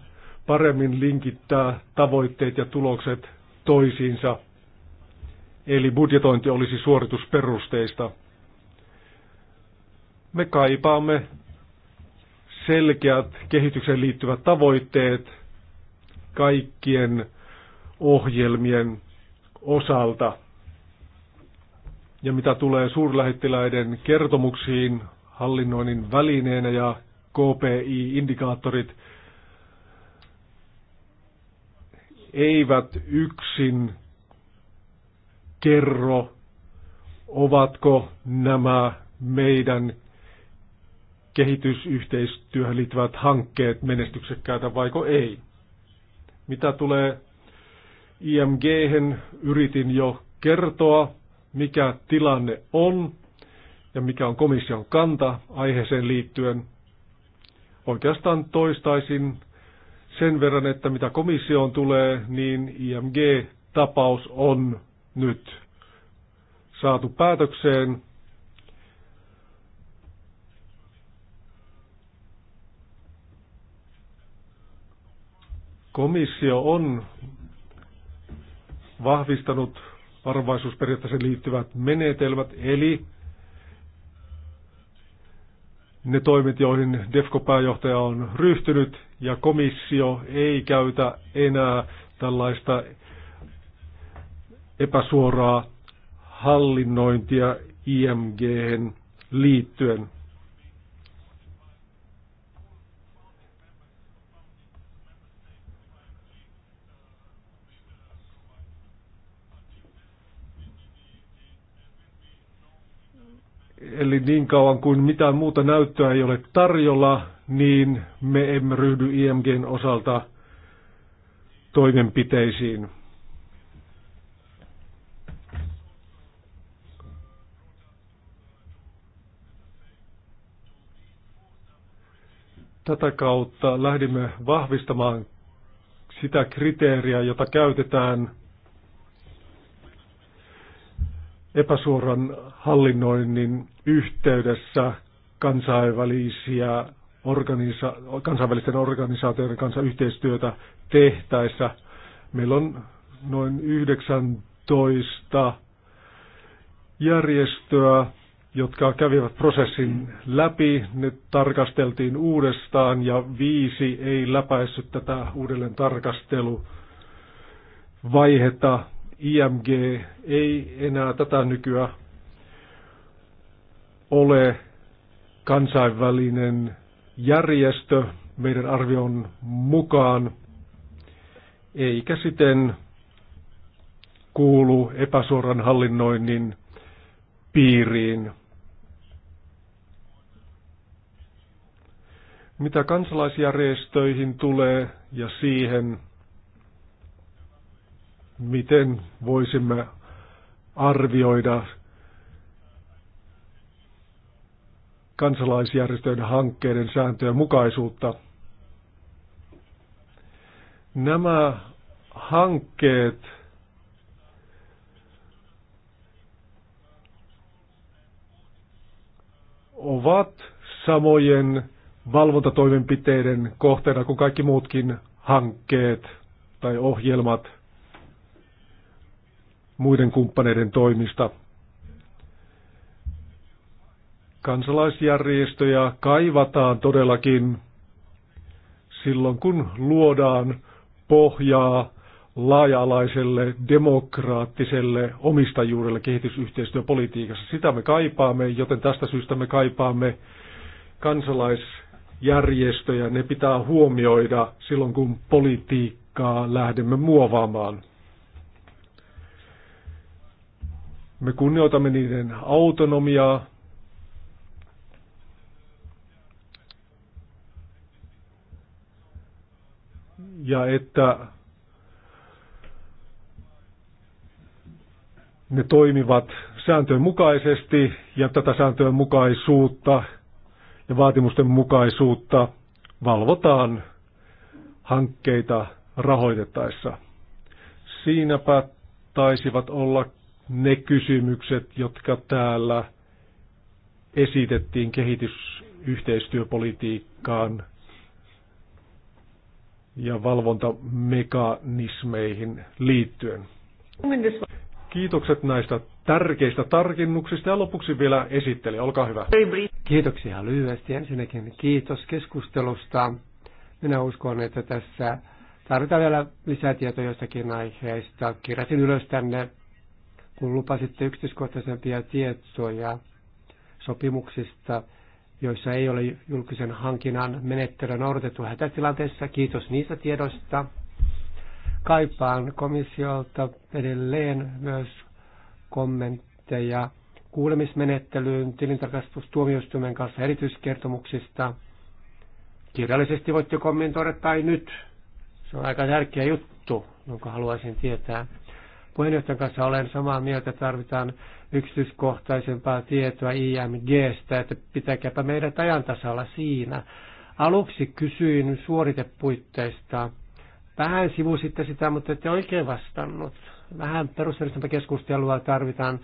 paremmin linkittää tavoitteet ja tulokset toisiinsa, eli budjetointi olisi suoritusperusteista. Me kaipaamme selkeät kehitykseen liittyvät tavoitteet kaikkien ohjelmien osalta. Ja mitä tulee suurlähettiläiden kertomuksiin hallinnoinnin välineenä ja KPI-indikaattorit eivät yksin kerro, ovatko nämä meidän kehitysyhteistyöhön liittyvät hankkeet menestyksekkäitä vaiko ei. Mitä tulee img yritin jo kertoa, mikä tilanne on ja mikä on komission kanta aiheeseen liittyen. Oikeastaan toistaisin sen verran, että mitä komissioon tulee, niin IMG-tapaus on nyt saatu päätökseen. Komissio on vahvistanut varovaisuusperiaatteeseen liittyvät menetelmät, eli ne toimet, joihin DEFCO-pääjohtaja on ryhtynyt, ja komissio ei käytä enää tällaista epäsuoraa hallinnointia IMG:hen liittyen. Eli niin kauan kuin mitään muuta näyttöä ei ole tarjolla, niin me emme ryhdy IMGn osalta toimenpiteisiin. Tätä kautta lähdimme vahvistamaan sitä kriteeriä, jota käytetään epäsuoran hallinnoinnin yhteydessä kansainvälisiä organisa- kansainvälisten organisaatioiden kanssa yhteistyötä tehtäessä. Meillä on noin 19 järjestöä, jotka kävivät prosessin läpi. Ne tarkasteltiin uudestaan ja viisi ei läpäissyt tätä uudelleen tarkasteluvaihetta. IMG ei enää tätä nykyä ole kansainvälinen järjestö meidän arvion mukaan, eikä siten kuulu epäsuoran hallinnoinnin piiriin. Mitä kansalaisjärjestöihin tulee ja siihen, miten voisimme arvioida kansalaisjärjestöiden hankkeiden sääntöjen mukaisuutta. Nämä hankkeet ovat samojen valvontatoimenpiteiden kohteena kuin kaikki muutkin hankkeet tai ohjelmat muiden kumppaneiden toimista. Kansalaisjärjestöjä kaivataan todellakin silloin, kun luodaan pohjaa laaja-alaiselle demokraattiselle omistajuudelle kehitysyhteistyöpolitiikassa. Sitä me kaipaamme, joten tästä syystä me kaipaamme kansalaisjärjestöjä. Ne pitää huomioida silloin, kun politiikkaa lähdemme muovaamaan. Me kunnioitamme niiden autonomiaa, ja että ne toimivat sääntöjen mukaisesti ja tätä sääntöjen mukaisuutta ja vaatimusten mukaisuutta valvotaan hankkeita rahoitettaessa. Siinäpä taisivat olla ne kysymykset, jotka täällä esitettiin kehitysyhteistyöpolitiikkaan ja valvontamekanismeihin liittyen. Kiitokset näistä tärkeistä tarkennuksista ja lopuksi vielä esitteli. Olkaa hyvä. Kiitoksia lyhyesti. Ensinnäkin kiitos keskustelusta. Minä uskon, että tässä tarvitaan vielä lisätietoja jostakin aiheesta. Kirjasin ylös tänne, kun lupasitte yksityiskohtaisempia tietoja sopimuksista joissa ei ole julkisen hankinnan menettelyä noudatettu hätätilanteessa. Kiitos niistä tiedoista. Kaipaan komissiolta edelleen myös kommentteja kuulemismenettelyyn tilintarkastustuomioistuimen kanssa erityiskertomuksista. Kirjallisesti voitte kommentoida tai nyt. Se on aika tärkeä juttu, jonka haluaisin tietää. Puheenjohtajan kanssa olen samaa mieltä, että tarvitaan yksityiskohtaisempaa tietoa IMGstä, että pitäkääpä meidät ajantasalla siinä. Aluksi kysyin suoritepuitteista. Vähän sivu sitten sitä, mutta ette oikein vastannut. Vähän perusteellisempaa keskustelua tarvitaan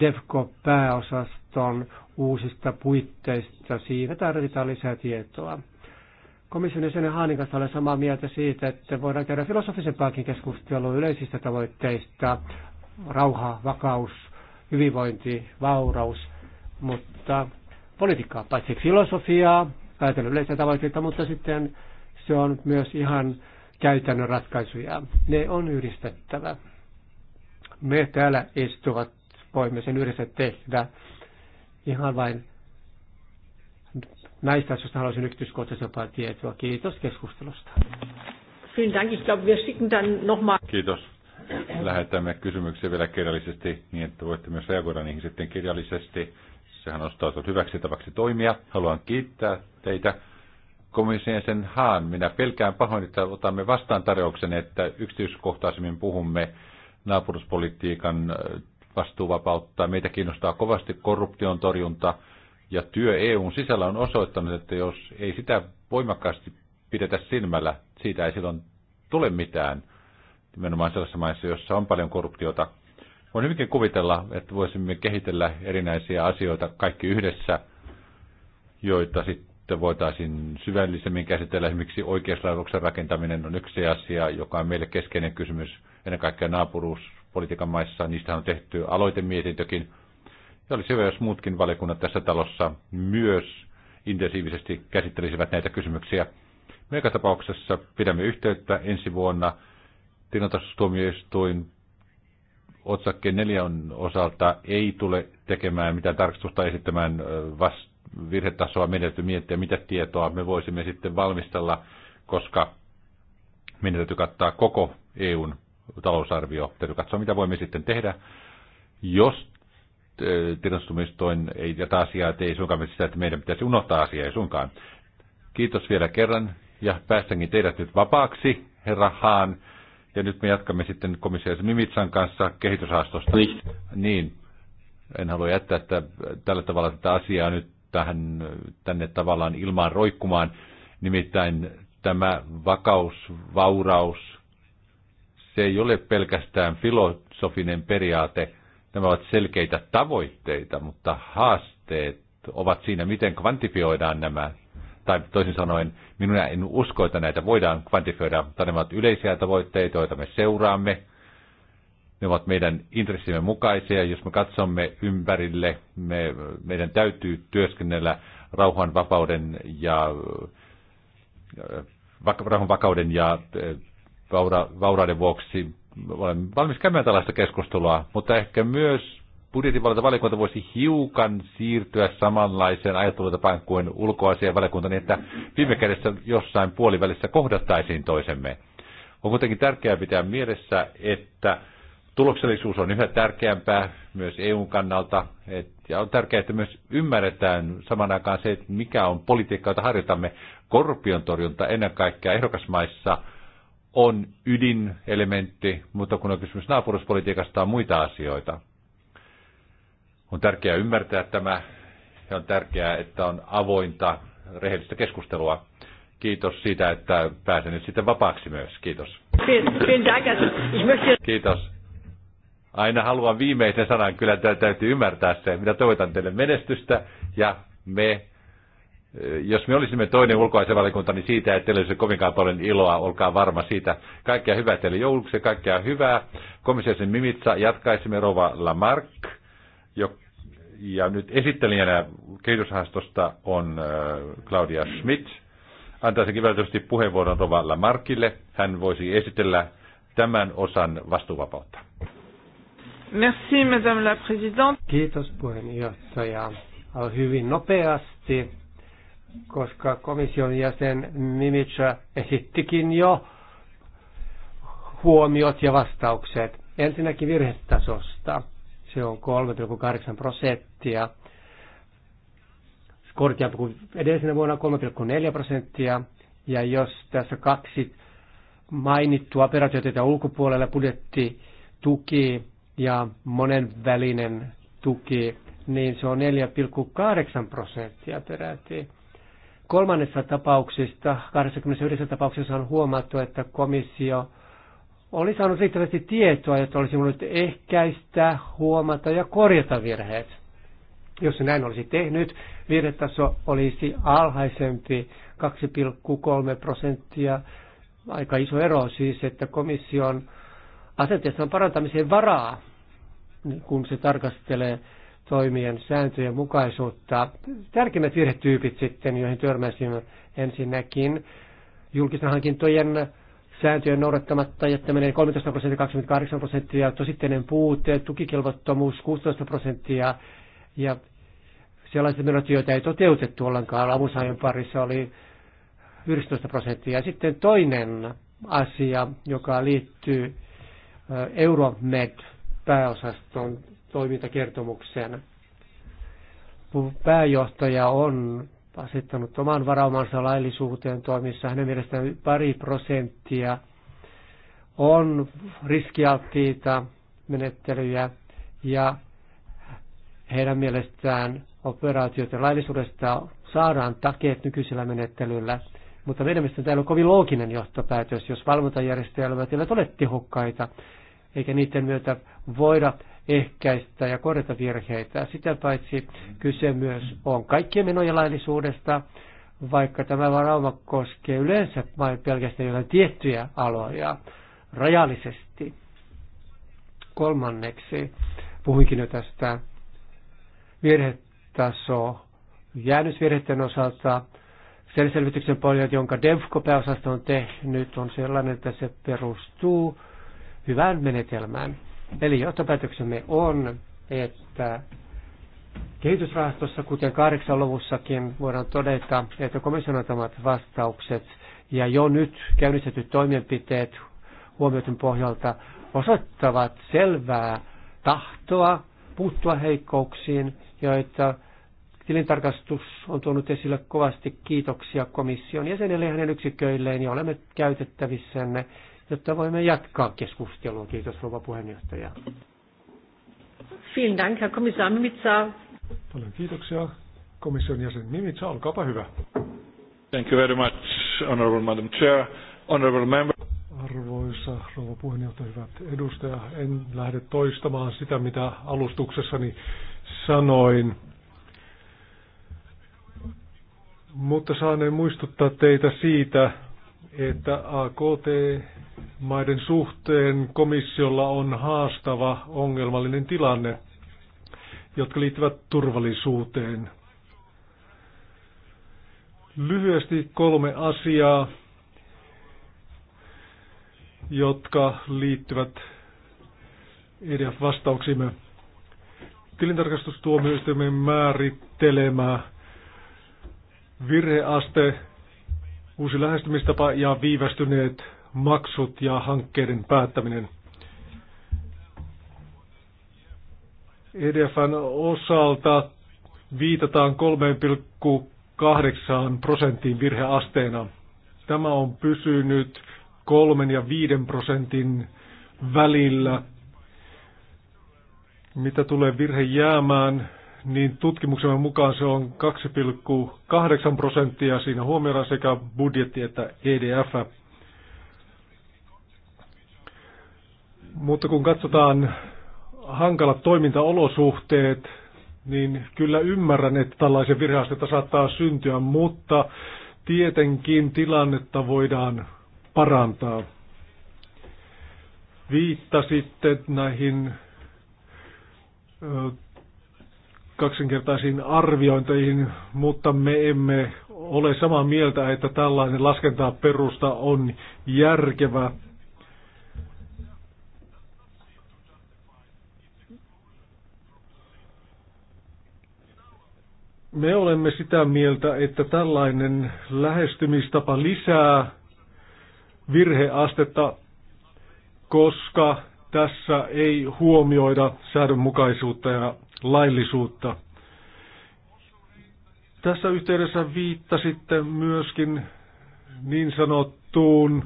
DEFCO-pääosaston uusista puitteista. Siinä tarvitaan lisää tietoa. Komission jäsenen Haanin kanssa olen samaa mieltä siitä, että voidaan käydä filosofisempaakin keskustelua yleisistä tavoitteista, rauha, vakaus, hyvinvointi, vauraus, mutta politiikkaa, paitsi filosofiaa, ajatellen yleisiä tavoitteita, mutta sitten se on myös ihan käytännön ratkaisuja. Ne on yhdistettävä. Me täällä istuvat voimme sen yhdessä tehdä. Ihan vain näistä asioista haluaisin jopa tietoa. Kiitos keskustelusta. Vielen Dank. Ich glaube, wir schicken dann nochmal. Kiitos lähetämme kysymyksiä vielä kirjallisesti niin, että voitte myös reagoida niihin sitten kirjallisesti. Sehän on ostautunut hyväksi tavaksi toimia. Haluan kiittää teitä komission sen haan. Minä pelkään pahoin, että otamme vastaan tarjouksen, että yksityiskohtaisemmin puhumme naapuruspolitiikan vastuuvapautta. Meitä kiinnostaa kovasti korruption torjunta ja työ EUn sisällä on osoittanut, että jos ei sitä voimakkaasti pidetä silmällä, siitä ei silloin tule mitään nimenomaan sellaisissa maissa, joissa on paljon korruptiota. Voin hyvinkin kuvitella, että voisimme kehitellä erinäisiä asioita kaikki yhdessä, joita sitten voitaisiin syvällisemmin käsitellä. Esimerkiksi oikeuslaitoksen rakentaminen on yksi asia, joka on meille keskeinen kysymys. Ennen kaikkea naapuruuspolitiikan maissa, niistä on tehty aloitemietintökin. Ja olisi hyvä, jos muutkin valiokunnat tässä talossa myös intensiivisesti käsittelisivät näitä kysymyksiä. tapauksessa pidämme yhteyttä ensi vuonna – tilintarkastustuomioistuin otsakkeen neljän osalta ei tule tekemään mitään tarkastusta esittämään vast, virhetasoa. menetetty miettiä, mitä tietoa me voisimme sitten valmistella, koska meidän täytyy kattaa koko EUn talousarvio. Täytyy katsoa, mitä voimme sitten tehdä. Jos tilastumistoin ei jätä asiaa, että ei suinkaan sitä, että meidän pitäisi unohtaa asiaa, ei suinkaan. Kiitos vielä kerran ja päästänkin teidät nyt vapaaksi, herra Haan. Ja nyt me jatkamme sitten komissio Mimitsan kanssa kehitysrahastosta. Niin. niin. En halua jättää että tällä tavalla tätä asiaa nyt tähän, tänne tavallaan ilmaan roikkumaan. Nimittäin tämä vakaus, vauraus, se ei ole pelkästään filosofinen periaate. Nämä ovat selkeitä tavoitteita, mutta haasteet ovat siinä, miten kvantifioidaan nämä tai toisin sanoen, minä en usko, että näitä voidaan kvantifioida. ne ovat yleisiä tavoitteita, joita me seuraamme. Ne ovat meidän intressimme mukaisia. Jos me katsomme ympärille, me, meidän täytyy työskennellä rauhan, vapauden ja äh, rauhan vakauden ja äh, vaura, vaurauden vuoksi. Olen valmis käymään tällaista keskustelua, mutta ehkä myös budjetinvalvontavaliokunta voisi hiukan siirtyä samanlaiseen ajattelutapaan kuin ulkoasianvaliokunta, niin että viime kädessä jossain puolivälissä kohdattaisiin toisemme. On kuitenkin tärkeää pitää mielessä, että tuloksellisuus on yhä tärkeämpää myös EUn kannalta, et, ja on tärkeää, että myös ymmärretään saman aikaan se, että mikä on politiikka, jota harjoitamme. Korruption torjunta ennen kaikkea ehdokasmaissa on ydinelementti, mutta kun on kysymys naapuruspolitiikasta, on muita asioita. On tärkeää ymmärtää tämä ja on tärkeää, että on avointa, rehellistä keskustelua. Kiitos siitä, että pääsen nyt sitten vapaaksi myös. Kiitos. Kiitos. Aina haluan viimeisen sanan, kyllä täytyy ymmärtää se. Minä toivotan teille menestystä ja me eh, jos me olisimme toinen ulkoasevaliokunta, niin siitä ei teillä olisi kovinkaan paljon iloa, olkaa varma siitä. Kaikkea hyvää teille jouluksi, kaikkea hyvää. Komissiosen Mimitsa jatkaisimme Rova Lamarck, joka ja nyt esittelijänä kehitysrahastosta on äh, Claudia Schmidt. Antaisinkin välttämättä puheenvuoron Rovalla Markille. Hän voisi esitellä tämän osan vastuuvapautta. Merci, madame la présidente. Kiitos puheenjohtaja. Hyvin nopeasti, koska komission jäsen Mimitsa esittikin jo huomiot ja vastaukset. Ensinnäkin virhetasosta. Se on 3,8 prosenttia prosenttia, korkeampi kuin edellisenä vuonna 3,4 prosenttia. Ja jos tässä kaksi mainittua operaatioita ulkopuolella budjetti tuki ja monenvälinen tuki, niin se on 4,8 prosenttia peräti. Kolmannessa tapauksista, 29 tapauksessa on huomattu, että komissio oli saanut riittävästi tietoa, jotta olisi voinut ehkäistä, huomata ja korjata virheet jos se näin olisi tehnyt, virhetaso olisi alhaisempi 2,3 prosenttia. Aika iso ero siis, että komission asenteessa on parantamisen varaa, niin kun se tarkastelee toimien sääntöjen mukaisuutta. Tärkeimmät virhetyypit sitten, joihin törmäsimme ensinnäkin, julkisten hankintojen sääntöjen noudattamatta jättäminen 13 prosenttia, 28 prosenttia, tositteinen puute, tukikelvottomuus 16 prosenttia ja sellaiset menot, joita ei toteutettu ollenkaan. Avunsaajan parissa oli 11 prosenttia. Sitten toinen asia, joka liittyy Euromed-pääosaston toimintakertomukseen. Pääjohtaja on asettanut oman varaumansa laillisuuteen toimissa. Hänen mielestään pari prosenttia on riskialttiita menettelyjä ja heidän mielestään operaatioiden laillisuudesta saadaan takeet nykyisellä menettelyllä, mutta meidän mielestä täällä on kovin looginen johtopäätös, jos valvontajärjestelmät eivät ole tehokkaita, eikä niiden myötä voida ehkäistä ja korjata virheitä. Sitä paitsi kyse myös on kaikkien menojen laillisuudesta, vaikka tämä varauma koskee yleensä vain pelkästään jotain tiettyjä aloja rajallisesti. Kolmanneksi, puhuinkin jo tästä virhe taso jäännösvirheiden osalta. Sen selvityksen pohjalta, jonka DEVCO-pääosasto on tehnyt, on sellainen, että se perustuu hyvään menetelmään. Eli johtopäätöksemme on, että kehitysrahastossa, kuten kahdeksan luvussakin, voidaan todeta, että komission antamat vastaukset ja jo nyt käynnistetyt toimenpiteet huomioiden pohjalta osoittavat selvää tahtoa puuttua heikkouksiin ja että tilintarkastus on tuonut esille kovasti kiitoksia komission jäsenille ja hänen yksiköilleen ja olemme käytettävissänne, jotta voimme jatkaa keskustelua. Kiitos rouva puheenjohtaja. Vielen Dank, Herr Kommissar Mimitsa. Paljon kiitoksia. Komission jäsen Mimitsa, olkaapa hyvä. Thank you very much, Honorable Madam Chair, Honorable Member. Arvoisa rouva puheenjohtaja, hyvät edustajat, en lähde toistamaan sitä, mitä alustuksessani sanoin. Mutta saaneen muistuttaa teitä siitä, että AKT-maiden suhteen komissiolla on haastava ongelmallinen tilanne, jotka liittyvät turvallisuuteen. Lyhyesti kolme asiaa, jotka liittyvät EDF-vastauksimme tilintarkastustuomioistuimen määrittelemä virheaste, uusi lähestymistapa ja viivästyneet maksut ja hankkeiden päättäminen. EDFn osalta viitataan 3,8 prosenttiin virheasteena. Tämä on pysynyt 3 ja 5 prosentin välillä mitä tulee virhe jäämään, niin tutkimuksemme mukaan se on 2,8 prosenttia. Siinä huomioidaan sekä budjetti että EDF. Mutta kun katsotaan hankalat toimintaolosuhteet, niin kyllä ymmärrän, että tällaisia virheasteita saattaa syntyä, mutta tietenkin tilannetta voidaan parantaa. Viittasitte näihin kaksinkertaisiin arviointeihin, mutta me emme ole samaa mieltä, että tällainen laskentaa perusta on järkevä. Me olemme sitä mieltä, että tällainen lähestymistapa lisää virheastetta, koska tässä ei huomioida säädönmukaisuutta ja laillisuutta. Tässä yhteydessä viittasitte myöskin niin sanottuun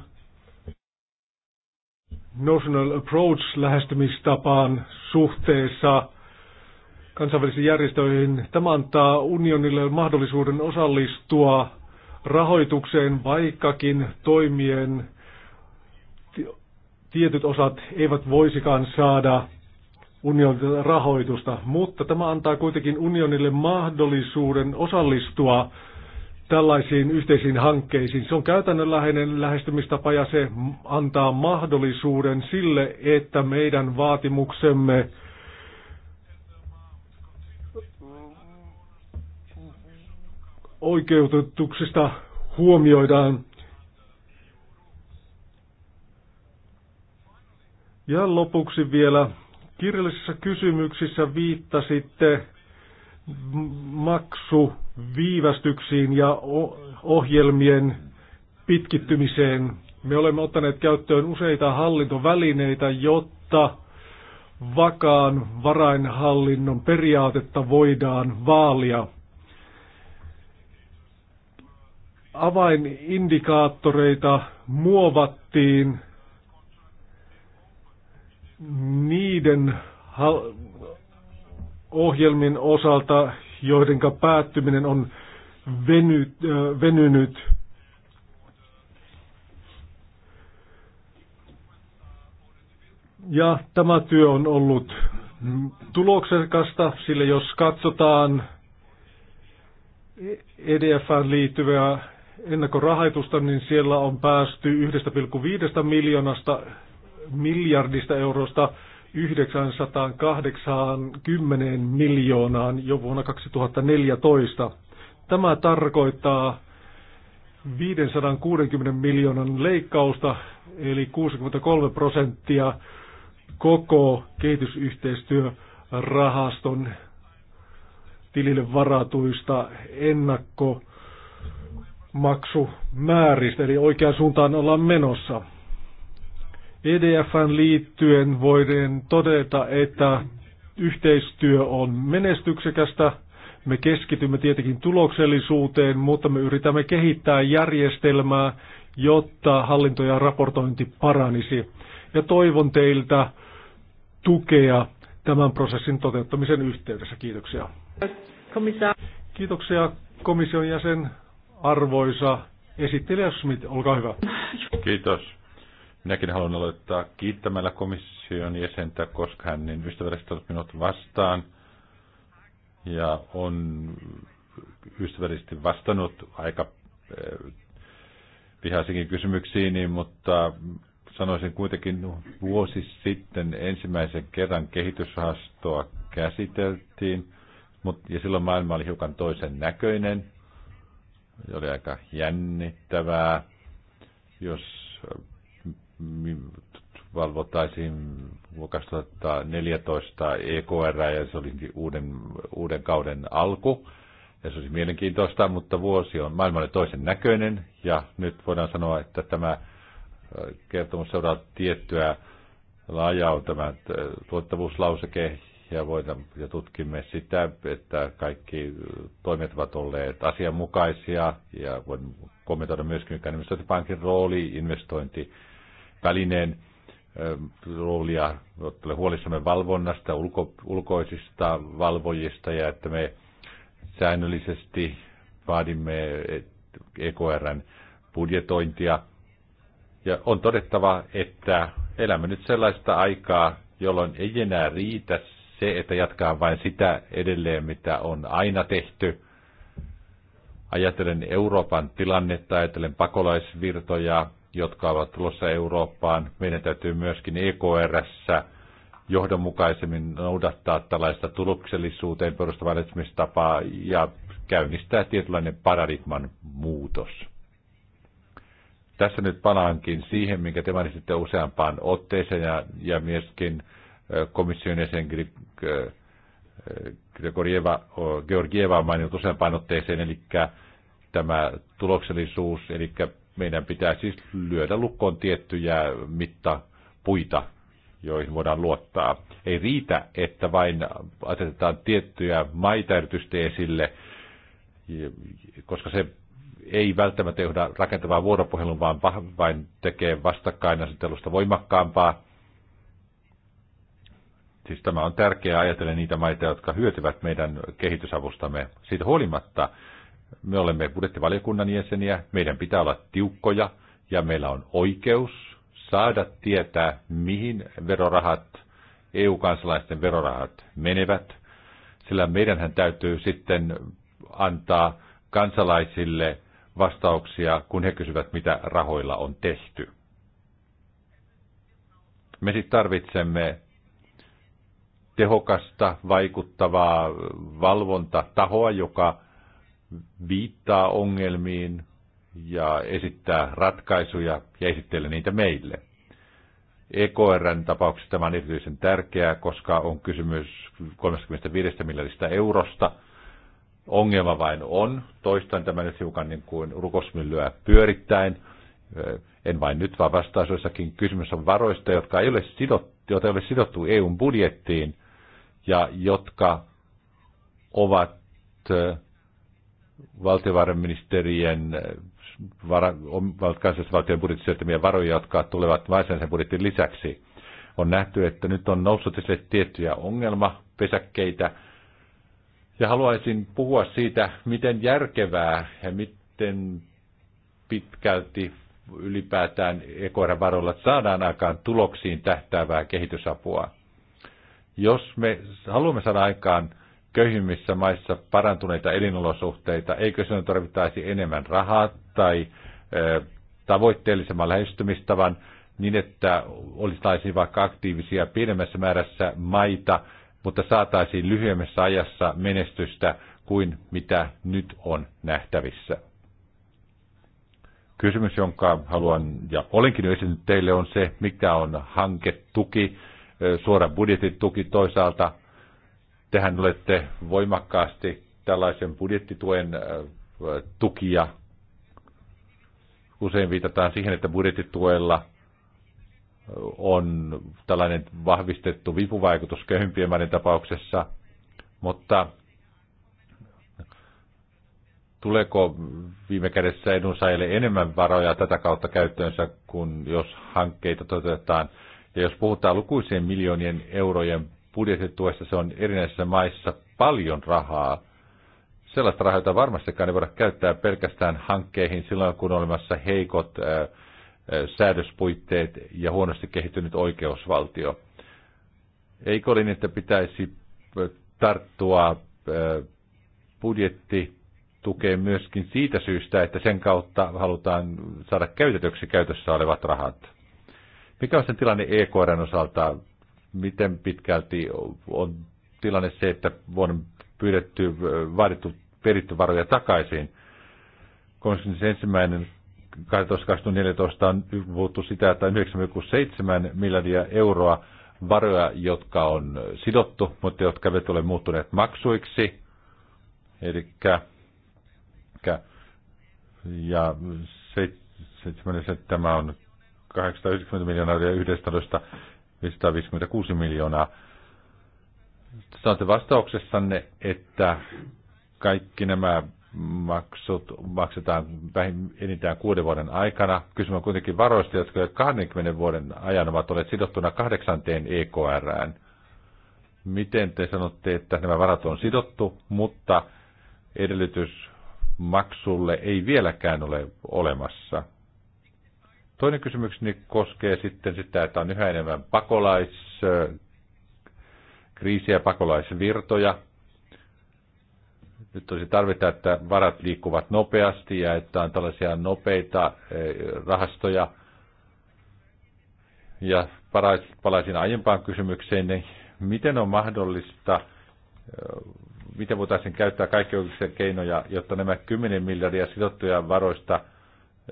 notional approach lähestymistapaan suhteessa kansainvälisiin järjestöihin. Tämä antaa unionille mahdollisuuden osallistua rahoitukseen, vaikkakin toimien tietyt osat eivät voisikaan saada unionilta rahoitusta, mutta tämä antaa kuitenkin unionille mahdollisuuden osallistua tällaisiin yhteisiin hankkeisiin. Se on käytännönläheinen lähestymistapa ja se antaa mahdollisuuden sille, että meidän vaatimuksemme oikeutetuksista huomioidaan Ja lopuksi vielä kirjallisissa kysymyksissä viittasitte maksuviivästyksiin ja ohjelmien pitkittymiseen. Me olemme ottaneet käyttöön useita hallintovälineitä, jotta vakaan varainhallinnon periaatetta voidaan vaalia. Avainindikaattoreita muovattiin niiden ohjelmin osalta, joiden päättyminen on venyt, venynyt Ja tämä työ on ollut tuloksekasta, sillä jos katsotaan EDFään liittyvää ennakkorahoitusta, niin siellä on päästy 1,5 miljoonasta miljardista eurosta 980 miljoonaan jo vuonna 2014. Tämä tarkoittaa 560 miljoonan leikkausta, eli 63 prosenttia koko kehitysyhteistyörahaston tilille varatuista ennakkomaksumääristä, eli oikeaan suuntaan ollaan menossa. EDFn liittyen voiden todeta, että yhteistyö on menestyksekästä. Me keskitymme tietenkin tuloksellisuuteen, mutta me yritämme kehittää järjestelmää, jotta hallinto ja raportointi paranisi. Ja toivon teiltä tukea tämän prosessin toteuttamisen yhteydessä. Kiitoksia. Kiitoksia komission jäsen, arvoisa esittelijä Schmidt, olkaa hyvä. Kiitos Minäkin haluan aloittaa kiittämällä komission jäsentä, koska hän niin ystävällisesti on minut vastaan ja on ystävällisesti vastannut aika eh, vihaisinkin kysymyksiin, mutta sanoisin kuitenkin vuosi sitten ensimmäisen kerran kehitysrahastoa käsiteltiin, mutta, ja silloin maailma oli hiukan toisen näköinen. Oli aika jännittävää, jos valvottaisiin 2014 EKR ja se oli uuden, uuden kauden alku. Ja se olisi mielenkiintoista, mutta vuosi on maailmalle toisen näköinen ja nyt voidaan sanoa, että tämä äh, kertomus seuraa tiettyä laajaa tämä äh, tuottavuuslauseke ja, voidaan, ja tutkimme sitä, että kaikki äh, toimet ovat olleet asianmukaisia ja voin kommentoida myöskin investointipankin rooli, investointi välineen roolia, ole huolissamme valvonnasta, ulko, ulkoisista valvojista ja että me säännöllisesti vaadimme EKRn e budjetointia. Ja on todettava, että elämme nyt sellaista aikaa, jolloin ei enää riitä se, että jatkaa vain sitä edelleen, mitä on aina tehty. Ajatellen Euroopan tilannetta, ajatellen pakolaisvirtoja, jotka ovat tulossa Eurooppaan. Meidän täytyy myöskin EKRssä johdonmukaisemmin noudattaa tällaista tuloksellisuuteen perustuvaa lähestymistapaa ja käynnistää tietynlainen paradigman muutos. Tässä nyt palaankin siihen, minkä te mainitsitte useampaan otteeseen ja, ja myöskin komission jäsen Georgieva, Georgieva on mainittu useampaan otteeseen, eli tämä tuloksellisuus, eli meidän pitää siis lyödä lukkoon tiettyjä mittapuita, joihin voidaan luottaa. Ei riitä, että vain asetetaan tiettyjä maita erityisesti esille, koska se ei välttämättä johda rakentavaa vuoropuhelun, vaan vain tekee vastakkainasettelusta voimakkaampaa. Siis tämä on tärkeää ajatella niitä maita, jotka hyötyvät meidän kehitysavustamme. Siitä huolimatta me olemme budjettivaliokunnan jäseniä, meidän pitää olla tiukkoja ja meillä on oikeus saada tietää, mihin verorahat, EU-kansalaisten verorahat menevät, sillä meidänhän täytyy sitten antaa kansalaisille vastauksia, kun he kysyvät, mitä rahoilla on tehty. Me sitten tarvitsemme tehokasta, vaikuttavaa valvontatahoa, joka viittaa ongelmiin ja esittää ratkaisuja ja esittelee niitä meille. EKRn tapauksessa tämä on erityisen tärkeää, koska on kysymys 35 miljardista eurosta. Ongelma vain on, toistan tämän nyt hiukan niin kuin rukosmyllyä pyörittäen, en vain nyt, vaan vastaisuissakin kysymys on varoista, jotka ei ole sidottu, joita ei ole sidottu EUn budjettiin ja jotka ovat valtiovarainministerien vara, kansallisvaltion budjettisäätämiä varoja, jotka tulevat varsinaisen budjetin lisäksi. On nähty, että nyt on noussut esille tiettyjä ongelmapesäkkeitä, ja haluaisin puhua siitä, miten järkevää ja miten pitkälti ylipäätään ekoiden varoilla saadaan aikaan tuloksiin tähtäävää kehitysapua. Jos me haluamme saada aikaan köyhimmissä maissa parantuneita elinolosuhteita, eikö sinne tarvittaisi enemmän rahaa tai tavoitteellisemman lähestymistavan niin, että olisi vaikka aktiivisia pienemmässä määrässä maita, mutta saataisiin lyhyemmässä ajassa menestystä kuin mitä nyt on nähtävissä. Kysymys, jonka haluan ja olenkin jo esittänyt teille, on se, mikä on hanketuki, suora budjetituki toisaalta – Tehän olette voimakkaasti tällaisen budjettituen tukia. Usein viitataan siihen, että budjettituella on tällainen vahvistettu vipuvaikutus köyhimpien maiden tapauksessa, mutta tuleeko viime kädessä edunsaajille enemmän varoja tätä kautta käyttöönsä, kuin jos hankkeita toteutetaan. Ja jos puhutaan lukuisien miljoonien eurojen budjettituesta, se on erinäisissä maissa paljon rahaa. Sellaista rahaa, jota varmastikaan ei voida käyttää pelkästään hankkeihin silloin, kun on olemassa heikot säädöspuitteet ja huonosti kehittynyt oikeusvaltio. Eikö ole niin, että pitäisi tarttua budjetti tukee myöskin siitä syystä, että sen kautta halutaan saada käytetyksi käytössä olevat rahat. Mikä on sen tilanne EKRn osalta? miten pitkälti on tilanne se, että on pyydetty, vaadittu, peritty varoja takaisin. 31. 2014 on puhuttu sitä, että 9,7 miljardia euroa varoja, jotka on sidottu, mutta jotka eivät ole muuttuneet maksuiksi. Eli ja se, se, tämä on 890 miljoonaa ja 11 556 miljoonaa. Sanoitte vastauksessanne, että kaikki nämä maksut maksetaan enintään kuuden vuoden aikana. Kysymys on kuitenkin varoista, jotka jo 20 vuoden ajan ovat olleet sidottuna kahdeksanteen EKRään. Miten te sanotte, että nämä varat on sidottu, mutta edellytys maksulle ei vieläkään ole olemassa? Toinen kysymykseni koskee sitten sitä, että on yhä enemmän pakolaiskriisiä, pakolaisvirtoja. Nyt tosi tarvitaan, että varat liikkuvat nopeasti ja että on tällaisia nopeita eh, rahastoja. Ja palaisin aiempaan kysymykseen, niin miten on mahdollista, eh, miten voitaisiin käyttää kaikki keinoja, jotta nämä 10 miljardia sidottuja varoista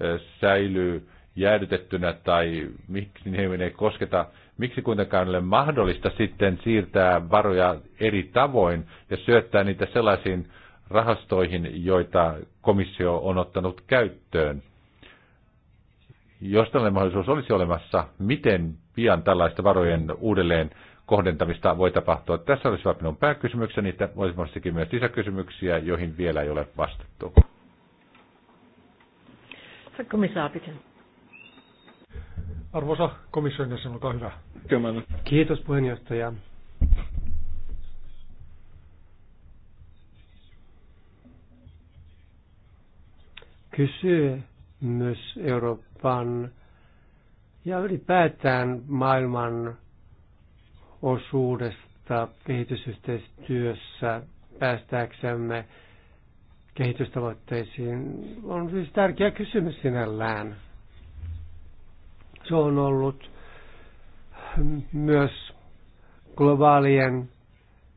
eh, säilyy jäädytettynä tai miksi ne niin ei kosketa, miksi kuitenkaan ole mahdollista sitten siirtää varoja eri tavoin ja syöttää niitä sellaisiin rahastoihin, joita komissio on ottanut käyttöön. Jos tällainen mahdollisuus olisi olemassa, miten pian tällaista varojen uudelleen kohdentamista voi tapahtua? Tässä olisivat minun pääkysymykseni, että olisi mahdollisesti myös lisäkysymyksiä, joihin vielä ei ole vastattu. Herr Kommissar, bitte. Arvoisa komission jäsen, olkaa hyvä. Kiitos puheenjohtaja. Kysyy myös Euroopan ja ylipäätään maailman osuudesta kehitysyhteistyössä päästääksemme kehitystavoitteisiin on siis tärkeä kysymys sinällään. Se on ollut myös globaalien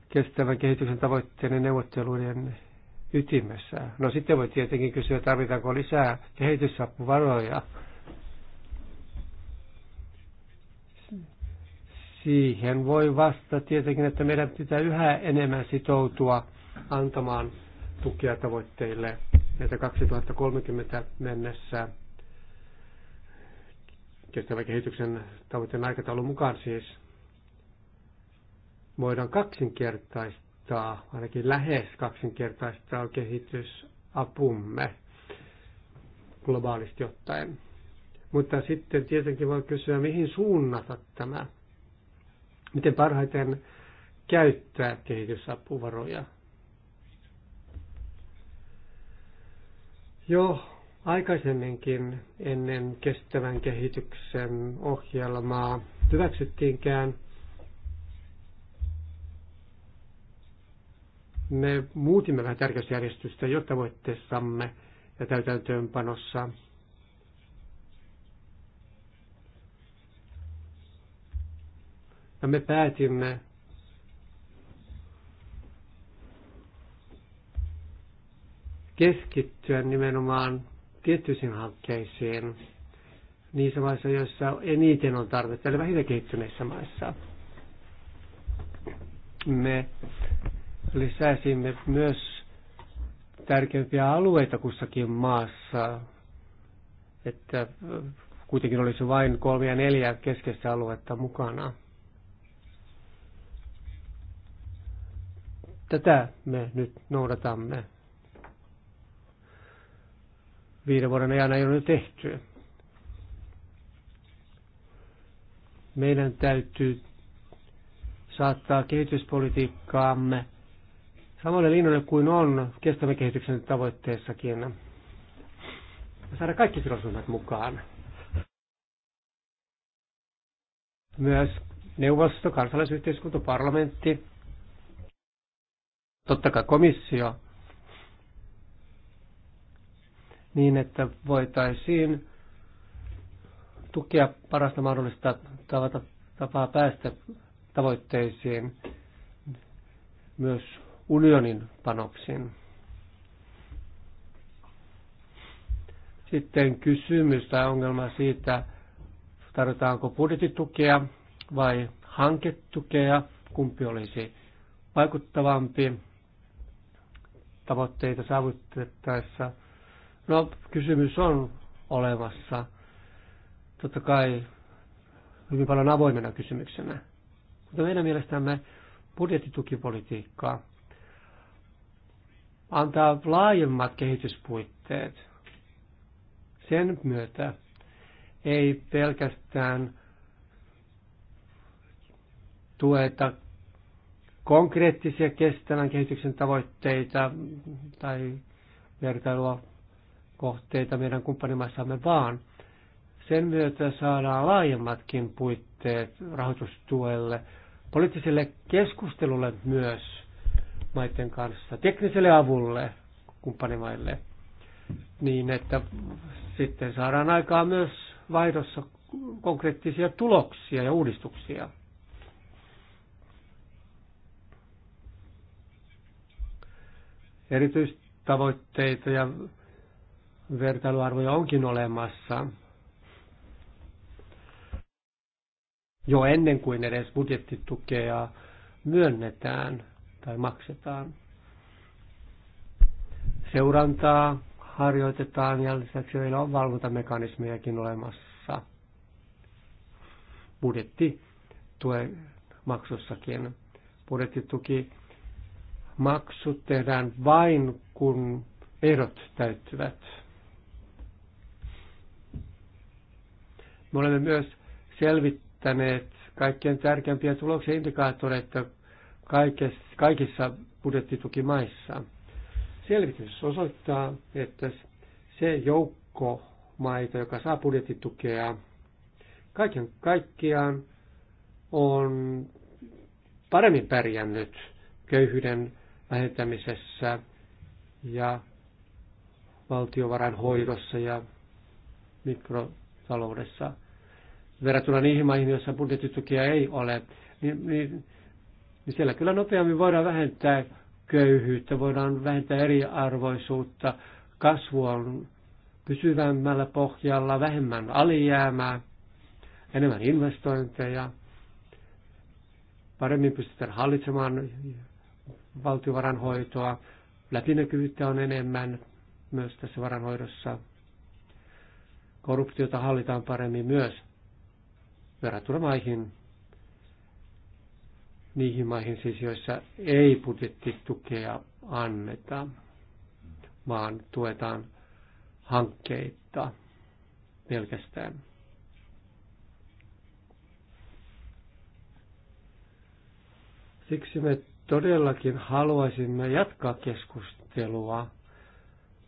kestävän kehityksen tavoitteiden neuvotteluiden ytimessä. No sitten voi tietenkin kysyä, tarvitaanko lisää kehitysapuvaroja siihen voi vastata tietenkin, että meidän pitää yhä enemmän sitoutua antamaan tukea tavoitteille, että 2030 mennessä kestävän kehityksen tavoitteen aikataulun mukaan siis voidaan kaksinkertaistaa, ainakin lähes kaksinkertaistaa kehitysapumme globaalisti ottaen. Mutta sitten tietenkin voi kysyä, mihin suunnata tämä, miten parhaiten käyttää kehitysapuvaroja. Joo aikaisemminkin ennen kestävän kehityksen ohjelmaa hyväksyttiinkään. Me muutimme vähän tärkeysjärjestystä jotta voitteessamme ja täytäntöönpanossa. Ja me päätimme keskittyä nimenomaan tiettyisiin hankkeisiin niissä maissa, joissa eniten on tarvetta, eli vähiten kehittyneissä maissa. Me lisäsimme myös tärkeimpiä alueita kussakin maassa, että kuitenkin olisi vain kolme ja neljä keskeistä aluetta mukana. Tätä me nyt noudatamme viiden vuoden ajan ei ole tehty. Meidän täytyy saattaa kehityspolitiikkaamme samalle linjalle kuin on kestävän kehityksen tavoitteessakin. Ja saada kaikki sidosryhmät mukaan. Myös neuvosto, kansalaisyhteiskunta, parlamentti, totta kai komissio niin, että voitaisiin tukea parasta mahdollista tavata, tapaa päästä tavoitteisiin myös unionin panoksiin. Sitten kysymys tai ongelma siitä, tarvitaanko budjettitukea vai hanketukea, kumpi olisi vaikuttavampi tavoitteita saavutettaessa – No, kysymys on olemassa. Totta kai hyvin paljon avoimena kysymyksenä. Mutta meidän mielestämme budjettitukipolitiikka antaa laajemmat kehityspuitteet. Sen myötä ei pelkästään tueta konkreettisia kestävän kehityksen tavoitteita tai vertailua kohteita meidän kumppanimaissamme, vaan sen myötä saadaan laajemmatkin puitteet rahoitustuelle, poliittiselle keskustelulle myös maiden kanssa, tekniselle avulle kumppanimaille, niin että sitten saadaan aikaa myös vaihdossa konkreettisia tuloksia ja uudistuksia. Erityistavoitteita ja vertailuarvoja onkin olemassa. Jo ennen kuin edes budjettitukea myönnetään tai maksetaan. Seurantaa harjoitetaan ja lisäksi meillä on valvontamekanismejakin olemassa budjettituen maksussakin. Budjettituki maksut tehdään vain, kun ehdot täyttyvät. Me olemme myös selvittäneet kaikkien tärkeimpiä tuloksia indikaattoreita kaikissa budjettitukimaissa. Selvitys osoittaa, että se joukko maita, joka saa budjettitukea, kaiken kaikkiaan on paremmin pärjännyt köyhyyden vähentämisessä ja hoidossa ja mikro- taloudessa. Verrattuna niihin maihin, joissa budjettitukia ei ole, niin, niin, niin siellä kyllä nopeammin voidaan vähentää köyhyyttä, voidaan vähentää eriarvoisuutta, kasvu on pysyvämmällä pohjalla, vähemmän alijäämää, enemmän investointeja, paremmin pystytään hallitsemaan valtiovaranhoitoa, läpinäkyvyyttä on enemmän myös tässä varanhoidossa korruptiota hallitaan paremmin myös verrattuna maihin, niihin maihin siis, joissa ei budjettitukea anneta, vaan tuetaan hankkeita pelkästään. Siksi me todellakin haluaisimme jatkaa keskustelua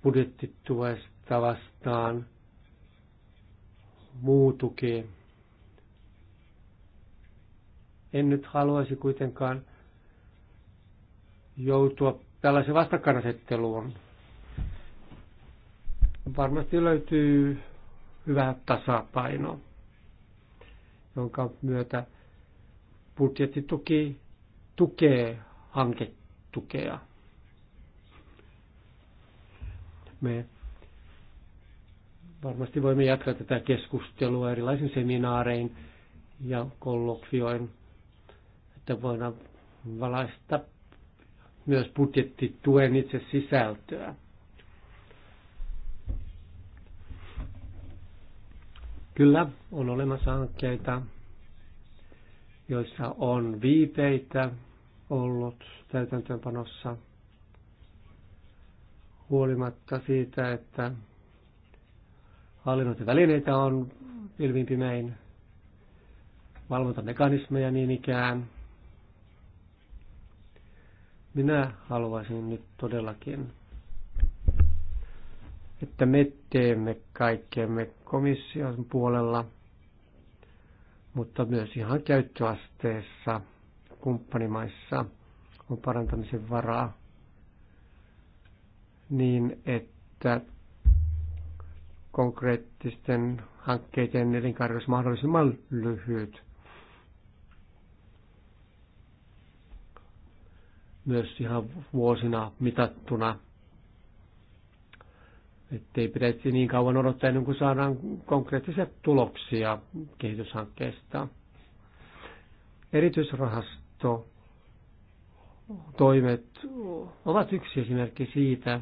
budjettituesta vastaan – muu En nyt haluaisi kuitenkaan joutua tällaiseen vastakkainasetteluun. Varmasti löytyy hyvä tasapaino, jonka myötä budjettituki tukee hanketukea. Me Varmasti voimme jatkaa tätä keskustelua erilaisin seminaarein ja kollokvioin, että voidaan valaista myös budjettituen itse sisältöä. Kyllä, on olemassa hankkeita, joissa on viipeitä ollut täytäntöönpanossa huolimatta siitä, että hallinnointivälineitä on pilvin valvontamekanismeja niin ikään. Minä haluaisin nyt todellakin, että me teemme kaikkemme komission puolella, mutta myös ihan käyttöasteessa kumppanimaissa on parantamisen varaa niin, että konkreettisten hankkeiden elinkaari olisi mahdollisimman lyhyt. Myös ihan vuosina mitattuna ettei pitäisi niin kauan odottaa ennen kuin saadaan konkreettisia tuloksia kehityshankkeesta. Erityisrahasto toimet ovat yksi esimerkki siitä,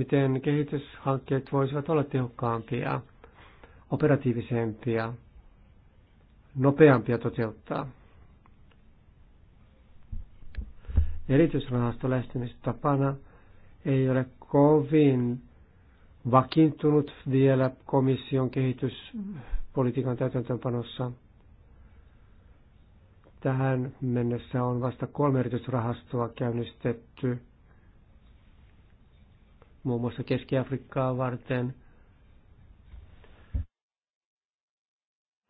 miten kehityshankkeet voisivat olla tehokkaampia, operatiivisempia, nopeampia toteuttaa. Erityisrahasto lähestymistapana ei ole kovin vakiintunut vielä komission kehityspolitiikan täytäntöönpanossa. Tähän mennessä on vasta kolme erityisrahastoa käynnistetty – muun muassa Keski-Afrikkaa varten.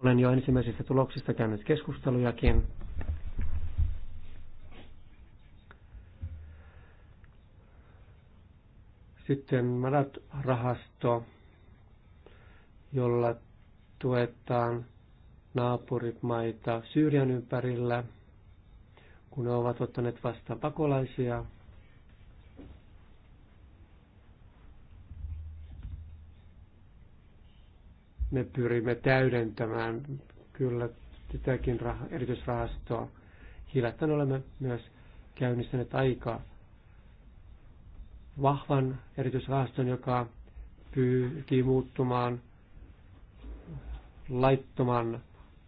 Olen jo ensimmäisistä tuloksista käynyt keskustelujakin. Sitten Madat-rahasto, jolla tuetaan naapurimaita Syyrian ympärillä, kun ne ovat ottaneet vastaan pakolaisia – me pyrimme täydentämään kyllä tätäkin erityisrahastoa. Hiljattain olemme myös käynnistäneet aika vahvan erityisrahaston, joka pyrkii muuttumaan laittoman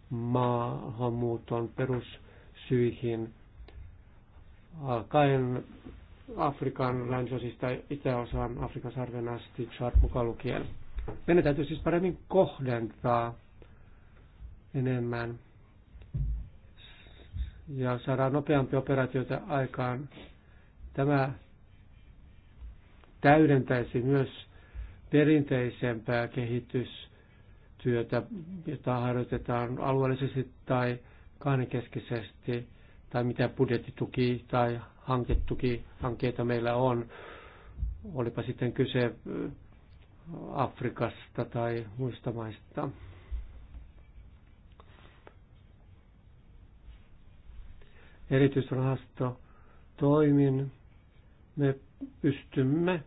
maahanmuuton perussyihin alkaen Afrikan länsiosista itäosaan Afrikan sarven asti, Chart mukaan lukien. Meidän täytyy siis paremmin kohdentaa enemmän ja saadaan nopeampia operaatioita aikaan. Tämä täydentäisi myös perinteisempää kehitystyötä, jota harjoitetaan alueellisesti tai kahdenkeskisesti, tai mitä budjettituki tai hanketuki, hankkeita meillä on. Olipa sitten kyse Afrikasta tai muista maista. Erityisrahasto toimin me pystymme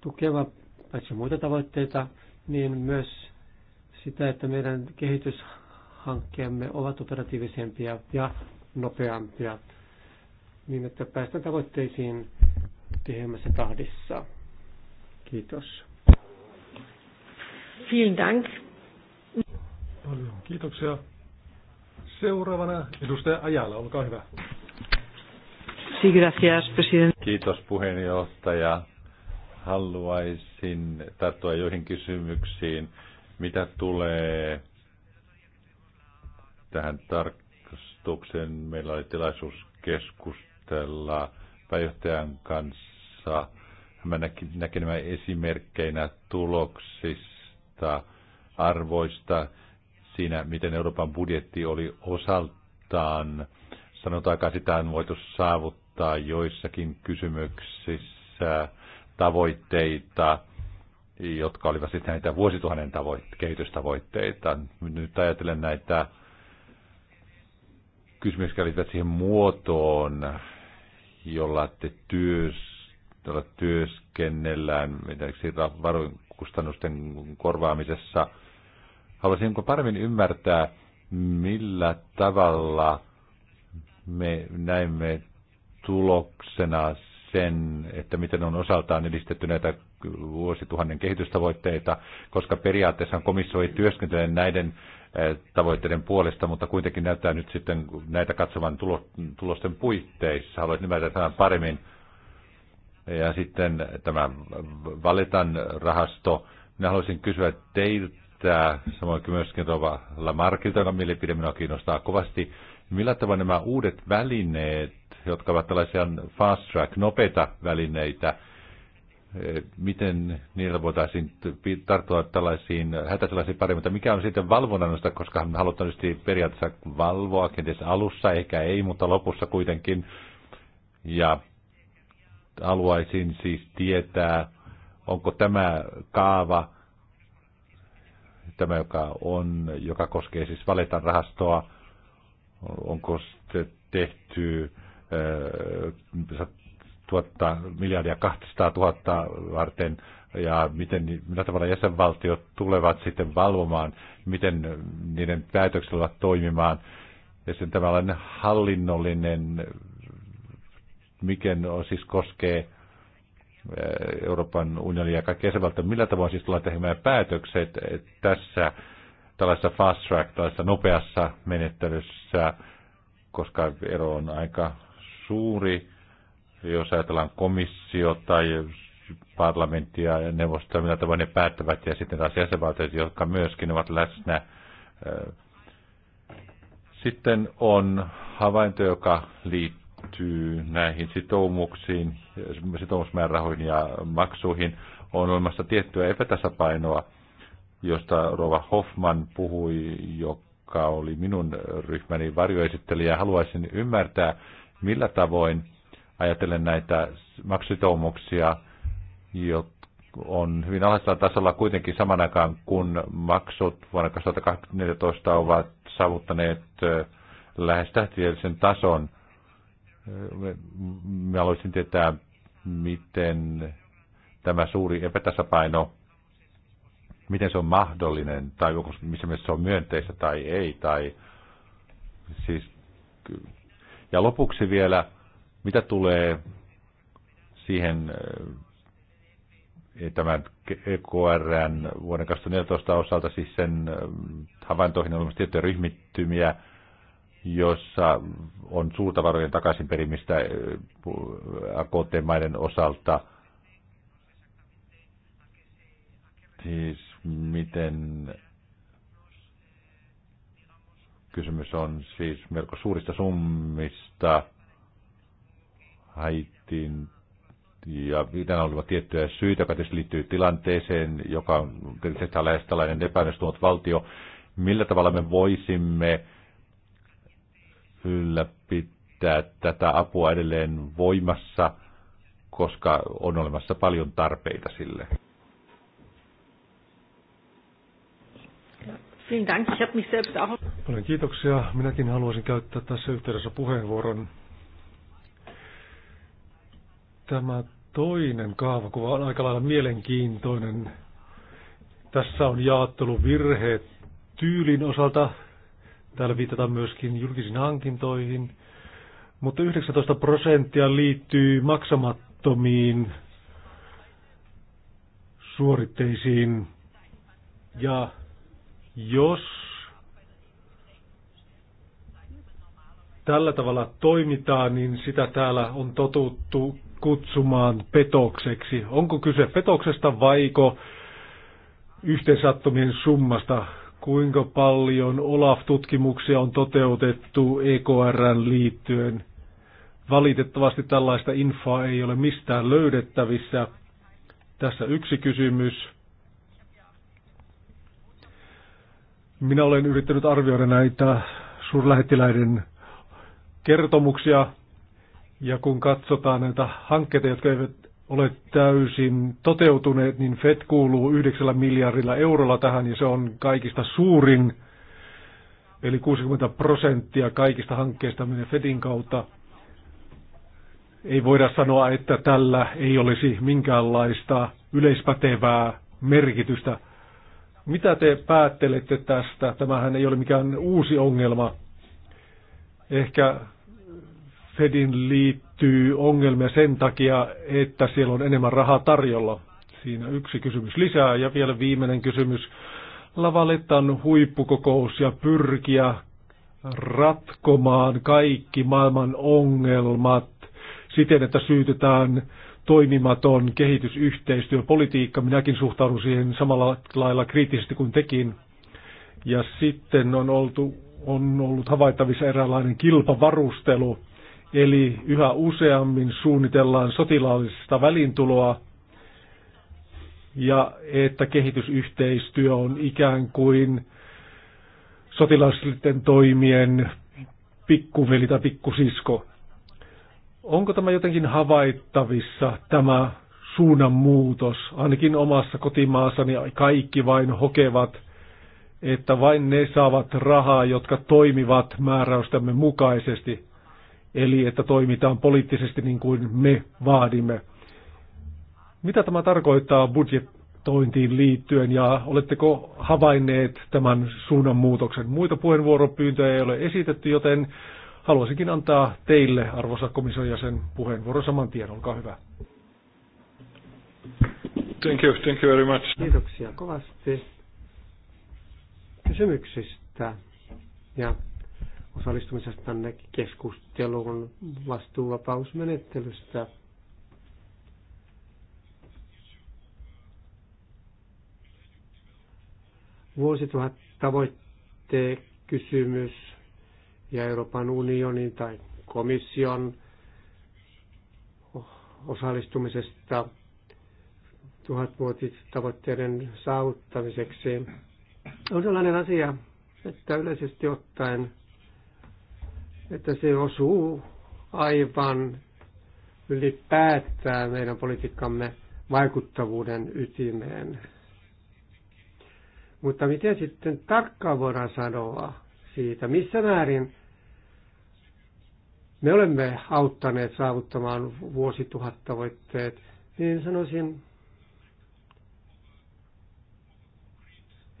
tukemaan paitsi muita tavoitteita, niin myös sitä, että meidän kehityshankkeemme ovat operatiivisempia ja nopeampia, niin että päästään tavoitteisiin tehemmässä tahdissa. Kiitos. Vielen Dank. Paljon kiitoksia. Seuraavana edustaja Ajala, olkaa hyvä. Sí, gracias, president. Kiitos puheenjohtaja. Haluaisin tarttua joihin kysymyksiin, mitä tulee tähän tarkastukseen. Meillä oli tilaisuus keskustella pääjohtajan kanssa. Mä näki, näki nämä esimerkkeinä tuloksissa omista arvoista, siinä miten Euroopan budjetti oli osaltaan, sanotaanko sitä on voitu saavuttaa joissakin kysymyksissä tavoitteita, jotka olivat sitten näitä vuosituhannen tavoit- kehitystavoitteita. Nyt ajatellen näitä kysymyksiä liittyvät siihen muotoon, jolla te työs, jolla työskennellään, esimerkiksi varoin kustannusten korvaamisessa. Haluaisinko paremmin ymmärtää, millä tavalla me näemme tuloksena sen, että miten on osaltaan edistetty näitä vuosituhannen kehitystavoitteita, koska periaatteessa komissio ei työskentele näiden eh, tavoitteiden puolesta, mutta kuitenkin näyttää nyt sitten näitä katsovan tulosten puitteissa. Haluaisin ymmärtää tämän paremmin. Ja sitten tämä valitan rahasto. Minä haluaisin kysyä teiltä, samoin kuin myöskin tuolla Lamarkilta, joka mielipide minua kiinnostaa kovasti, millä tavalla nämä uudet välineet, jotka ovat tällaisia fast track, nopeita välineitä, eh, miten niillä voitaisiin tarttua tällaisiin hätäisellaisiin paremmin, mutta mikä on sitten valvonnanosta, koska halutaan tietysti periaatteessa valvoa, kenties alussa, ehkä ei, mutta lopussa kuitenkin. Ja haluaisin siis tietää, onko tämä kaava, tämä joka on, joka koskee siis Valetan rahastoa, onko se tehty äh, tuotta, miljardia 200 000 varten ja miten, millä tavalla jäsenvaltiot tulevat sitten valvomaan, miten niiden päätöksellä toimimaan. Ja sen tällainen hallinnollinen mikä on siis koskee eh, Euroopan unionia ja kaikki jäsenvaltiot, millä tavoin siis tullaan tekemään päätökset eh, tässä tällaisessa fast track, tällaisessa nopeassa menettelyssä, koska ero on aika suuri, jos ajatellaan komissio tai parlamenttia ja neuvostoa, millä tavoin ne päättävät, ja sitten taas jäsenvaltiot, jotka myöskin ovat läsnä. Eh. Sitten on havainto, joka liittyy liittyy näihin sitoumuksiin, sitoumusmäärärahoihin ja maksuihin, on olemassa tiettyä epätasapainoa, josta Rova Hoffman puhui, joka oli minun ryhmäni varjoesittelijä. Haluaisin ymmärtää, millä tavoin ajatellen näitä maksusitoumuksia, jotka on hyvin alhaisella tasolla kuitenkin saman aikaan, kun maksut vuonna 2014 ovat saavuttaneet lähes tähtiöllisen tason – Mä haluaisin tietää, miten tämä suuri epätasapaino, miten se on mahdollinen, tai onko, missä mielessä se on myönteistä tai ei, tai siis, ja lopuksi vielä, mitä tulee siihen eh, tämän EKRn vuoden 2014 osalta, siis sen eh, havaintoihin on olemassa tiettyjä ryhmittymiä, jossa on suurta varojen takaisinperimistä eh, AKT-maiden osalta. Siis miten kysymys on siis melko suurista summista Haitin ja tänä olivat tiettyjä syitä, joka tietysti liittyy tilanteeseen, joka on tietysti lähes tällainen epäonnistunut valtio. Millä tavalla me voisimme ylläpitää tätä apua edelleen voimassa, koska on olemassa paljon tarpeita sille. Paljon kiitoksia. Minäkin haluaisin käyttää tässä yhteydessä puheenvuoron. Tämä toinen kaavakuva on aika lailla mielenkiintoinen. Tässä on virheet tyylin osalta Täällä viitataan myöskin julkisiin hankintoihin, mutta 19 prosenttia liittyy maksamattomiin suoritteisiin. Ja jos tällä tavalla toimitaan, niin sitä täällä on totuttu kutsumaan petokseksi. Onko kyse petoksesta vaiko yhteensattomien summasta? kuinka paljon OLAF-tutkimuksia on toteutettu EKRn liittyen. Valitettavasti tällaista infoa ei ole mistään löydettävissä. Tässä yksi kysymys. Minä olen yrittänyt arvioida näitä suurlähettiläiden kertomuksia, ja kun katsotaan näitä hankkeita, jotka eivät ole täysin toteutuneet, niin FED kuuluu 9 miljardilla eurolla tähän ja se on kaikista suurin, eli 60 prosenttia kaikista hankkeista menee FEDin kautta. Ei voida sanoa, että tällä ei olisi minkäänlaista yleispätevää merkitystä. Mitä te päättelette tästä? Tämähän ei ole mikään uusi ongelma. Ehkä Fedin liittyy ongelmia sen takia, että siellä on enemmän rahaa tarjolla. Siinä yksi kysymys lisää ja vielä viimeinen kysymys. Lavalittan huippukokous ja pyrkiä ratkomaan kaikki maailman ongelmat siten, että syytetään toimimaton kehitysyhteistyöpolitiikka. Minäkin suhtaudun siihen samalla lailla kriittisesti kuin tekin. Ja sitten on, oltu, on ollut havaittavissa eräänlainen kilpavarustelu – Eli yhä useammin suunnitellaan sotilaallista välintuloa ja että kehitysyhteistyö on ikään kuin sotilaallisten toimien pikkuveli tai pikkusisko. Onko tämä jotenkin havaittavissa, tämä suunnanmuutos? Ainakin omassa kotimaassani kaikki vain hokevat, että vain ne saavat rahaa, jotka toimivat määräystämme mukaisesti – eli että toimitaan poliittisesti niin kuin me vaadimme. Mitä tämä tarkoittaa budjetointiin liittyen ja oletteko havainneet tämän suunnanmuutoksen? Muita puheenvuoropyyntöjä ei ole esitetty, joten haluaisinkin antaa teille, arvoisa komission jäsen, puheenvuoro saman tien. Olkaa hyvä. Thank you, thank you very much. Kiitoksia kovasti kysymyksistä ja Osallistumisesta tänne keskusteluun vastuuvapausmenettelystä. Vuosituhat tavoitteen kysymys ja Euroopan unionin tai komission osallistumisesta tuhatvuotistavoitteiden saavuttamiseksi on sellainen asia, että yleisesti ottaen että se osuu aivan ylipäätään meidän politiikkamme vaikuttavuuden ytimeen. Mutta miten sitten tarkkaan voidaan sanoa siitä, missä määrin me olemme auttaneet saavuttamaan tavoitteet, niin sanoisin,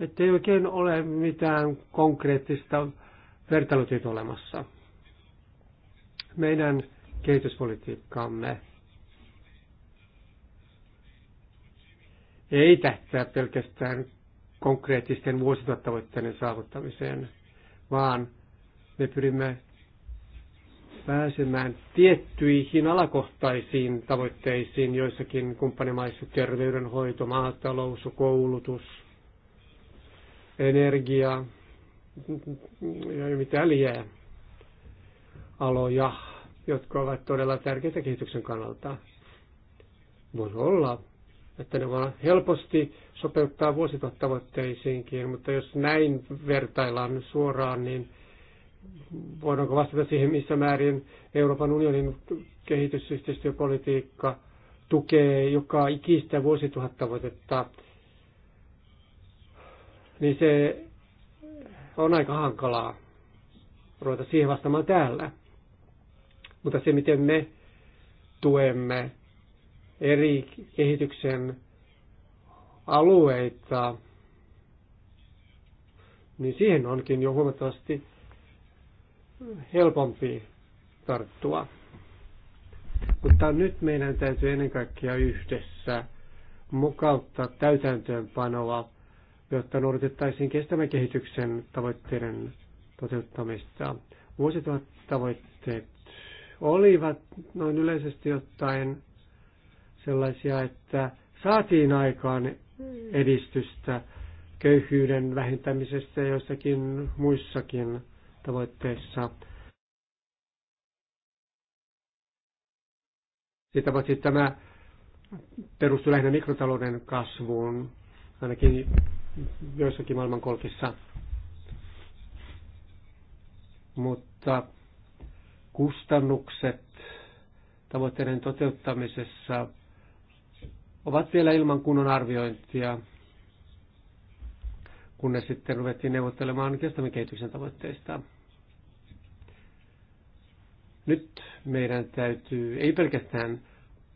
että ei oikein ole mitään konkreettista vertailutietoa olemassa meidän kehityspolitiikkaamme ei tähtää pelkästään konkreettisten vuosituottavoitteiden saavuttamiseen, vaan me pyrimme pääsemään tiettyihin alakohtaisiin tavoitteisiin joissakin kumppanimaissa, terveydenhoito, maatalous, koulutus, energia ja mitä liian aloja, jotka ovat todella tärkeitä kehityksen kannalta. Voi olla, että ne voivat helposti sopeuttaa vuosituhattavoitteisiinkin, mutta jos näin vertaillaan suoraan, niin voidaanko vastata siihen, missä määrin Euroopan unionin kehitysyhteistyöpolitiikka tukee joka ikistä vuosituhattavoitetta, niin se on aika hankalaa ruveta siihen vastaamaan täällä. Mutta se, miten me tuemme eri kehityksen alueita, niin siihen onkin jo huomattavasti helpompi tarttua. Mutta nyt meidän täytyy ennen kaikkea yhdessä mukauttaa täytäntöönpanoa, jotta noudatettaisiin kestävän kehityksen tavoitteiden toteuttamista. Vuosituhat tavoitteet olivat noin yleisesti ottaen sellaisia, että saatiin aikaan edistystä köyhyyden vähentämisestä ja joissakin muissakin tavoitteissa. Sitä paitsi tämä perustui lähinnä mikrotalouden kasvuun, ainakin joissakin maailmankolkissa. Mutta kustannukset tavoitteiden toteuttamisessa ovat vielä ilman kunnon arviointia, kunnes sitten ruvettiin neuvottelemaan kestävän kehityksen tavoitteista. Nyt meidän täytyy ei pelkästään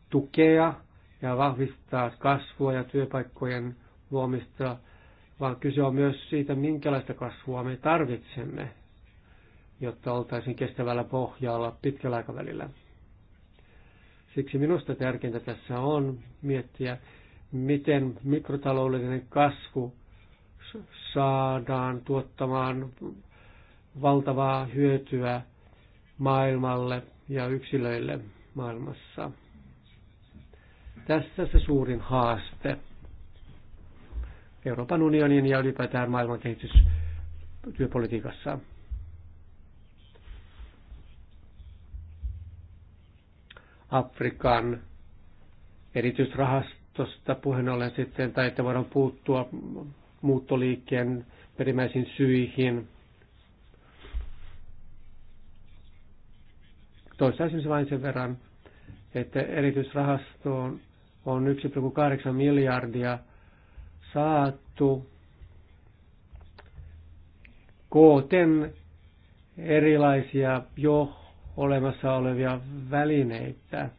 tukea ja vahvistaa kasvua ja työpaikkojen luomista, vaan kyse on myös siitä, minkälaista kasvua me tarvitsemme jotta oltaisiin kestävällä pohjalla pitkällä aikavälillä. Siksi minusta tärkeintä tässä on miettiä, miten mikrotaloudellinen kasvu saadaan tuottamaan valtavaa hyötyä maailmalle ja yksilöille maailmassa. Tässä se suurin haaste Euroopan unionin ja ylipäätään maailman kehitystyöpolitiikassa. Afrikan erityisrahastosta puheen ollen sitten, tai että voidaan puuttua muuttoliikkeen perimmäisiin syihin. Toistaisin vain sen verran, että erityisrahastoon on 1,8 miljardia saatu kooten erilaisia jo olemassa olevia välineitä.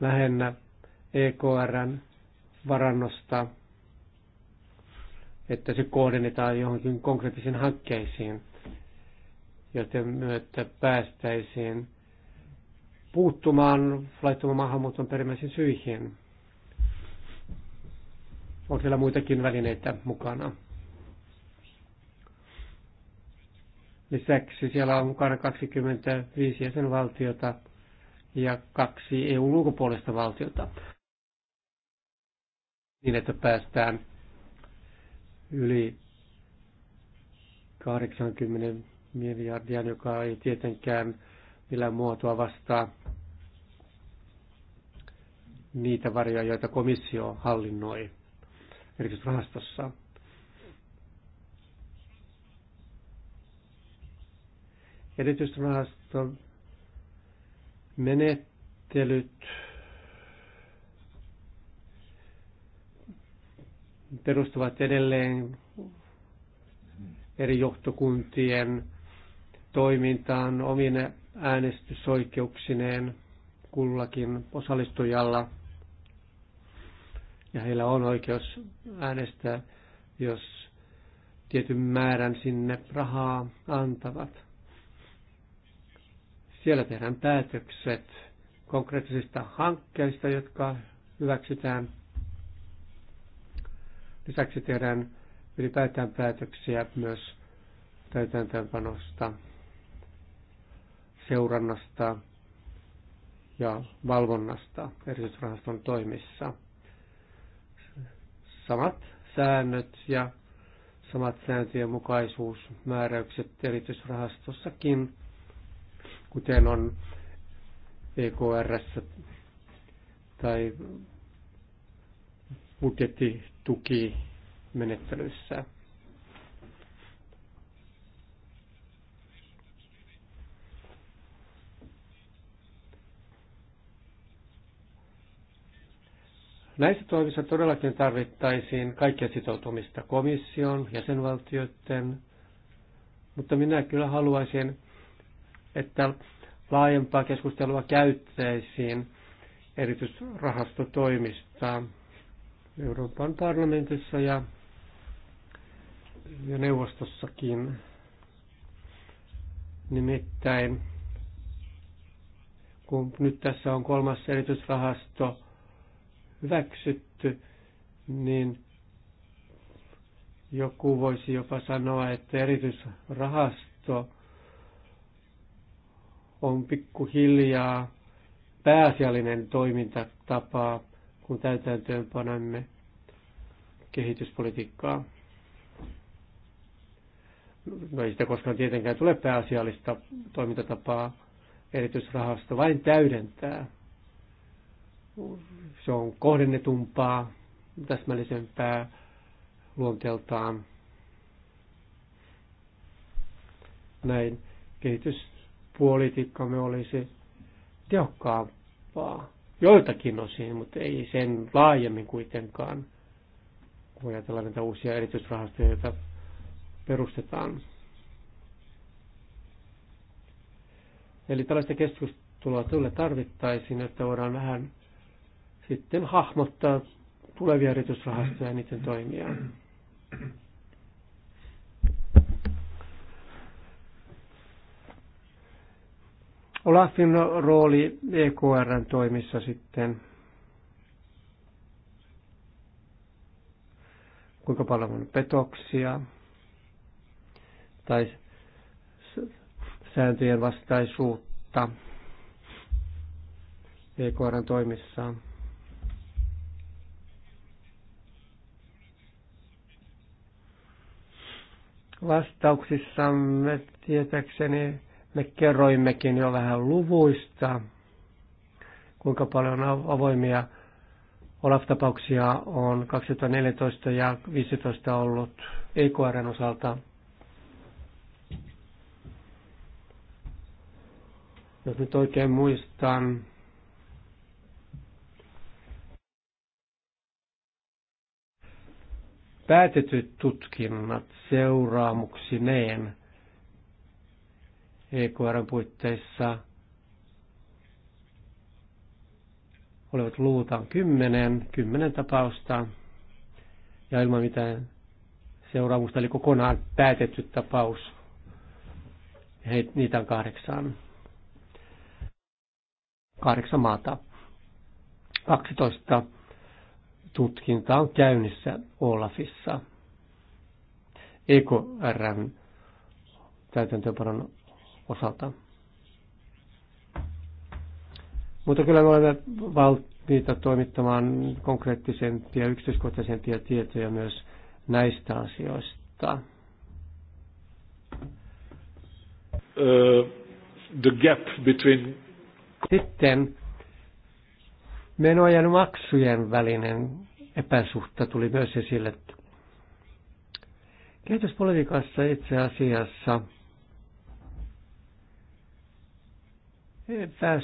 Lähennä EKRn varannosta, että se kohdennetaan johonkin konkreettisiin hankkeisiin, joten myötä päästäisiin puuttumaan laittoman maahanmuuton perimmäisiin syihin. On siellä muitakin välineitä mukana. Lisäksi siellä on mukana 25 jäsenvaltiota ja kaksi eu ulkopuolista valtiota, niin että päästään yli 80 miljardia, joka ei tietenkään millään muotoa vastaa niitä varjoja, joita komissio hallinnoi erityisrahastossa. rahastossa erityisrahaston menettelyt perustuvat edelleen eri johtokuntien toimintaan omine äänestysoikeuksineen kullakin osallistujalla. Ja heillä on oikeus äänestää, jos tietyn määrän sinne rahaa antavat. Siellä tehdään päätökset konkreettisista hankkeista, jotka hyväksytään. Lisäksi tehdään ylipäätään päätöksiä myös täytäntöönpanosta, seurannasta ja valvonnasta erityisrahaston toimissa. Samat säännöt ja samat sääntöjen mukaisuusmääräykset erityisrahastossakin kuten on EKR tai budjettitukimenettelyissä. Näissä toimissa todellakin tarvittaisiin kaikkia sitoutumista komission, jäsenvaltioiden, mutta minä kyllä haluaisin että laajempaa keskustelua käyttäisiin erityisrahastotoimista Euroopan parlamentissa ja, ja neuvostossakin. Nimittäin kun nyt tässä on kolmas erityisrahasto hyväksytty, niin joku voisi jopa sanoa, että erityisrahasto on pikkuhiljaa pääasiallinen toimintatapa, kun täytäntöön panemme kehityspolitiikkaa. No ei sitä koskaan tietenkään tule pääasiallista toimintatapaa. Erityisrahasto vain täydentää. Se on kohdennetumpaa, täsmällisempää luonteeltaan. Näin kehitys politiikkamme olisi tehokkaampaa joiltakin osin, mutta ei sen laajemmin kuitenkaan, kun ajatellaan näitä uusia erityisrahastoja, joita perustetaan. Eli tällaista keskustelua tulle tarvittaisiin, että voidaan vähän sitten hahmottaa tulevia erityisrahastoja ja niiden toimia. Olafin rooli EKRn toimissa sitten. Kuinka paljon on petoksia tai sääntöjen vastaisuutta EKRn toimissaan. vastauksissamme tietäkseni me kerroimmekin jo vähän luvuista, kuinka paljon avoimia Olaf-tapauksia on 2014 ja 2015 ollut EKRn osalta. Jos nyt oikein muistan, päätetyt tutkinnat seuraamuksineen – EKRn puitteissa olevat luvut kymmenen, kymmenen tapausta ja ilman mitään seuraamusta, eli kokonaan päätetty tapaus. He, niitä on kahdeksan. Kahdeksan maata. 12 tutkinta on käynnissä Olafissa. EKRn täytäntöönpanon osalta. Mutta kyllä me olemme valmiita toimittamaan konkreettisempia, yksityiskohtaisempia tietoja myös näistä asioista. Uh, the gap between... Sitten menojen maksujen välinen epäsuhta tuli myös esille. Kehityspolitiikassa itse asiassa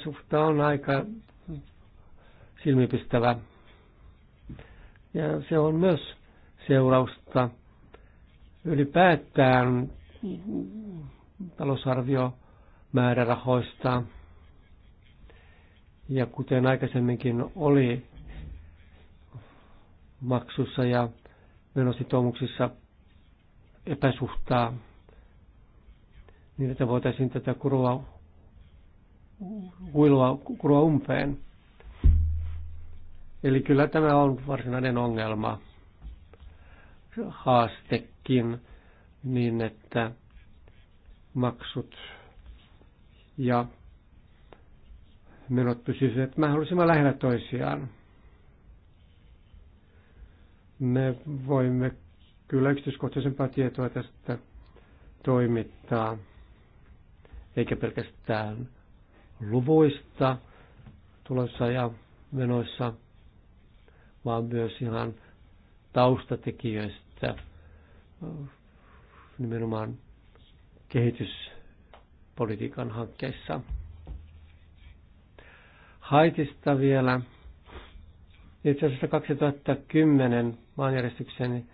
suhta on aika silmipistävä. Ja se on myös seurausta ylipäätään määrärahoista Ja kuten aikaisemminkin oli maksussa ja menositoumuksissa epäsuhtaa, niin että voitaisiin tätä kurua kuilua kuilua umpeen. Eli kyllä tämä on varsinainen ongelma, haastekin, niin että maksut ja menot pysyisivät mahdollisimman lähellä toisiaan. Me voimme kyllä yksityiskohtaisempaa tietoa tästä toimittaa, eikä pelkästään luvuista tulossa ja menoissa, vaan myös ihan taustatekijöistä, nimenomaan kehityspolitiikan hankkeissa. Haitista vielä. Itse asiassa 2010 maanjärjestyksen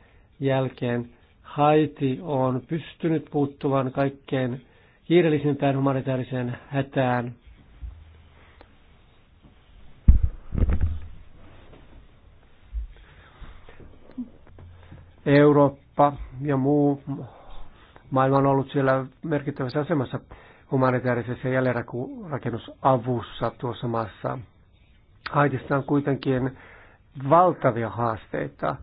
jälkeen Haiti on pystynyt puuttuvan kaikkein kiireellisimpään humanitaariseen hätään Eurooppa ja muu maailma on ollut siellä merkittävässä asemassa humanitaarisessa jälleenrakennusavussa tuossa maassa. Haitissa on kuitenkin valtavia haasteita,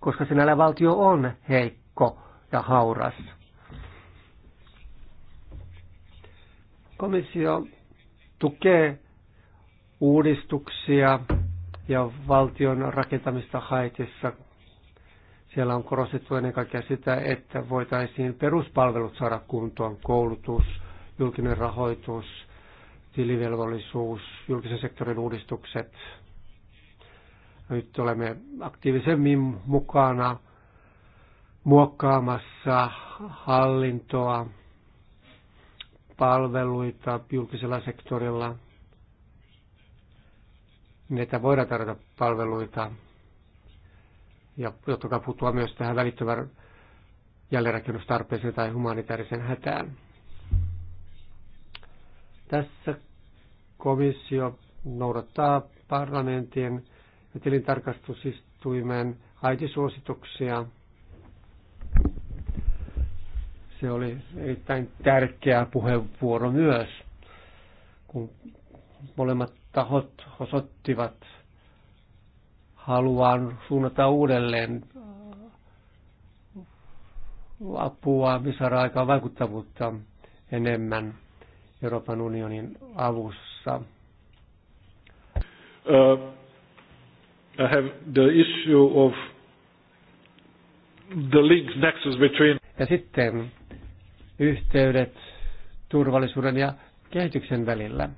koska sinällä valtio on heikko ja hauras. Komissio tukee uudistuksia ja valtion rakentamista Haitissa. Siellä on korostettu ennen kaikkea sitä, että voitaisiin peruspalvelut saada kuntoon, koulutus, julkinen rahoitus, tilivelvollisuus, julkisen sektorin uudistukset. Nyt olemme aktiivisemmin mukana muokkaamassa hallintoa, palveluita julkisella sektorilla – niin että voidaan tarjota palveluita ja jotka puuttua myös tähän välittömän jälleenrakennustarpeeseen tai humanitaarisen hätään. Tässä komissio noudattaa parlamentin ja tilintarkastusistuimen haitisuosituksia. Se oli erittäin tärkeä puheenvuoro myös, kun molemmat tahot osoittivat haluaan suunnata uudelleen äh, apua, saada aikaan vaikuttavuutta enemmän Euroopan unionin avussa. Uh, I have the issue of the link nexus between... Ja sitten yhteydet turvallisuuden ja kehityksen välillä.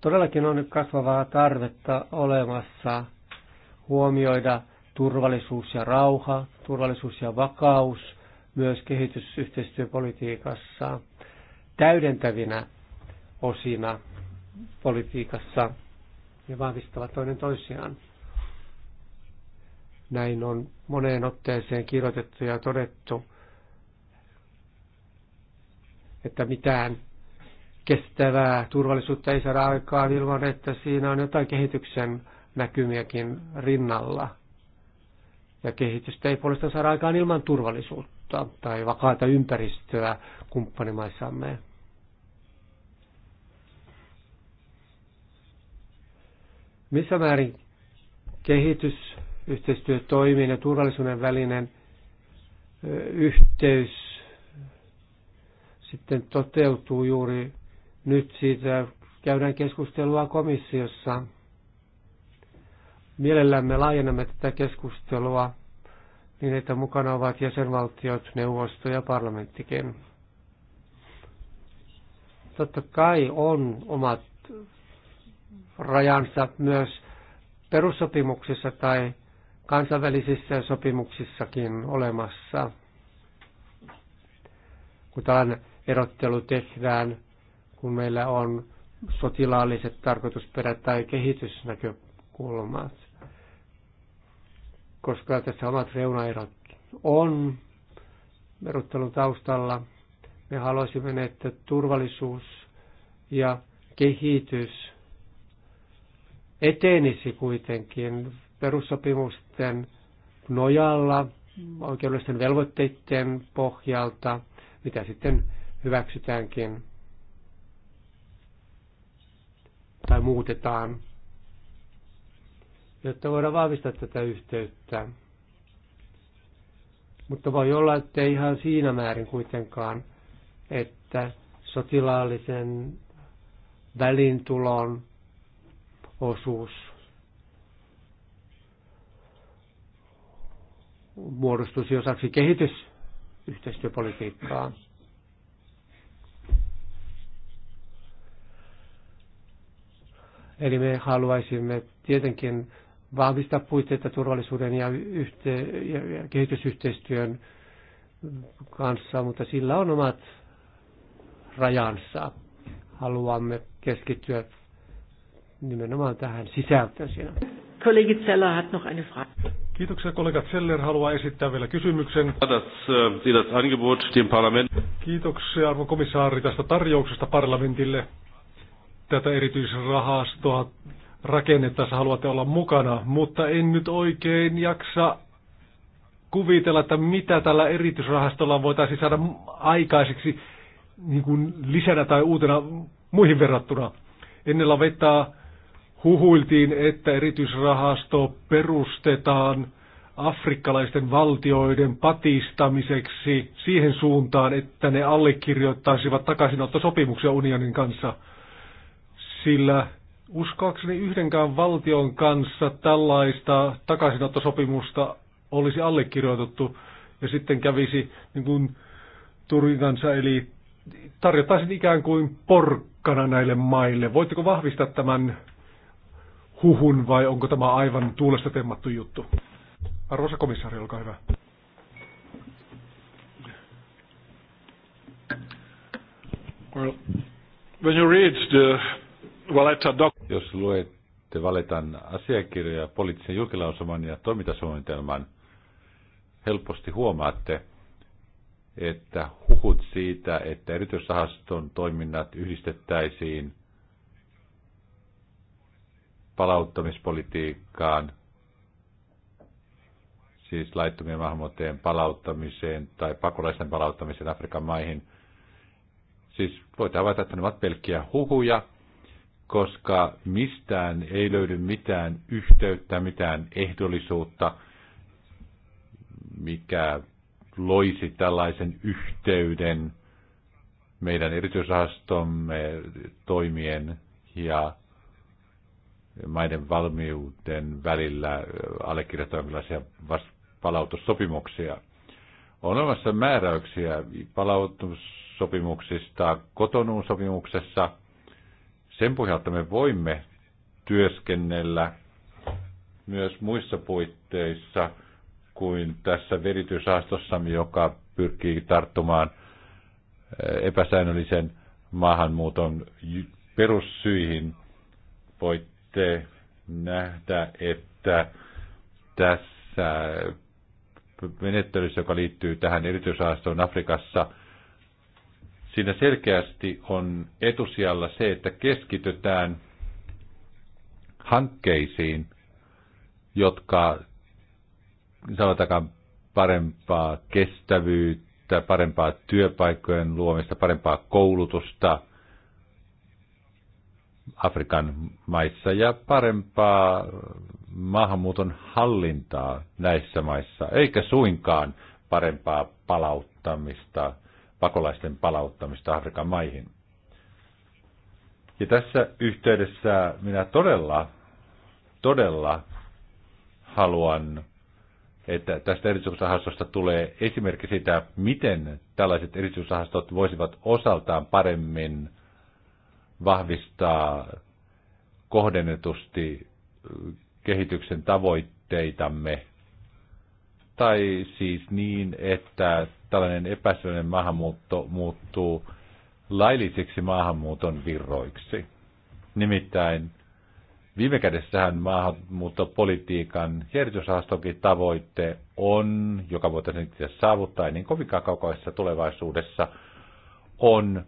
Todellakin on nyt kasvavaa tarvetta olemassa huomioida turvallisuus ja rauha, turvallisuus ja vakaus myös kehitysyhteistyöpolitiikassa täydentävinä osina politiikassa ja vahvistavat toinen toisiaan. Näin on moneen otteeseen kirjoitettu ja todettu, että mitään kestävää turvallisuutta ei saada aikaan ilman, että siinä on jotain kehityksen näkymiäkin rinnalla. Ja kehitystä ei puolestaan saada aikaan ilman turvallisuutta tai vakaata ympäristöä kumppanimaissamme. Missä määrin kehitysyhteistyötoimiin ja turvallisuuden välinen yhteys sitten toteutuu juuri nyt siitä käydään keskustelua komissiossa. Mielellämme laajennamme tätä keskustelua niin, että mukana ovat jäsenvaltiot, neuvosto ja parlamenttikin. Totta kai on omat rajansa myös perussopimuksissa tai kansainvälisissä sopimuksissakin olemassa. Kun tällainen erottelu tehdään kun meillä on sotilaalliset tarkoitusperät tai kehitysnäkökulmat. Koska tässä omat reunaerot on verottelun taustalla, me haluaisimme, että turvallisuus ja kehitys etenisi kuitenkin perussopimusten nojalla, oikeudellisten velvoitteiden pohjalta, mitä sitten hyväksytäänkin tai muutetaan, jotta voidaan vahvistaa tätä yhteyttä. Mutta voi olla, että ei ihan siinä määrin kuitenkaan, että sotilaallisen välintulon osuus muodostuisi osaksi kehitysyhteistyöpolitiikkaa. Eli me haluaisimme tietenkin vahvistaa puitteita turvallisuuden ja, yhte- ja kehitysyhteistyön kanssa, mutta sillä on omat rajansa. Haluamme keskittyä nimenomaan tähän sisältöön siinä. Kollegi Zeller hat noch eine Frage. Kiitoksia. Kollega Zeller haluaa esittää vielä kysymyksen. Äh, Kiitoksia arvon komissaari tästä tarjouksesta parlamentille tätä erityisrahastoa rakennettaessa haluatte olla mukana, mutta en nyt oikein jaksa kuvitella, että mitä tällä erityisrahastolla voitaisiin saada aikaiseksi niin kuin lisänä tai uutena muihin verrattuna. Ennen vetää huhuiltiin, että erityisrahasto perustetaan afrikkalaisten valtioiden patistamiseksi siihen suuntaan, että ne allekirjoittaisivat takaisinottosopimuksia unionin kanssa – sillä uskoakseni yhdenkään valtion kanssa tällaista takaisinottosopimusta olisi allekirjoitettu ja sitten kävisi niin kuin Turin kanssa, eli tarjottaisiin ikään kuin porkkana näille maille. Voitteko vahvistaa tämän huhun vai onko tämä aivan tuulesta temmattu juttu? Arvoisa komissaari, olkaa hyvä. Well, when you read the jos luette valitan asiakirjoja, poliittisen julkilausuman ja toimintasuunnitelman, helposti huomaatte, että huhut siitä, että erityisrahaston toiminnat yhdistettäisiin palauttamispolitiikkaan, siis laittomien maahanmuuttajien palauttamiseen tai pakolaisten palauttamiseen Afrikan maihin. Siis voit havaita, että ne ovat pelkkiä huhuja, koska mistään ei löydy mitään yhteyttä, mitään ehdollisuutta, mikä loisi tällaisen yhteyden meidän erityisrahastomme toimien ja maiden valmiuden välillä allekirjoittamilaisia palautussopimuksia. On olemassa määräyksiä palautussopimuksista kotonuun sopimuksessa, sen pohjalta me voimme työskennellä myös muissa puitteissa kuin tässä veritysaastossa, joka pyrkii tarttumaan eh, epäsäännöllisen maahanmuuton perussyihin. Voitte nähdä, että tässä menettelyssä, joka liittyy tähän erityisaastoon Afrikassa, Siinä selkeästi on etusijalla se, että keskitytään hankkeisiin, jotka sanotaan parempaa kestävyyttä, parempaa työpaikkojen luomista, parempaa koulutusta Afrikan maissa ja parempaa maahanmuuton hallintaa näissä maissa, eikä suinkaan parempaa palauttamista – pakolaisten palauttamista Afrikan maihin. Ja tässä yhteydessä minä todella, todella haluan, että tästä erityisrahastosta tulee esimerkki siitä, miten tällaiset erityisrahastot voisivat osaltaan paremmin vahvistaa kohdennetusti kehityksen tavoitteitamme tai siis niin, että tällainen epäsäännöllinen maahanmuutto muuttuu lailliseksi maahanmuuton virroiksi. Nimittäin viime kädessähän maahanmuuttopolitiikan järjestysrahastokin tavoitte on, joka voitaisiin itse saavuttaa niin kovinkaan kaukaisessa tulevaisuudessa, on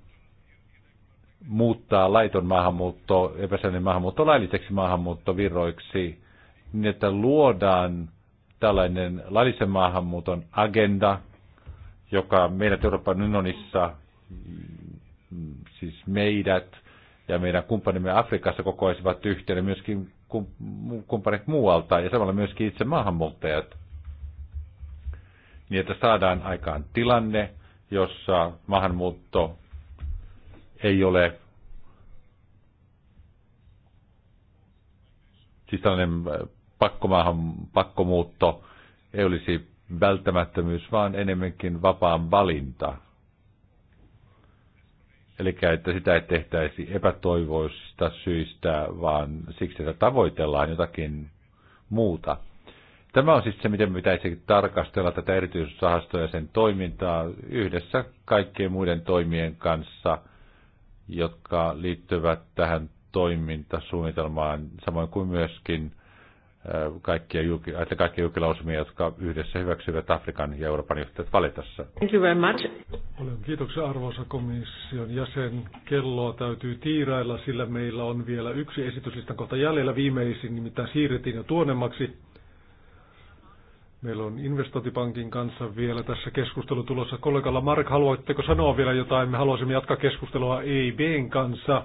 muuttaa laiton maahanmuutto, epäsäännöllinen maahanmuutto lailliseksi maahanmuuttovirroiksi, niin että luodaan tällainen laillisen maahanmuuton agenda, joka meidät Euroopan unionissa, mm, siis meidät ja meidän kumppanimme Afrikassa kokoisivat yhteen myöskin kumppanit muualta ja samalla myöskin itse maahanmuuttajat. Niin, että saadaan aikaan tilanne, jossa maahanmuutto ei ole siis tällainen pakkomaahan, pakkomuutto ei olisi välttämättömyys, vaan enemmänkin vapaan valinta. Eli että sitä ei tehtäisi epätoivoista syistä, vaan siksi, että tavoitellaan jotakin muuta. Tämä on siis se, miten pitäisi tarkastella tätä erityisrahastoa ja sen toimintaa yhdessä kaikkien muiden toimien kanssa, jotka liittyvät tähän toimintasuunnitelmaan, samoin kuin myöskin kaikkia, julki, kaikkia julkilausumia, jotka yhdessä hyväksyvät Afrikan ja Euroopan yhteydet valitassa. Thank you very much. Paljon kiitoksia arvoisa komission jäsen. Kelloa täytyy tiirailla, sillä meillä on vielä yksi esityslistan kohta jäljellä. Viimeisin nimittäin siirrettiin jo tuonemmaksi. Meillä on investointipankin kanssa vielä tässä keskustelu tulossa. Kollegalla Mark, haluatteko sanoa vielä jotain? Me haluaisimme jatkaa keskustelua EIBn kanssa.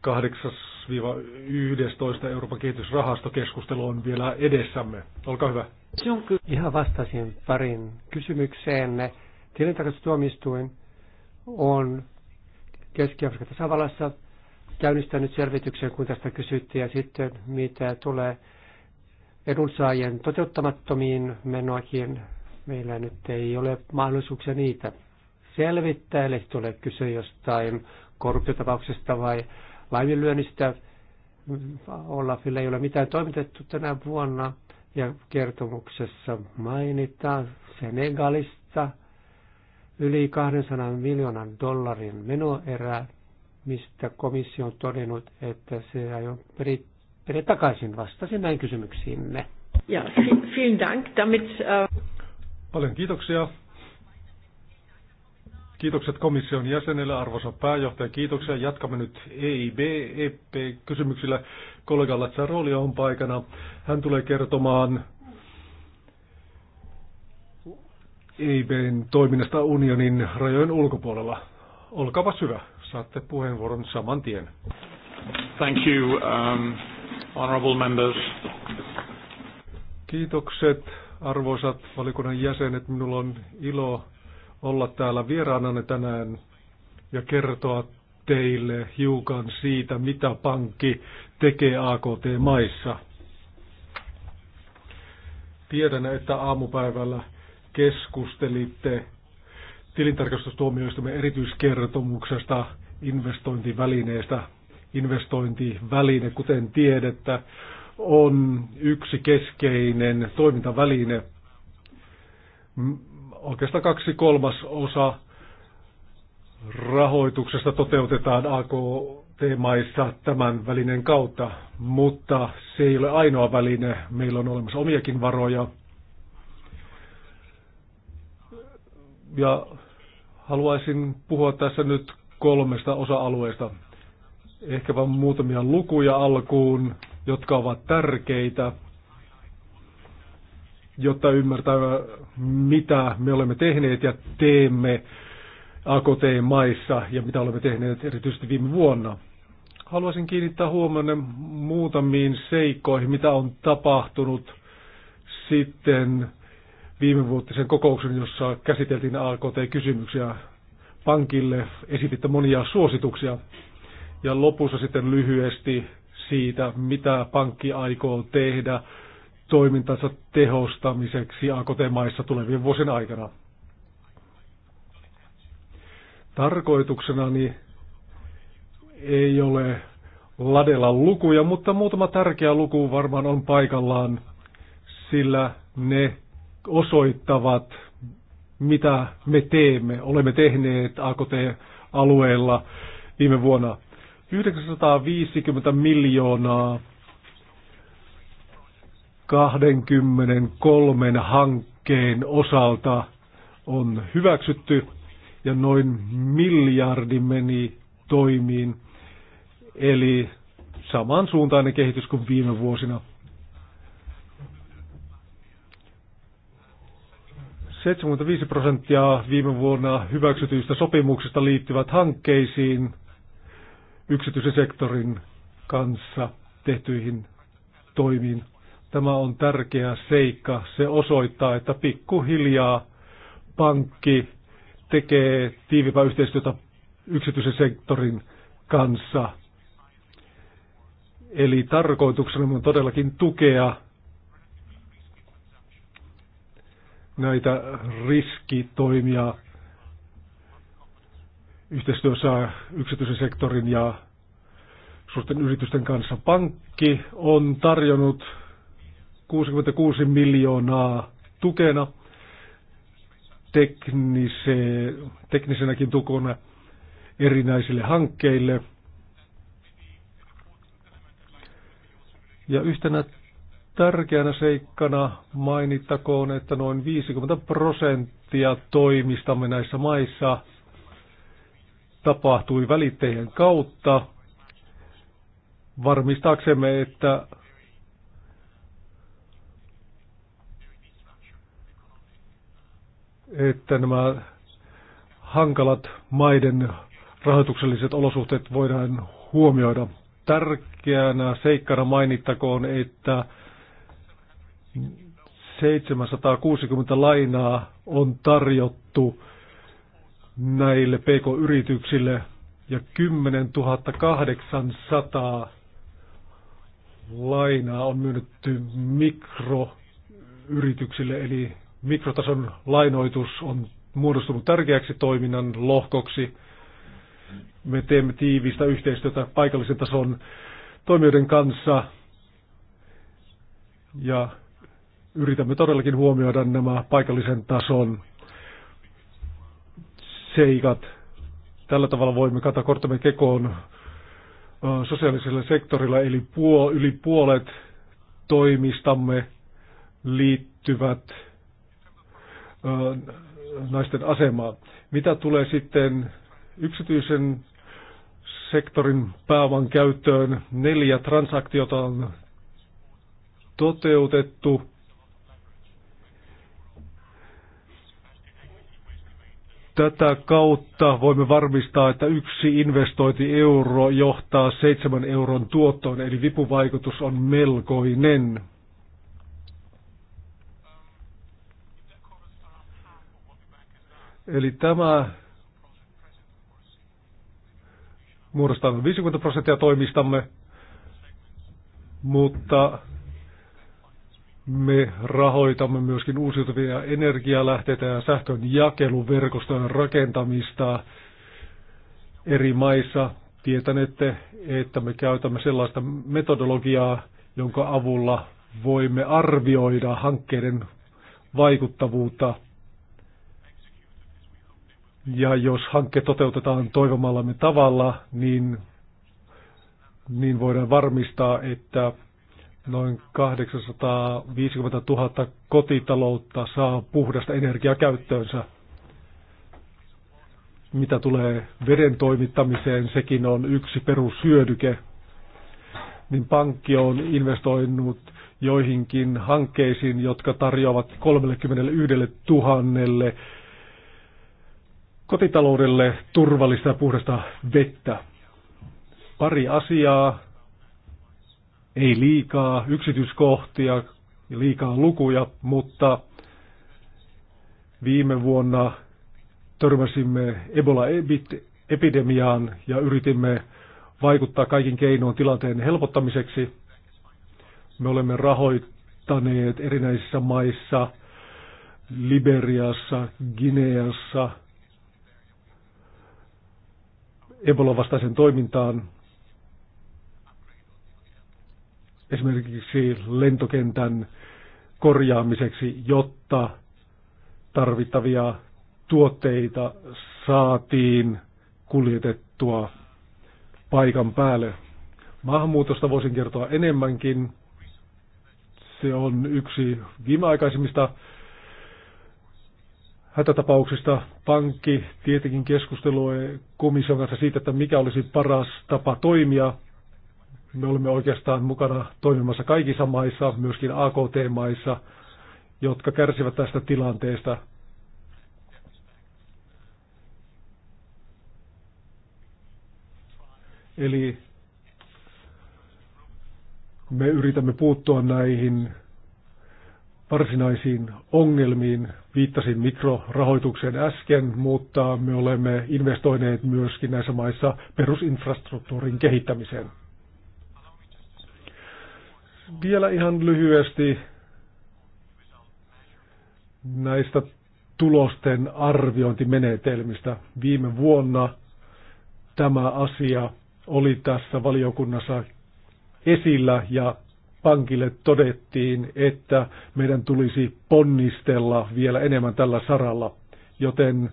8. 2011 Euroopan kehitysrahastokeskustelu on vielä edessämme. Olkaa hyvä. Ihan vastasin parin kysymykseenne. Tilintarkastustuomistuin on Keski-Afrikan tasavallassa käynnistänyt selvityksen, kun tästä kysyttiin, ja sitten mitä tulee edunsaajien toteuttamattomiin menoihin. Meillä nyt ei ole mahdollisuuksia niitä selvittää, eli tulee kyse jostain korruptiotapauksesta vai laiminlyönnistä. Olafille ei ole mitään toimitettu tänä vuonna ja kertomuksessa mainitaan Senegalista yli 200 miljoonan dollarin menoerä, mistä komissio on todennut, että se ei ole peri, Pede takaisin vastasin näin kysymyksiinne. Ja, vielen dank. Damit, uh... Paljon kiitoksia. Kiitokset komission jäsenelle, arvoisa pääjohtaja. Kiitoksia. Jatkamme nyt EIB, EP kysymyksillä. Kollega Latsaroli on paikana. Hän tulee kertomaan EIBn toiminnasta unionin rajojen ulkopuolella. Olkaapa hyvä. Saatte puheenvuoron saman tien. Thank you, um, honorable members. Kiitokset, arvoisat valikunnan jäsenet. Minulla on ilo olla täällä vieraananne tänään ja kertoa teille hiukan siitä, mitä pankki tekee AKT-maissa. Tiedän, että aamupäivällä keskustelitte tilintarkastustuomioistamme erityiskertomuksesta investointivälineestä. Investointiväline, kuten tiedettä, on yksi keskeinen toimintaväline oikeastaan kaksi kolmas osa rahoituksesta toteutetaan AKT-maissa tämän välinen kautta, mutta se ei ole ainoa väline. Meillä on olemassa omiakin varoja. Ja haluaisin puhua tässä nyt kolmesta osa-alueesta. Ehkäpä muutamia lukuja alkuun, jotka ovat tärkeitä – jotta ymmärtää, mitä me olemme tehneet ja teemme AKT-maissa ja mitä olemme tehneet erityisesti viime vuonna. Haluaisin kiinnittää huomioon muutamiin seikkoihin, mitä on tapahtunut sitten viime vuotisen kokouksen, jossa käsiteltiin AKT-kysymyksiä pankille, esititte monia suosituksia. Ja lopussa sitten lyhyesti siitä, mitä pankki aikoo tehdä toimintansa tehostamiseksi AKT-maissa tulevien vuosien aikana. Tarkoituksenani niin ei ole ladella lukuja, mutta muutama tärkeä luku varmaan on paikallaan, sillä ne osoittavat, mitä me teemme, olemme tehneet AKT-alueella viime vuonna 950 miljoonaa 23 hankkeen osalta on hyväksytty ja noin miljardi meni toimiin, eli samansuuntainen kehitys kuin viime vuosina. 75 prosenttia viime vuonna hyväksytyistä sopimuksista liittyvät hankkeisiin yksityisen sektorin kanssa tehtyihin toimiin. Tämä on tärkeä seikka. Se osoittaa, että pikkuhiljaa pankki tekee tiivipä yhteistyötä yksityisen sektorin kanssa. Eli tarkoituksena on todellakin tukea näitä riskitoimia yhteistyössä yksityisen sektorin ja suurten yritysten kanssa. Pankki on tarjonnut 66 miljoonaa tukena, teknise, teknisenäkin tukona erinäisille hankkeille. Ja yhtenä tärkeänä seikkana mainittakoon, että noin 50 prosenttia toimistamme näissä maissa tapahtui välittäjien kautta varmistaaksemme, että että nämä hankalat maiden rahoitukselliset olosuhteet voidaan huomioida. Tärkeänä seikkana mainittakoon, että 760 lainaa on tarjottu näille pk-yrityksille ja 10 800 lainaa on myönnetty mikroyrityksille eli mikrotason lainoitus on muodostunut tärkeäksi toiminnan lohkoksi. Me teemme tiivistä yhteistyötä paikallisen tason toimijoiden kanssa ja yritämme todellakin huomioida nämä paikallisen tason seikat. Tällä tavalla voimme kata korttamme kekoon sosiaalisella sektorilla, eli puo, yli puolet toimistamme liittyvät Äh, naisten asemaa. Mitä tulee sitten yksityisen sektorin pääoman käyttöön, neljä transaktiota on toteutettu. Tätä kautta voimme varmistaa, että yksi investointi euro johtaa seitsemän euron tuottoon, eli vipuvaikutus on melkoinen. Eli tämä muodostaa 50 prosenttia toimistamme, mutta me rahoitamme myöskin uusiutuvia energialähteitä ja sähkön jakeluverkostojen rakentamista eri maissa. Tietänette, että me käytämme sellaista metodologiaa, jonka avulla voimme arvioida hankkeiden vaikuttavuutta – ja jos hanke toteutetaan toivomallamme tavalla, niin, niin voidaan varmistaa, että noin 850 000 kotitaloutta saa puhdasta energiaa käyttöönsä. Mitä tulee veden toimittamiseen, sekin on yksi perushyödyke. Niin pankki on investoinut joihinkin hankkeisiin, jotka tarjoavat 31 000 kotitaloudelle turvallista ja puhdasta vettä. Pari asiaa, ei liikaa yksityiskohtia ja liikaa lukuja, mutta viime vuonna törmäsimme Ebola-epidemiaan ja yritimme vaikuttaa kaikin keinoin tilanteen helpottamiseksi. Me olemme rahoittaneet erinäisissä maissa, Liberiassa, Gineassa – ebola vastaisen toimintaan. Esimerkiksi lentokentän korjaamiseksi, jotta tarvittavia tuotteita saatiin kuljetettua paikan päälle. Maahanmuutosta voisin kertoa enemmänkin. Se on yksi viimeaikaisimmista hätätapauksista pankki tietenkin keskustelua komission kanssa siitä, että mikä olisi paras tapa toimia. Me olemme oikeastaan mukana toimimassa kaikissa maissa, myöskin AKT-maissa, jotka kärsivät tästä tilanteesta. Eli me yritämme puuttua näihin varsinaisiin ongelmiin. Viittasin mikrorahoitukseen äsken, mutta me olemme investoineet myöskin näissä maissa perusinfrastruktuurin kehittämiseen. Vielä ihan lyhyesti näistä tulosten arviointimenetelmistä. Viime vuonna tämä asia oli tässä valiokunnassa esillä ja pankille todettiin, että meidän tulisi ponnistella vielä enemmän tällä saralla, joten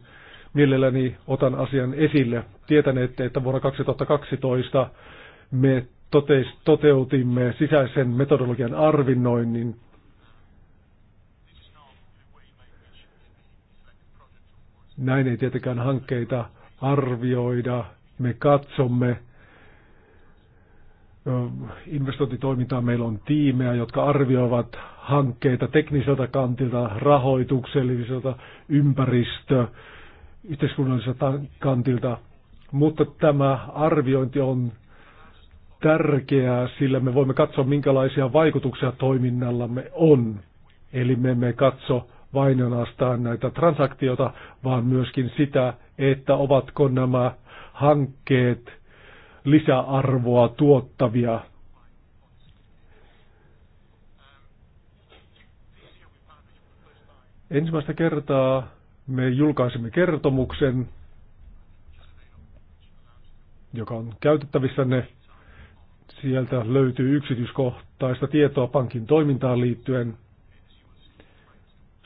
mielelläni otan asian esille. Tietänette, että vuonna 2012 me toteutimme sisäisen metodologian arvinnoinnin. Näin ei tietenkään hankkeita arvioida. Me katsomme, investointitoimintaa. Meillä on tiimejä, jotka arvioivat hankkeita tekniseltä kantilta, rahoitukselliselta, ympäristö, yhteiskunnalliselta kantilta. Mutta tämä arviointi on tärkeää, sillä me voimme katsoa, minkälaisia vaikutuksia toiminnallamme on. Eli me emme katso vain ainoastaan näitä transaktioita, vaan myöskin sitä, että ovatko nämä hankkeet – lisäarvoa tuottavia Ensimmäistä kertaa me julkaisimme kertomuksen, joka on käytettävissänne. Sieltä löytyy yksityiskohtaista tietoa pankin toimintaan liittyen.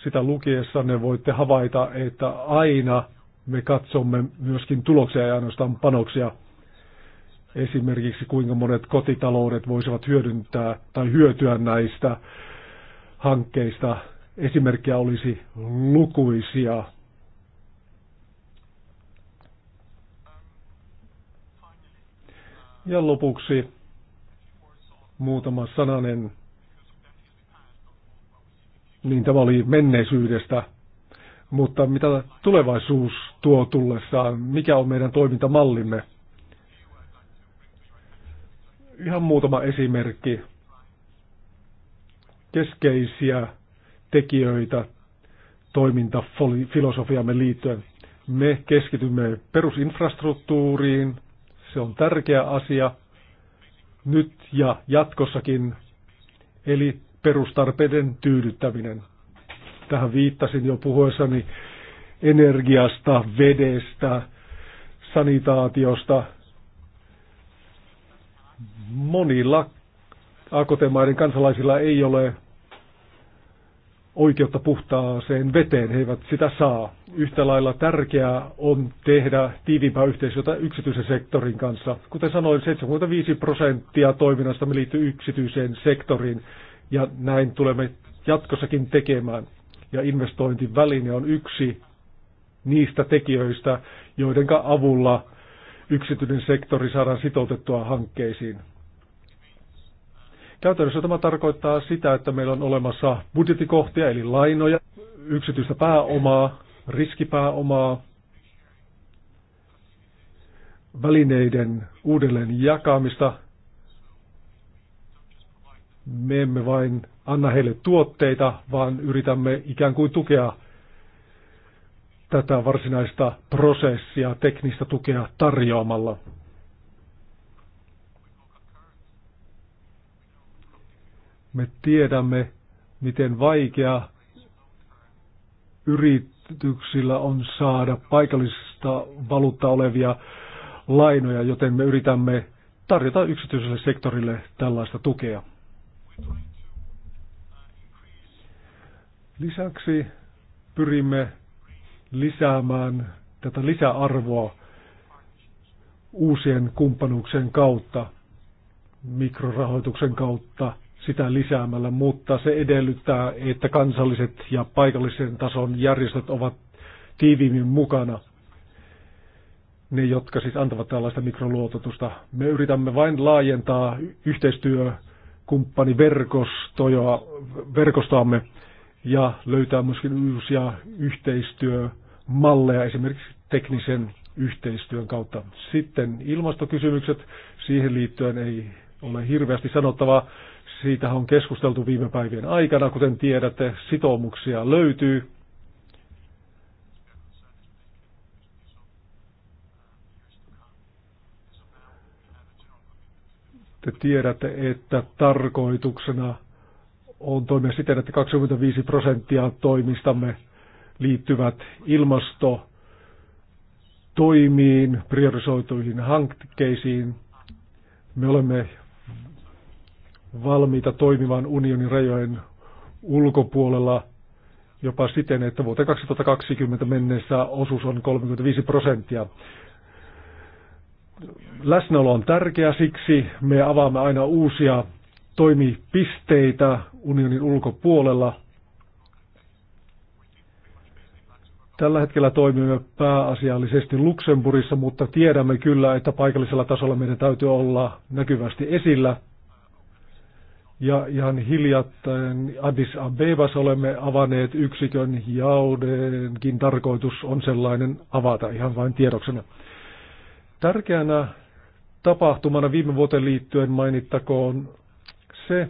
Sitä ne voitte havaita, että aina me katsomme myöskin tuloksia ja ainoastaan panoksia. Esimerkiksi kuinka monet kotitaloudet voisivat hyödyntää tai hyötyä näistä hankkeista. Esimerkkejä olisi lukuisia. Ja lopuksi muutama sananen. Niin tämä oli menneisyydestä, mutta mitä tulevaisuus tuo tullessaan, mikä on meidän toimintamallimme? Ihan muutama esimerkki keskeisiä tekijöitä toimintafilosofiamme liittyen. Me keskitymme perusinfrastruktuuriin, se on tärkeä asia nyt ja jatkossakin, eli perustarpeiden tyydyttäminen. Tähän viittasin jo puhuessani energiasta, vedestä, sanitaatiosta, monilla AKT-maiden kansalaisilla ei ole oikeutta puhtaaseen veteen, he eivät sitä saa. Yhtä lailla tärkeää on tehdä tiiviimpää yhteistyötä yksityisen sektorin kanssa. Kuten sanoin, 75 prosenttia toiminnasta liittyy yksityiseen sektoriin ja näin tulemme jatkossakin tekemään. Ja investointiväline on yksi niistä tekijöistä, joidenka avulla yksityinen sektori saadaan sitoutettua hankkeisiin. Käytännössä tämä tarkoittaa sitä, että meillä on olemassa budjettikohtia eli lainoja, yksityistä pääomaa, riskipääomaa, välineiden uudelleen jakamista. Me emme vain anna heille tuotteita, vaan yritämme ikään kuin tukea tätä varsinaista prosessia teknistä tukea tarjoamalla. Me tiedämme, miten vaikea yrityksillä on saada paikallista valuutta olevia lainoja, joten me yritämme tarjota yksityiselle sektorille tällaista tukea. Lisäksi pyrimme lisäämään tätä lisäarvoa uusien kumppanuuksien kautta, mikrorahoituksen kautta sitä lisäämällä, mutta se edellyttää, että kansalliset ja paikallisen tason järjestöt ovat tiiviimmin mukana. Ne, jotka siis antavat tällaista mikroluototusta. Me yritämme vain laajentaa yhteistyökumppaniverkostoamme ja löytää myöskin uusia yhteistyömalleja esimerkiksi teknisen yhteistyön kautta. Sitten ilmastokysymykset, siihen liittyen ei ole hirveästi sanottavaa. Siitä on keskusteltu viime päivien aikana, kuten tiedätte, sitoumuksia löytyy. Te tiedätte, että tarkoituksena on toimia siten, että 25 prosenttia toimistamme liittyvät ilmasto toimiin, priorisoituihin hankkeisiin. Me olemme valmiita toimimaan unionin rajojen ulkopuolella jopa siten, että vuoteen 2020 mennessä osuus on 35 prosenttia. Läsnäolo on tärkeä, siksi me avaamme aina uusia toimipisteitä unionin ulkopuolella. Tällä hetkellä toimimme pääasiallisesti Luxemburgissa, mutta tiedämme kyllä, että paikallisella tasolla meidän täytyy olla näkyvästi esillä. Ja ihan hiljattain Addis Abebas olemme avaneet yksikön jaudenkin tarkoitus on sellainen avata ihan vain tiedoksena. Tärkeänä tapahtumana viime vuoteen liittyen mainittakoon se,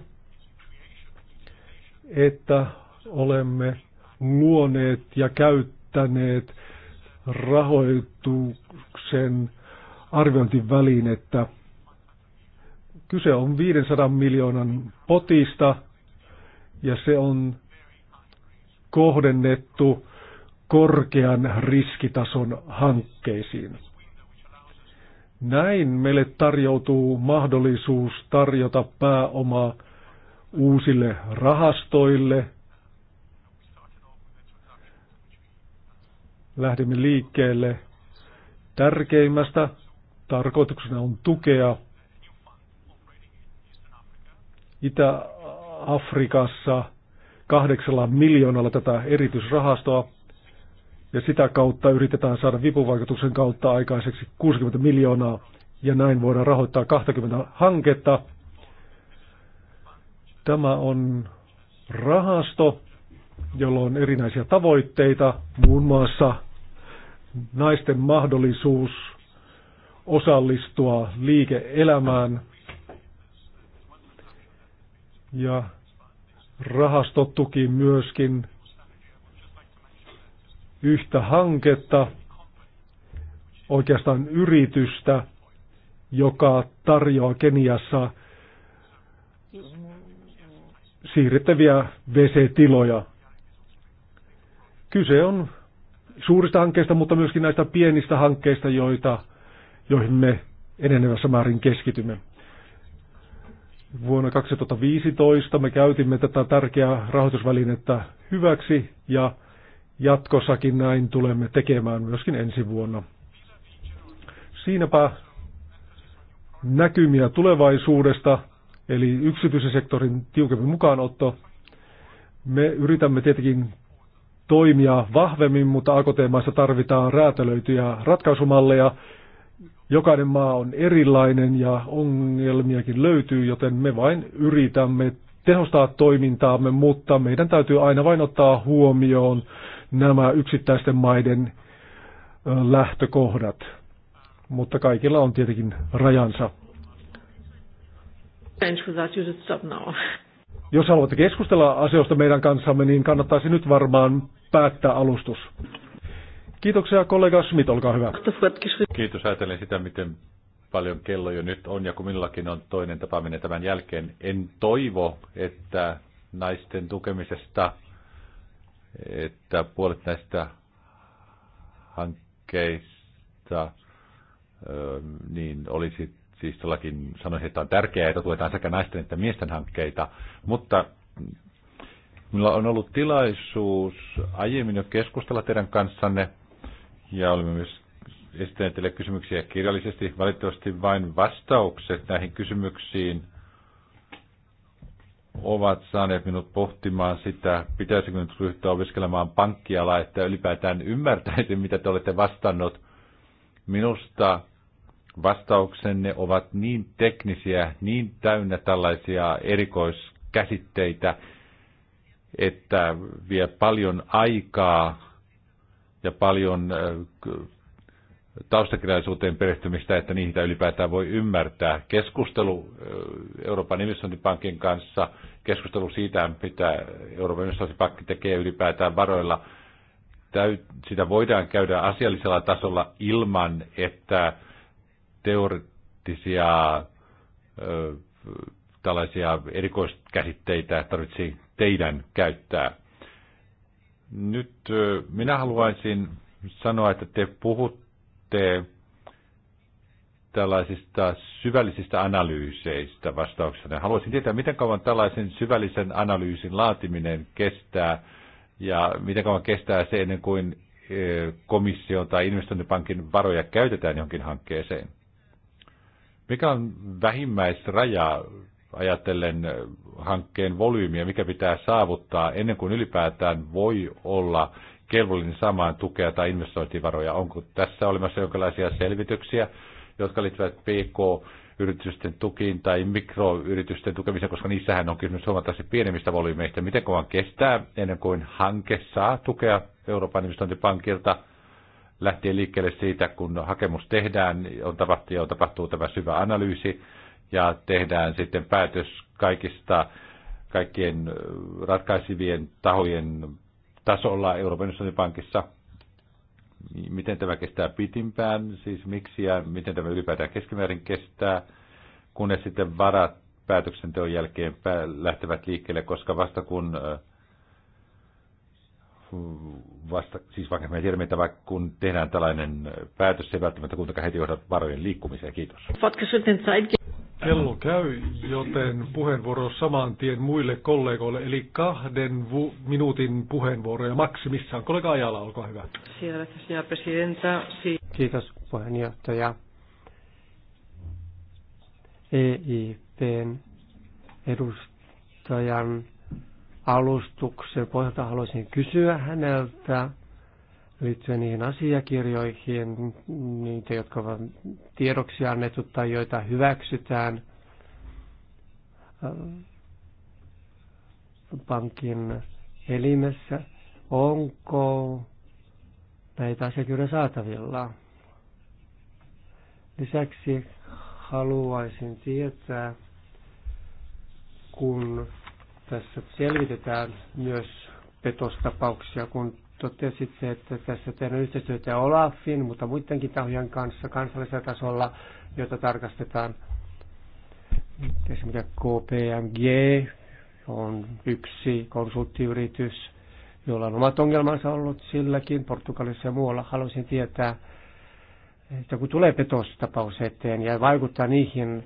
että olemme luoneet ja käyttäneet rahoituksen arviointivälinettä. Kyse on 500 miljoonan potista ja se on kohdennettu korkean riskitason hankkeisiin. Näin meille tarjoutuu mahdollisuus tarjota pääomaa uusille rahastoille. Lähdemme liikkeelle tärkeimmästä. Tarkoituksena on tukea Itä-Afrikassa kahdeksalla miljoonalla tätä erityisrahastoa ja sitä kautta yritetään saada vipuvaikutuksen kautta aikaiseksi 60 miljoonaa ja näin voidaan rahoittaa 20 hanketta. Tämä on rahasto, jolla on erinäisiä tavoitteita, muun muassa naisten mahdollisuus osallistua liike-elämään ja rahasto tuki myöskin yhtä hanketta, oikeastaan yritystä, joka tarjoaa Keniassa siirrettäviä WC-tiloja. Kyse on suurista hankkeista, mutta myöskin näistä pienistä hankkeista, joita, joihin me enenevässä määrin keskitymme. Vuonna 2015 me käytimme tätä tärkeää rahoitusvälinettä hyväksi ja Jatkossakin näin tulemme tekemään myöskin ensi vuonna. Siinäpä näkymiä tulevaisuudesta, eli yksityisen sektorin tiukempi mukaanotto. Me yritämme tietenkin toimia vahvemmin, mutta AKT-maissa tarvitaan räätälöityjä ratkaisumalleja. Jokainen maa on erilainen ja ongelmiakin löytyy, joten me vain yritämme tehostaa toimintaamme, mutta meidän täytyy aina vain ottaa huomioon nämä yksittäisten maiden lähtökohdat. Mutta kaikilla on tietenkin rajansa. Jos haluatte keskustella asioista meidän kanssamme, niin kannattaisi nyt varmaan päättää alustus. Kiitoksia kollega Schmidt, olkaa hyvä. Kiitos, ajatellen sitä, miten paljon kello jo nyt on ja kun minullakin on toinen tapaaminen tämän jälkeen. En toivo, että naisten tukemisesta että puolet näistä hankkeista niin olisi siis todellakin sanoisin, että on tärkeää, että tuetaan sekä naisten että miesten hankkeita, mutta minulla on ollut tilaisuus aiemmin jo keskustella teidän kanssanne ja olemme myös esittäneet teille kysymyksiä kirjallisesti. Valitettavasti vain vastaukset näihin kysymyksiin – ovat saaneet minut pohtimaan sitä, pitäisikö nyt ryhtyä opiskelemaan pankkialaa, että ylipäätään ymmärtäisin, mitä te olette vastannut. Minusta vastauksenne ovat niin teknisiä, niin täynnä tällaisia erikoiskäsitteitä, että vie paljon aikaa ja paljon äh, taustakirjallisuuteen perehtymistä, että niitä ylipäätään voi ymmärtää. Keskustelu Euroopan investointipankin kanssa, keskustelu siitä, mitä Euroopan investointipankki tekee ylipäätään varoilla, sitä voidaan käydä asiallisella tasolla ilman, että teoreettisia tällaisia erikoiskäsitteitä tarvitsisi teidän käyttää. Nyt minä haluaisin sanoa, että te puhutte tällaisista syvällisistä analyyseistä vastauksena. Haluaisin tietää, miten kauan tällaisen syvällisen analyysin laatiminen kestää ja miten kauan kestää se ennen kuin e, komissio tai investointipankin varoja käytetään johonkin hankkeeseen. Mikä on vähimmäisraja ajatellen e, hankkeen volyymiä, mikä pitää saavuttaa ennen kuin ylipäätään voi olla kelvollinen saamaan tukea tai investointivaroja. Onko tässä olemassa jonkinlaisia selvityksiä, jotka liittyvät PK yritysten tukiin tai mikroyritysten tukemiseen, koska niissähän on kysymys huomattavasti pienemmistä volyymeista. Miten kauan kestää ennen kuin hanke saa tukea Euroopan investointipankilta lähtien liikkeelle siitä, kun hakemus tehdään, on tapahtuu, ja tapahtuu tämä syvä analyysi ja tehdään sitten päätös kaikista kaikkien ratkaisivien tahojen tasolla Euroopan pankissa, Miten tämä kestää pitimpään, siis miksi ja miten tämä ylipäätään keskimäärin kestää, kunnes sitten varat päätöksenteon jälkeen lähtevät liikkeelle, koska vasta kun vasta, siis vaikka me tiedämme, että vaikka kun tehdään tällainen päätös, se ei välttämättä kuitenkaan heti johda varojen liikkumiseen. Kiitos kello käy, joten puheenvuoro saman tien muille kollegoille, eli kahden vu- minuutin puheenvuoroja maksimissaan. Kollega Ajala, olkaa hyvä. Kiitos puheenjohtaja. EIPn edustajan alustuksen pohjalta haluaisin kysyä häneltä, liittyen niihin asiakirjoihin, niitä, jotka ovat tiedoksi annettu tai joita hyväksytään äh, pankin elimessä, onko näitä asiakirjoja saatavilla. Lisäksi haluaisin tietää, kun tässä selvitetään myös petostapauksia, kun Totesitte, että tässä tehdään yhteistyötä Olafin, mutta muidenkin tahojen kanssa kansallisella tasolla, jota tarkastetaan. Esimerkiksi KPMG on yksi konsulttiyritys, jolla on omat ongelmansa ollut silläkin Portugalissa ja muualla. Haluaisin tietää, että kun tulee petostapaus eteen ja vaikuttaa niihin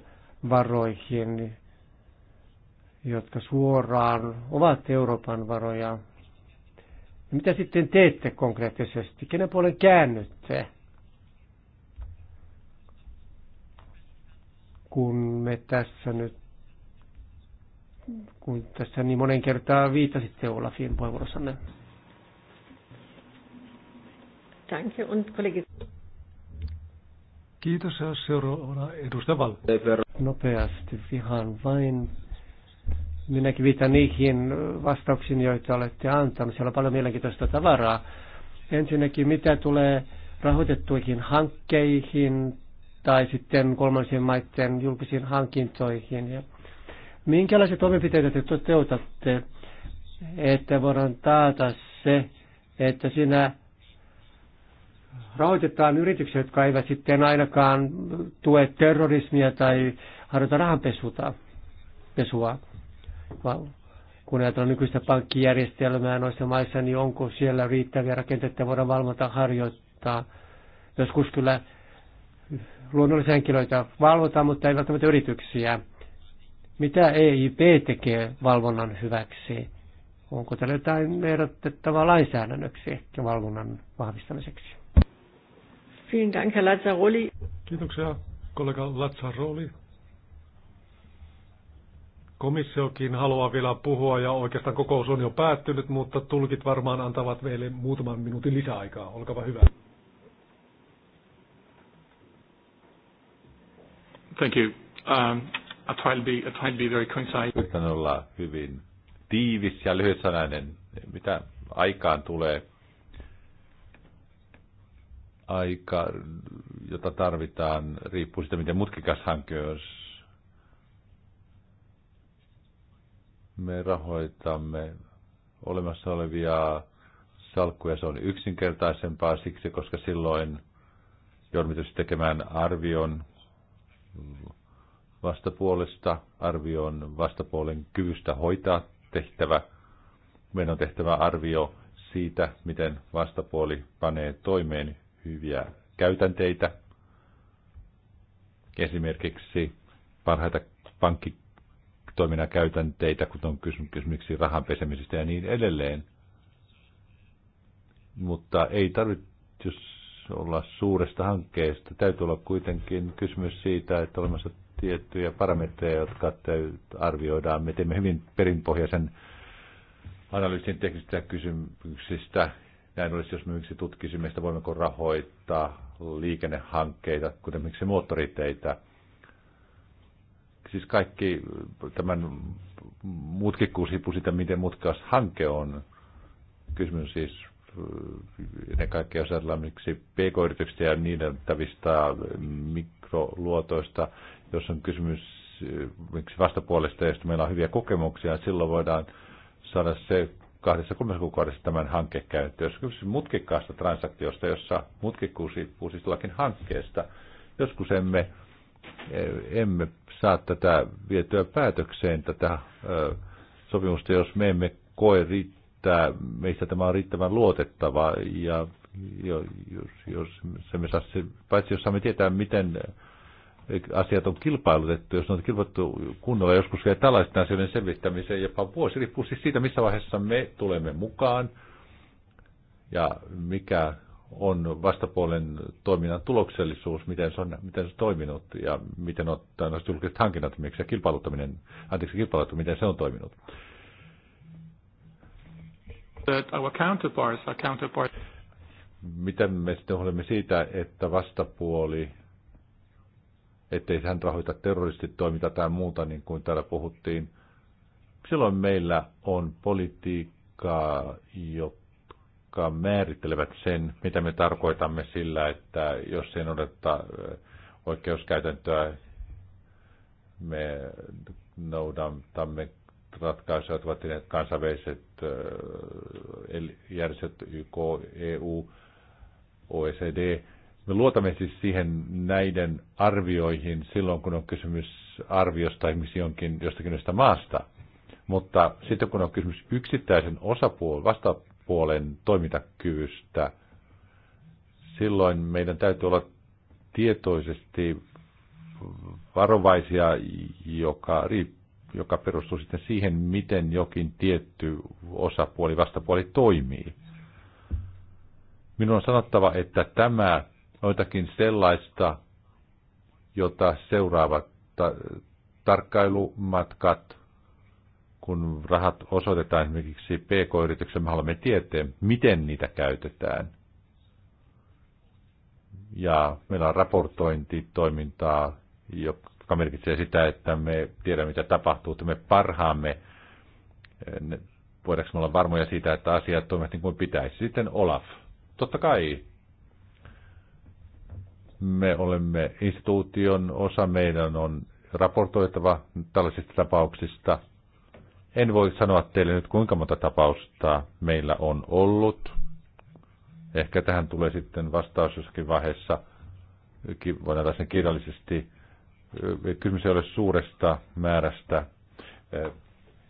varoihin, jotka suoraan ovat Euroopan varoja, mitä sitten teette konkreettisesti? Kenen puolen käännytte? Kun me tässä nyt, kun tässä niin monen kertaa viitasitte Olafin puheenvuorossanne. Danke und Kollege. Kiitos ja seuraavana edustaja Nopeasti ihan vain Minäkin viitan niihin vastauksiin, joita olette antanut. Siellä on paljon mielenkiintoista tavaraa. Ensinnäkin, mitä tulee rahoitettuihin hankkeihin tai sitten kolmansien maiden julkisiin hankintoihin. Ja minkälaisia toimenpiteitä te toteutatte, että voidaan taata se, että siinä rahoitetaan yrityksiä, jotka eivät sitten ainakaan tue terrorismia tai harjoita rahanpesua. Pesua kun ajatellaan nykyistä pankkijärjestelmää noissa maissa, niin onko siellä riittäviä rakenteita voidaan valvonta harjoittaa. Joskus kyllä luonnollisia henkilöitä valvotaan, mutta ei välttämättä yrityksiä. Mitä EIP tekee valvonnan hyväksi? Onko täällä jotain ehdotettavaa lainsäädännöksi ja valvonnan vahvistamiseksi? Kiitoksia, kollega Latsaroli. Komissiokin haluaa vielä puhua ja oikeastaan kokous on jo päättynyt, mutta tulkit varmaan antavat meille muutaman minuutin lisäaikaa. Olkaa hyvä. Thank you. Um, I try to be, try to be very concise. Yritän olla hyvin tiivis ja lyhytsanainen. Mitä aikaan tulee? Aika, jota tarvitaan, riippuu siitä, miten mutkikas hanke on me rahoitamme olemassa olevia salkkuja. Se on yksinkertaisempaa siksi, koska silloin joudumme tekemään arvion vastapuolesta, arvion vastapuolen kyvystä hoitaa tehtävä. Meidän on tehtävä arvio siitä, miten vastapuoli panee toimeen hyviä käytänteitä. Esimerkiksi parhaita pankkikäytäntöjä liiketoiminnan käytänteitä, kun on kysymyksiä rahan pesemisestä ja niin edelleen. Mutta ei tarvitse olla suuresta hankkeesta. Täytyy olla kuitenkin kysymys siitä, että olemassa tiettyjä parametreja, jotka arvioidaan. Me teemme hyvin perinpohjaisen analyysin teknisistä kysymyksistä. Näin olisi, jos me miksi tutkisimme että voimmeko rahoittaa liikennehankkeita, kuten miksi moottoriteitä – siis kaikki tämän mutkikkuus hiipuu miten mutkikas hanke on. Kysymys siis äh, ennen kaikkea jos ajatellaan miksi pk-yrityksistä ja niiden tavista mikroluotoista, jos on kysymys äh, miksi vastapuolesta, josta meillä on hyviä kokemuksia, silloin voidaan saada se kahdessa kolmessa kuukaudessa tämän hanke käyttöön. Jos on kysymys mutkikkaasta transaktiosta, jossa mutkikkuus siis hankkeesta, joskus emme, äh, emme saa tätä vietyä päätökseen tätä ö, sopimusta, jos me emme koe riittää, meistä tämä on riittävän luotettava ja jo, jos, jos se me saa, se, paitsi jos saamme tietää, miten asiat on kilpailutettu, jos ne on kilpailutettu kunnolla joskus vielä tällaisten asioiden selvittämiseen jopa vuosi, riippuu siis siitä, missä vaiheessa me tulemme mukaan ja mikä on vastapuolen toiminnan tuloksellisuus, miten se on, miten se on toiminut ja miten ottaa julkiset hankinnat, miksi kilpailuttaminen, anteeksi kilpailuttaminen, miten se on toiminut. Our counterparts, counterparts. Miten me sitten olemme siitä, että vastapuoli, ettei hän rahoita terroristitoiminta tai muuta, niin kuin täällä puhuttiin, silloin meillä on politiikkaa, joka jotka määrittelevät sen, mitä me tarkoitamme sillä, että jos ei odottaa eh, oikeuskäytäntöä, me noudatamme ratkaisuja, jotka ovat tehneet kansainväliset eh, järjestöt, YK, EU, OECD. Me luotamme siis siihen näiden arvioihin silloin, kun on kysymys arviosta esimerkiksi jonkin, jostakin yhdestä maasta. Mutta sitten kun on kysymys yksittäisen osapuolen, vasta puolen toimintakyvystä, silloin meidän täytyy olla tietoisesti varovaisia, joka, joka perustuu sitten siihen, miten jokin tietty osapuoli, vastapuoli toimii. Minun on sanottava, että tämä on jotakin sellaista, jota seuraavat tarkkailumatkat kun rahat osoitetaan esimerkiksi PK-yritykseen, me haluamme tietää, miten niitä käytetään. Ja meillä on raportointitoimintaa, joka merkitsee sitä, että me tiedämme, mitä tapahtuu, että me parhaamme, voidaanko me olla varmoja siitä, että asiat toimivat niin kuin pitäisi. Sitten Olaf. Totta kai me olemme instituution osa, meidän on raportoitava tällaisista tapauksista – en voi sanoa teille nyt kuinka monta tapausta meillä on ollut. Ehkä tähän tulee sitten vastaus jossakin vaiheessa. Voidaan tässä kirjallisesti. Kysymys ei ole suuresta määrästä,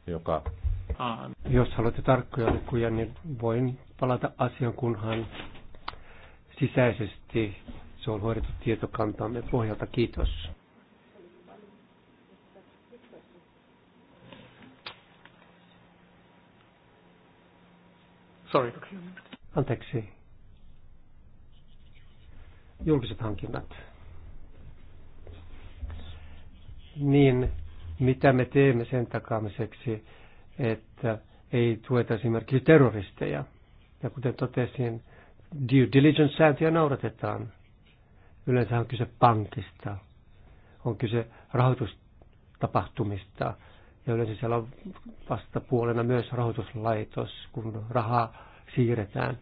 joka... Jos haluatte tarkkoja lukuja, niin voin palata asian, kunhan sisäisesti se on hoidettu tietokantamme pohjalta. Kiitos. Sorry. Anteeksi. Julkiset hankinnat. Niin, mitä me teemme sen takaamiseksi, että ei tueta esimerkiksi terroristeja. Ja kuten totesin, due diligence-sääntöjä noudatetaan. Yleensä on kyse pankista, on kyse rahoitustapahtumista, ja yleensä siellä on vastapuolena myös rahoituslaitos, kun rahaa siirretään.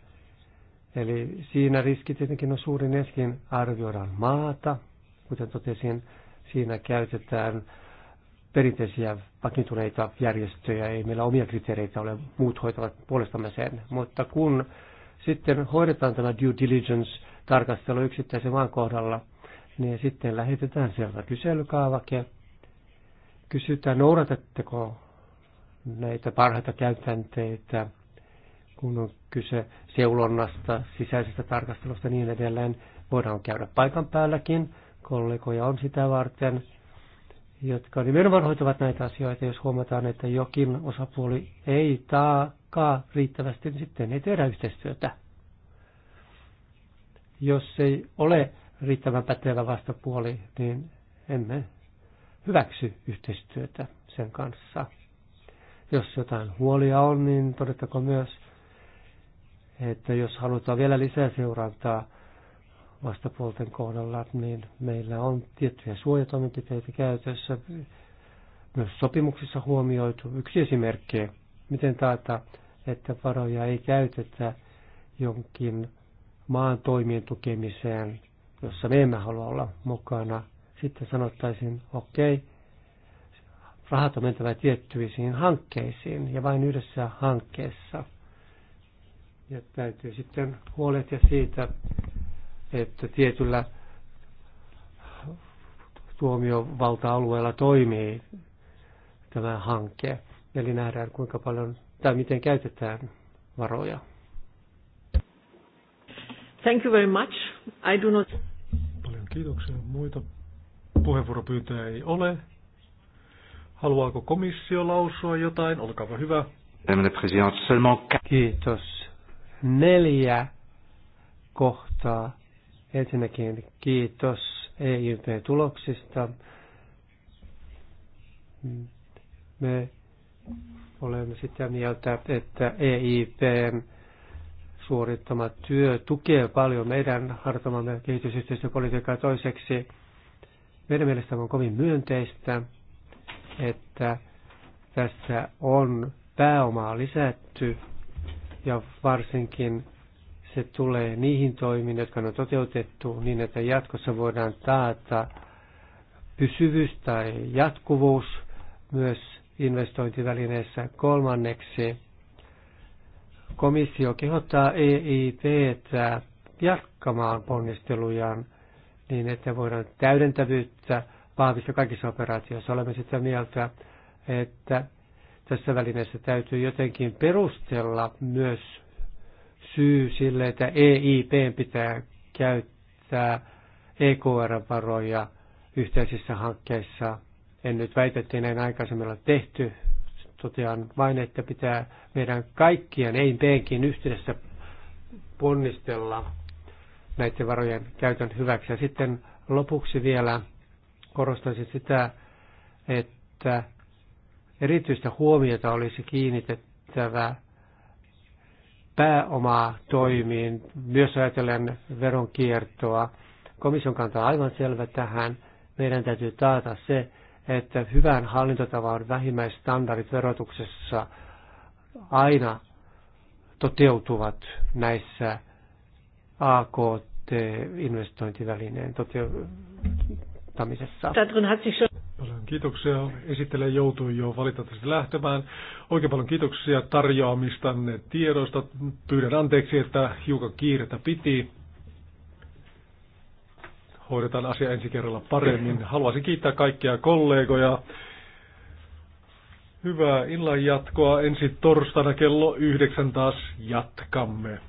Eli siinä riski tietenkin on suuri, ensin arvioidaan maata, kuten totesin, siinä käytetään perinteisiä vakiintuneita järjestöjä, ei meillä omia kriteereitä ole, muut hoitavat puolestamme sen. Mutta kun sitten hoidetaan tämä due diligence-tarkastelu yksittäisen maan kohdalla, niin sitten lähetetään sieltä kyselykaavake, kysytään, noudatatteko näitä parhaita käytänteitä, kun on kyse seulonnasta, sisäisestä tarkastelusta ja niin edelleen. Voidaan käydä paikan päälläkin, kollegoja on sitä varten, jotka nimenomaan hoitavat näitä asioita. Jos huomataan, että jokin osapuoli ei taakaa riittävästi, niin sitten ei tehdä yhteistyötä. Jos ei ole riittävän pätevä vastapuoli, niin emme hyväksy yhteistyötä sen kanssa. Jos jotain huolia on, niin todettako myös, että jos halutaan vielä lisää seurantaa vastapuolten kohdalla, niin meillä on tiettyjä suojatoimenpiteitä käytössä, myös sopimuksissa huomioitu. Yksi esimerkki, miten taata, että varoja ei käytetä jonkin maan toimien tukemiseen, jossa me emme halua olla mukana – sitten sanottaisiin, okei, okay, rahat on mentävä tiettyisiin hankkeisiin ja vain yhdessä hankkeessa. Ja täytyy sitten huolehtia siitä, että tietyllä tuomiovalta-alueella toimii tämä hanke. Eli nähdään kuinka paljon tai miten käytetään varoja. Thank you very much. I do not... Paljon kiitoksia. Muita Puheenvuoropyyntöjä ei ole. Haluaako komissio lausua jotain? Olkaapa hyvä. Kiitos. Neljä kohtaa. Ensinnäkin kiitos EIP-tuloksista. Me olemme sitä mieltä, että EIPn suorittama työ tukee paljon meidän hartomamme kehitysyhteistyöpolitiikkaa toiseksi. Meidän mielestä on kovin myönteistä, että tässä on pääomaa lisätty ja varsinkin se tulee niihin toimiin, jotka on toteutettu niin, että jatkossa voidaan taata pysyvyys tai jatkuvuus myös investointivälineessä. Kolmanneksi komissio kehottaa EIPtä jatkamaan ponnistelujaan niin että voidaan täydentävyyttä vahvistaa kaikissa operaatioissa. Olemme sitä mieltä, että tässä välineessä täytyy jotenkin perustella myös syy sille, että EIP pitää käyttää EKR-varoja yhteisissä hankkeissa. En nyt väitä, että näin aikaisemmin ole tehty. Totean vain, että pitää meidän kaikkien EIPnkin yhteydessä ponnistella näiden varojen käytön hyväksi. Ja sitten lopuksi vielä korostaisin sitä, että erityistä huomiota olisi kiinnitettävä pääomaa toimiin, myös ajatellen veronkiertoa. Komission kanta on aivan selvä tähän. Meidän täytyy taata se, että hyvän hallintotavan vähimmäistandardit verotuksessa aina toteutuvat näissä AKT investointivälineen toteuttamisessa. Paljon kiitoksia. Esittelijä joutui jo valitettavasti lähtemään. Oikein paljon kiitoksia tarjoamistanne tiedoista. Pyydän anteeksi, että hiukan kiirettä piti. Hoidetaan asia ensi kerralla paremmin. Haluaisin kiittää kaikkia kollegoja. Hyvää illan jatkoa. Ensi torstaina kello yhdeksän taas jatkamme.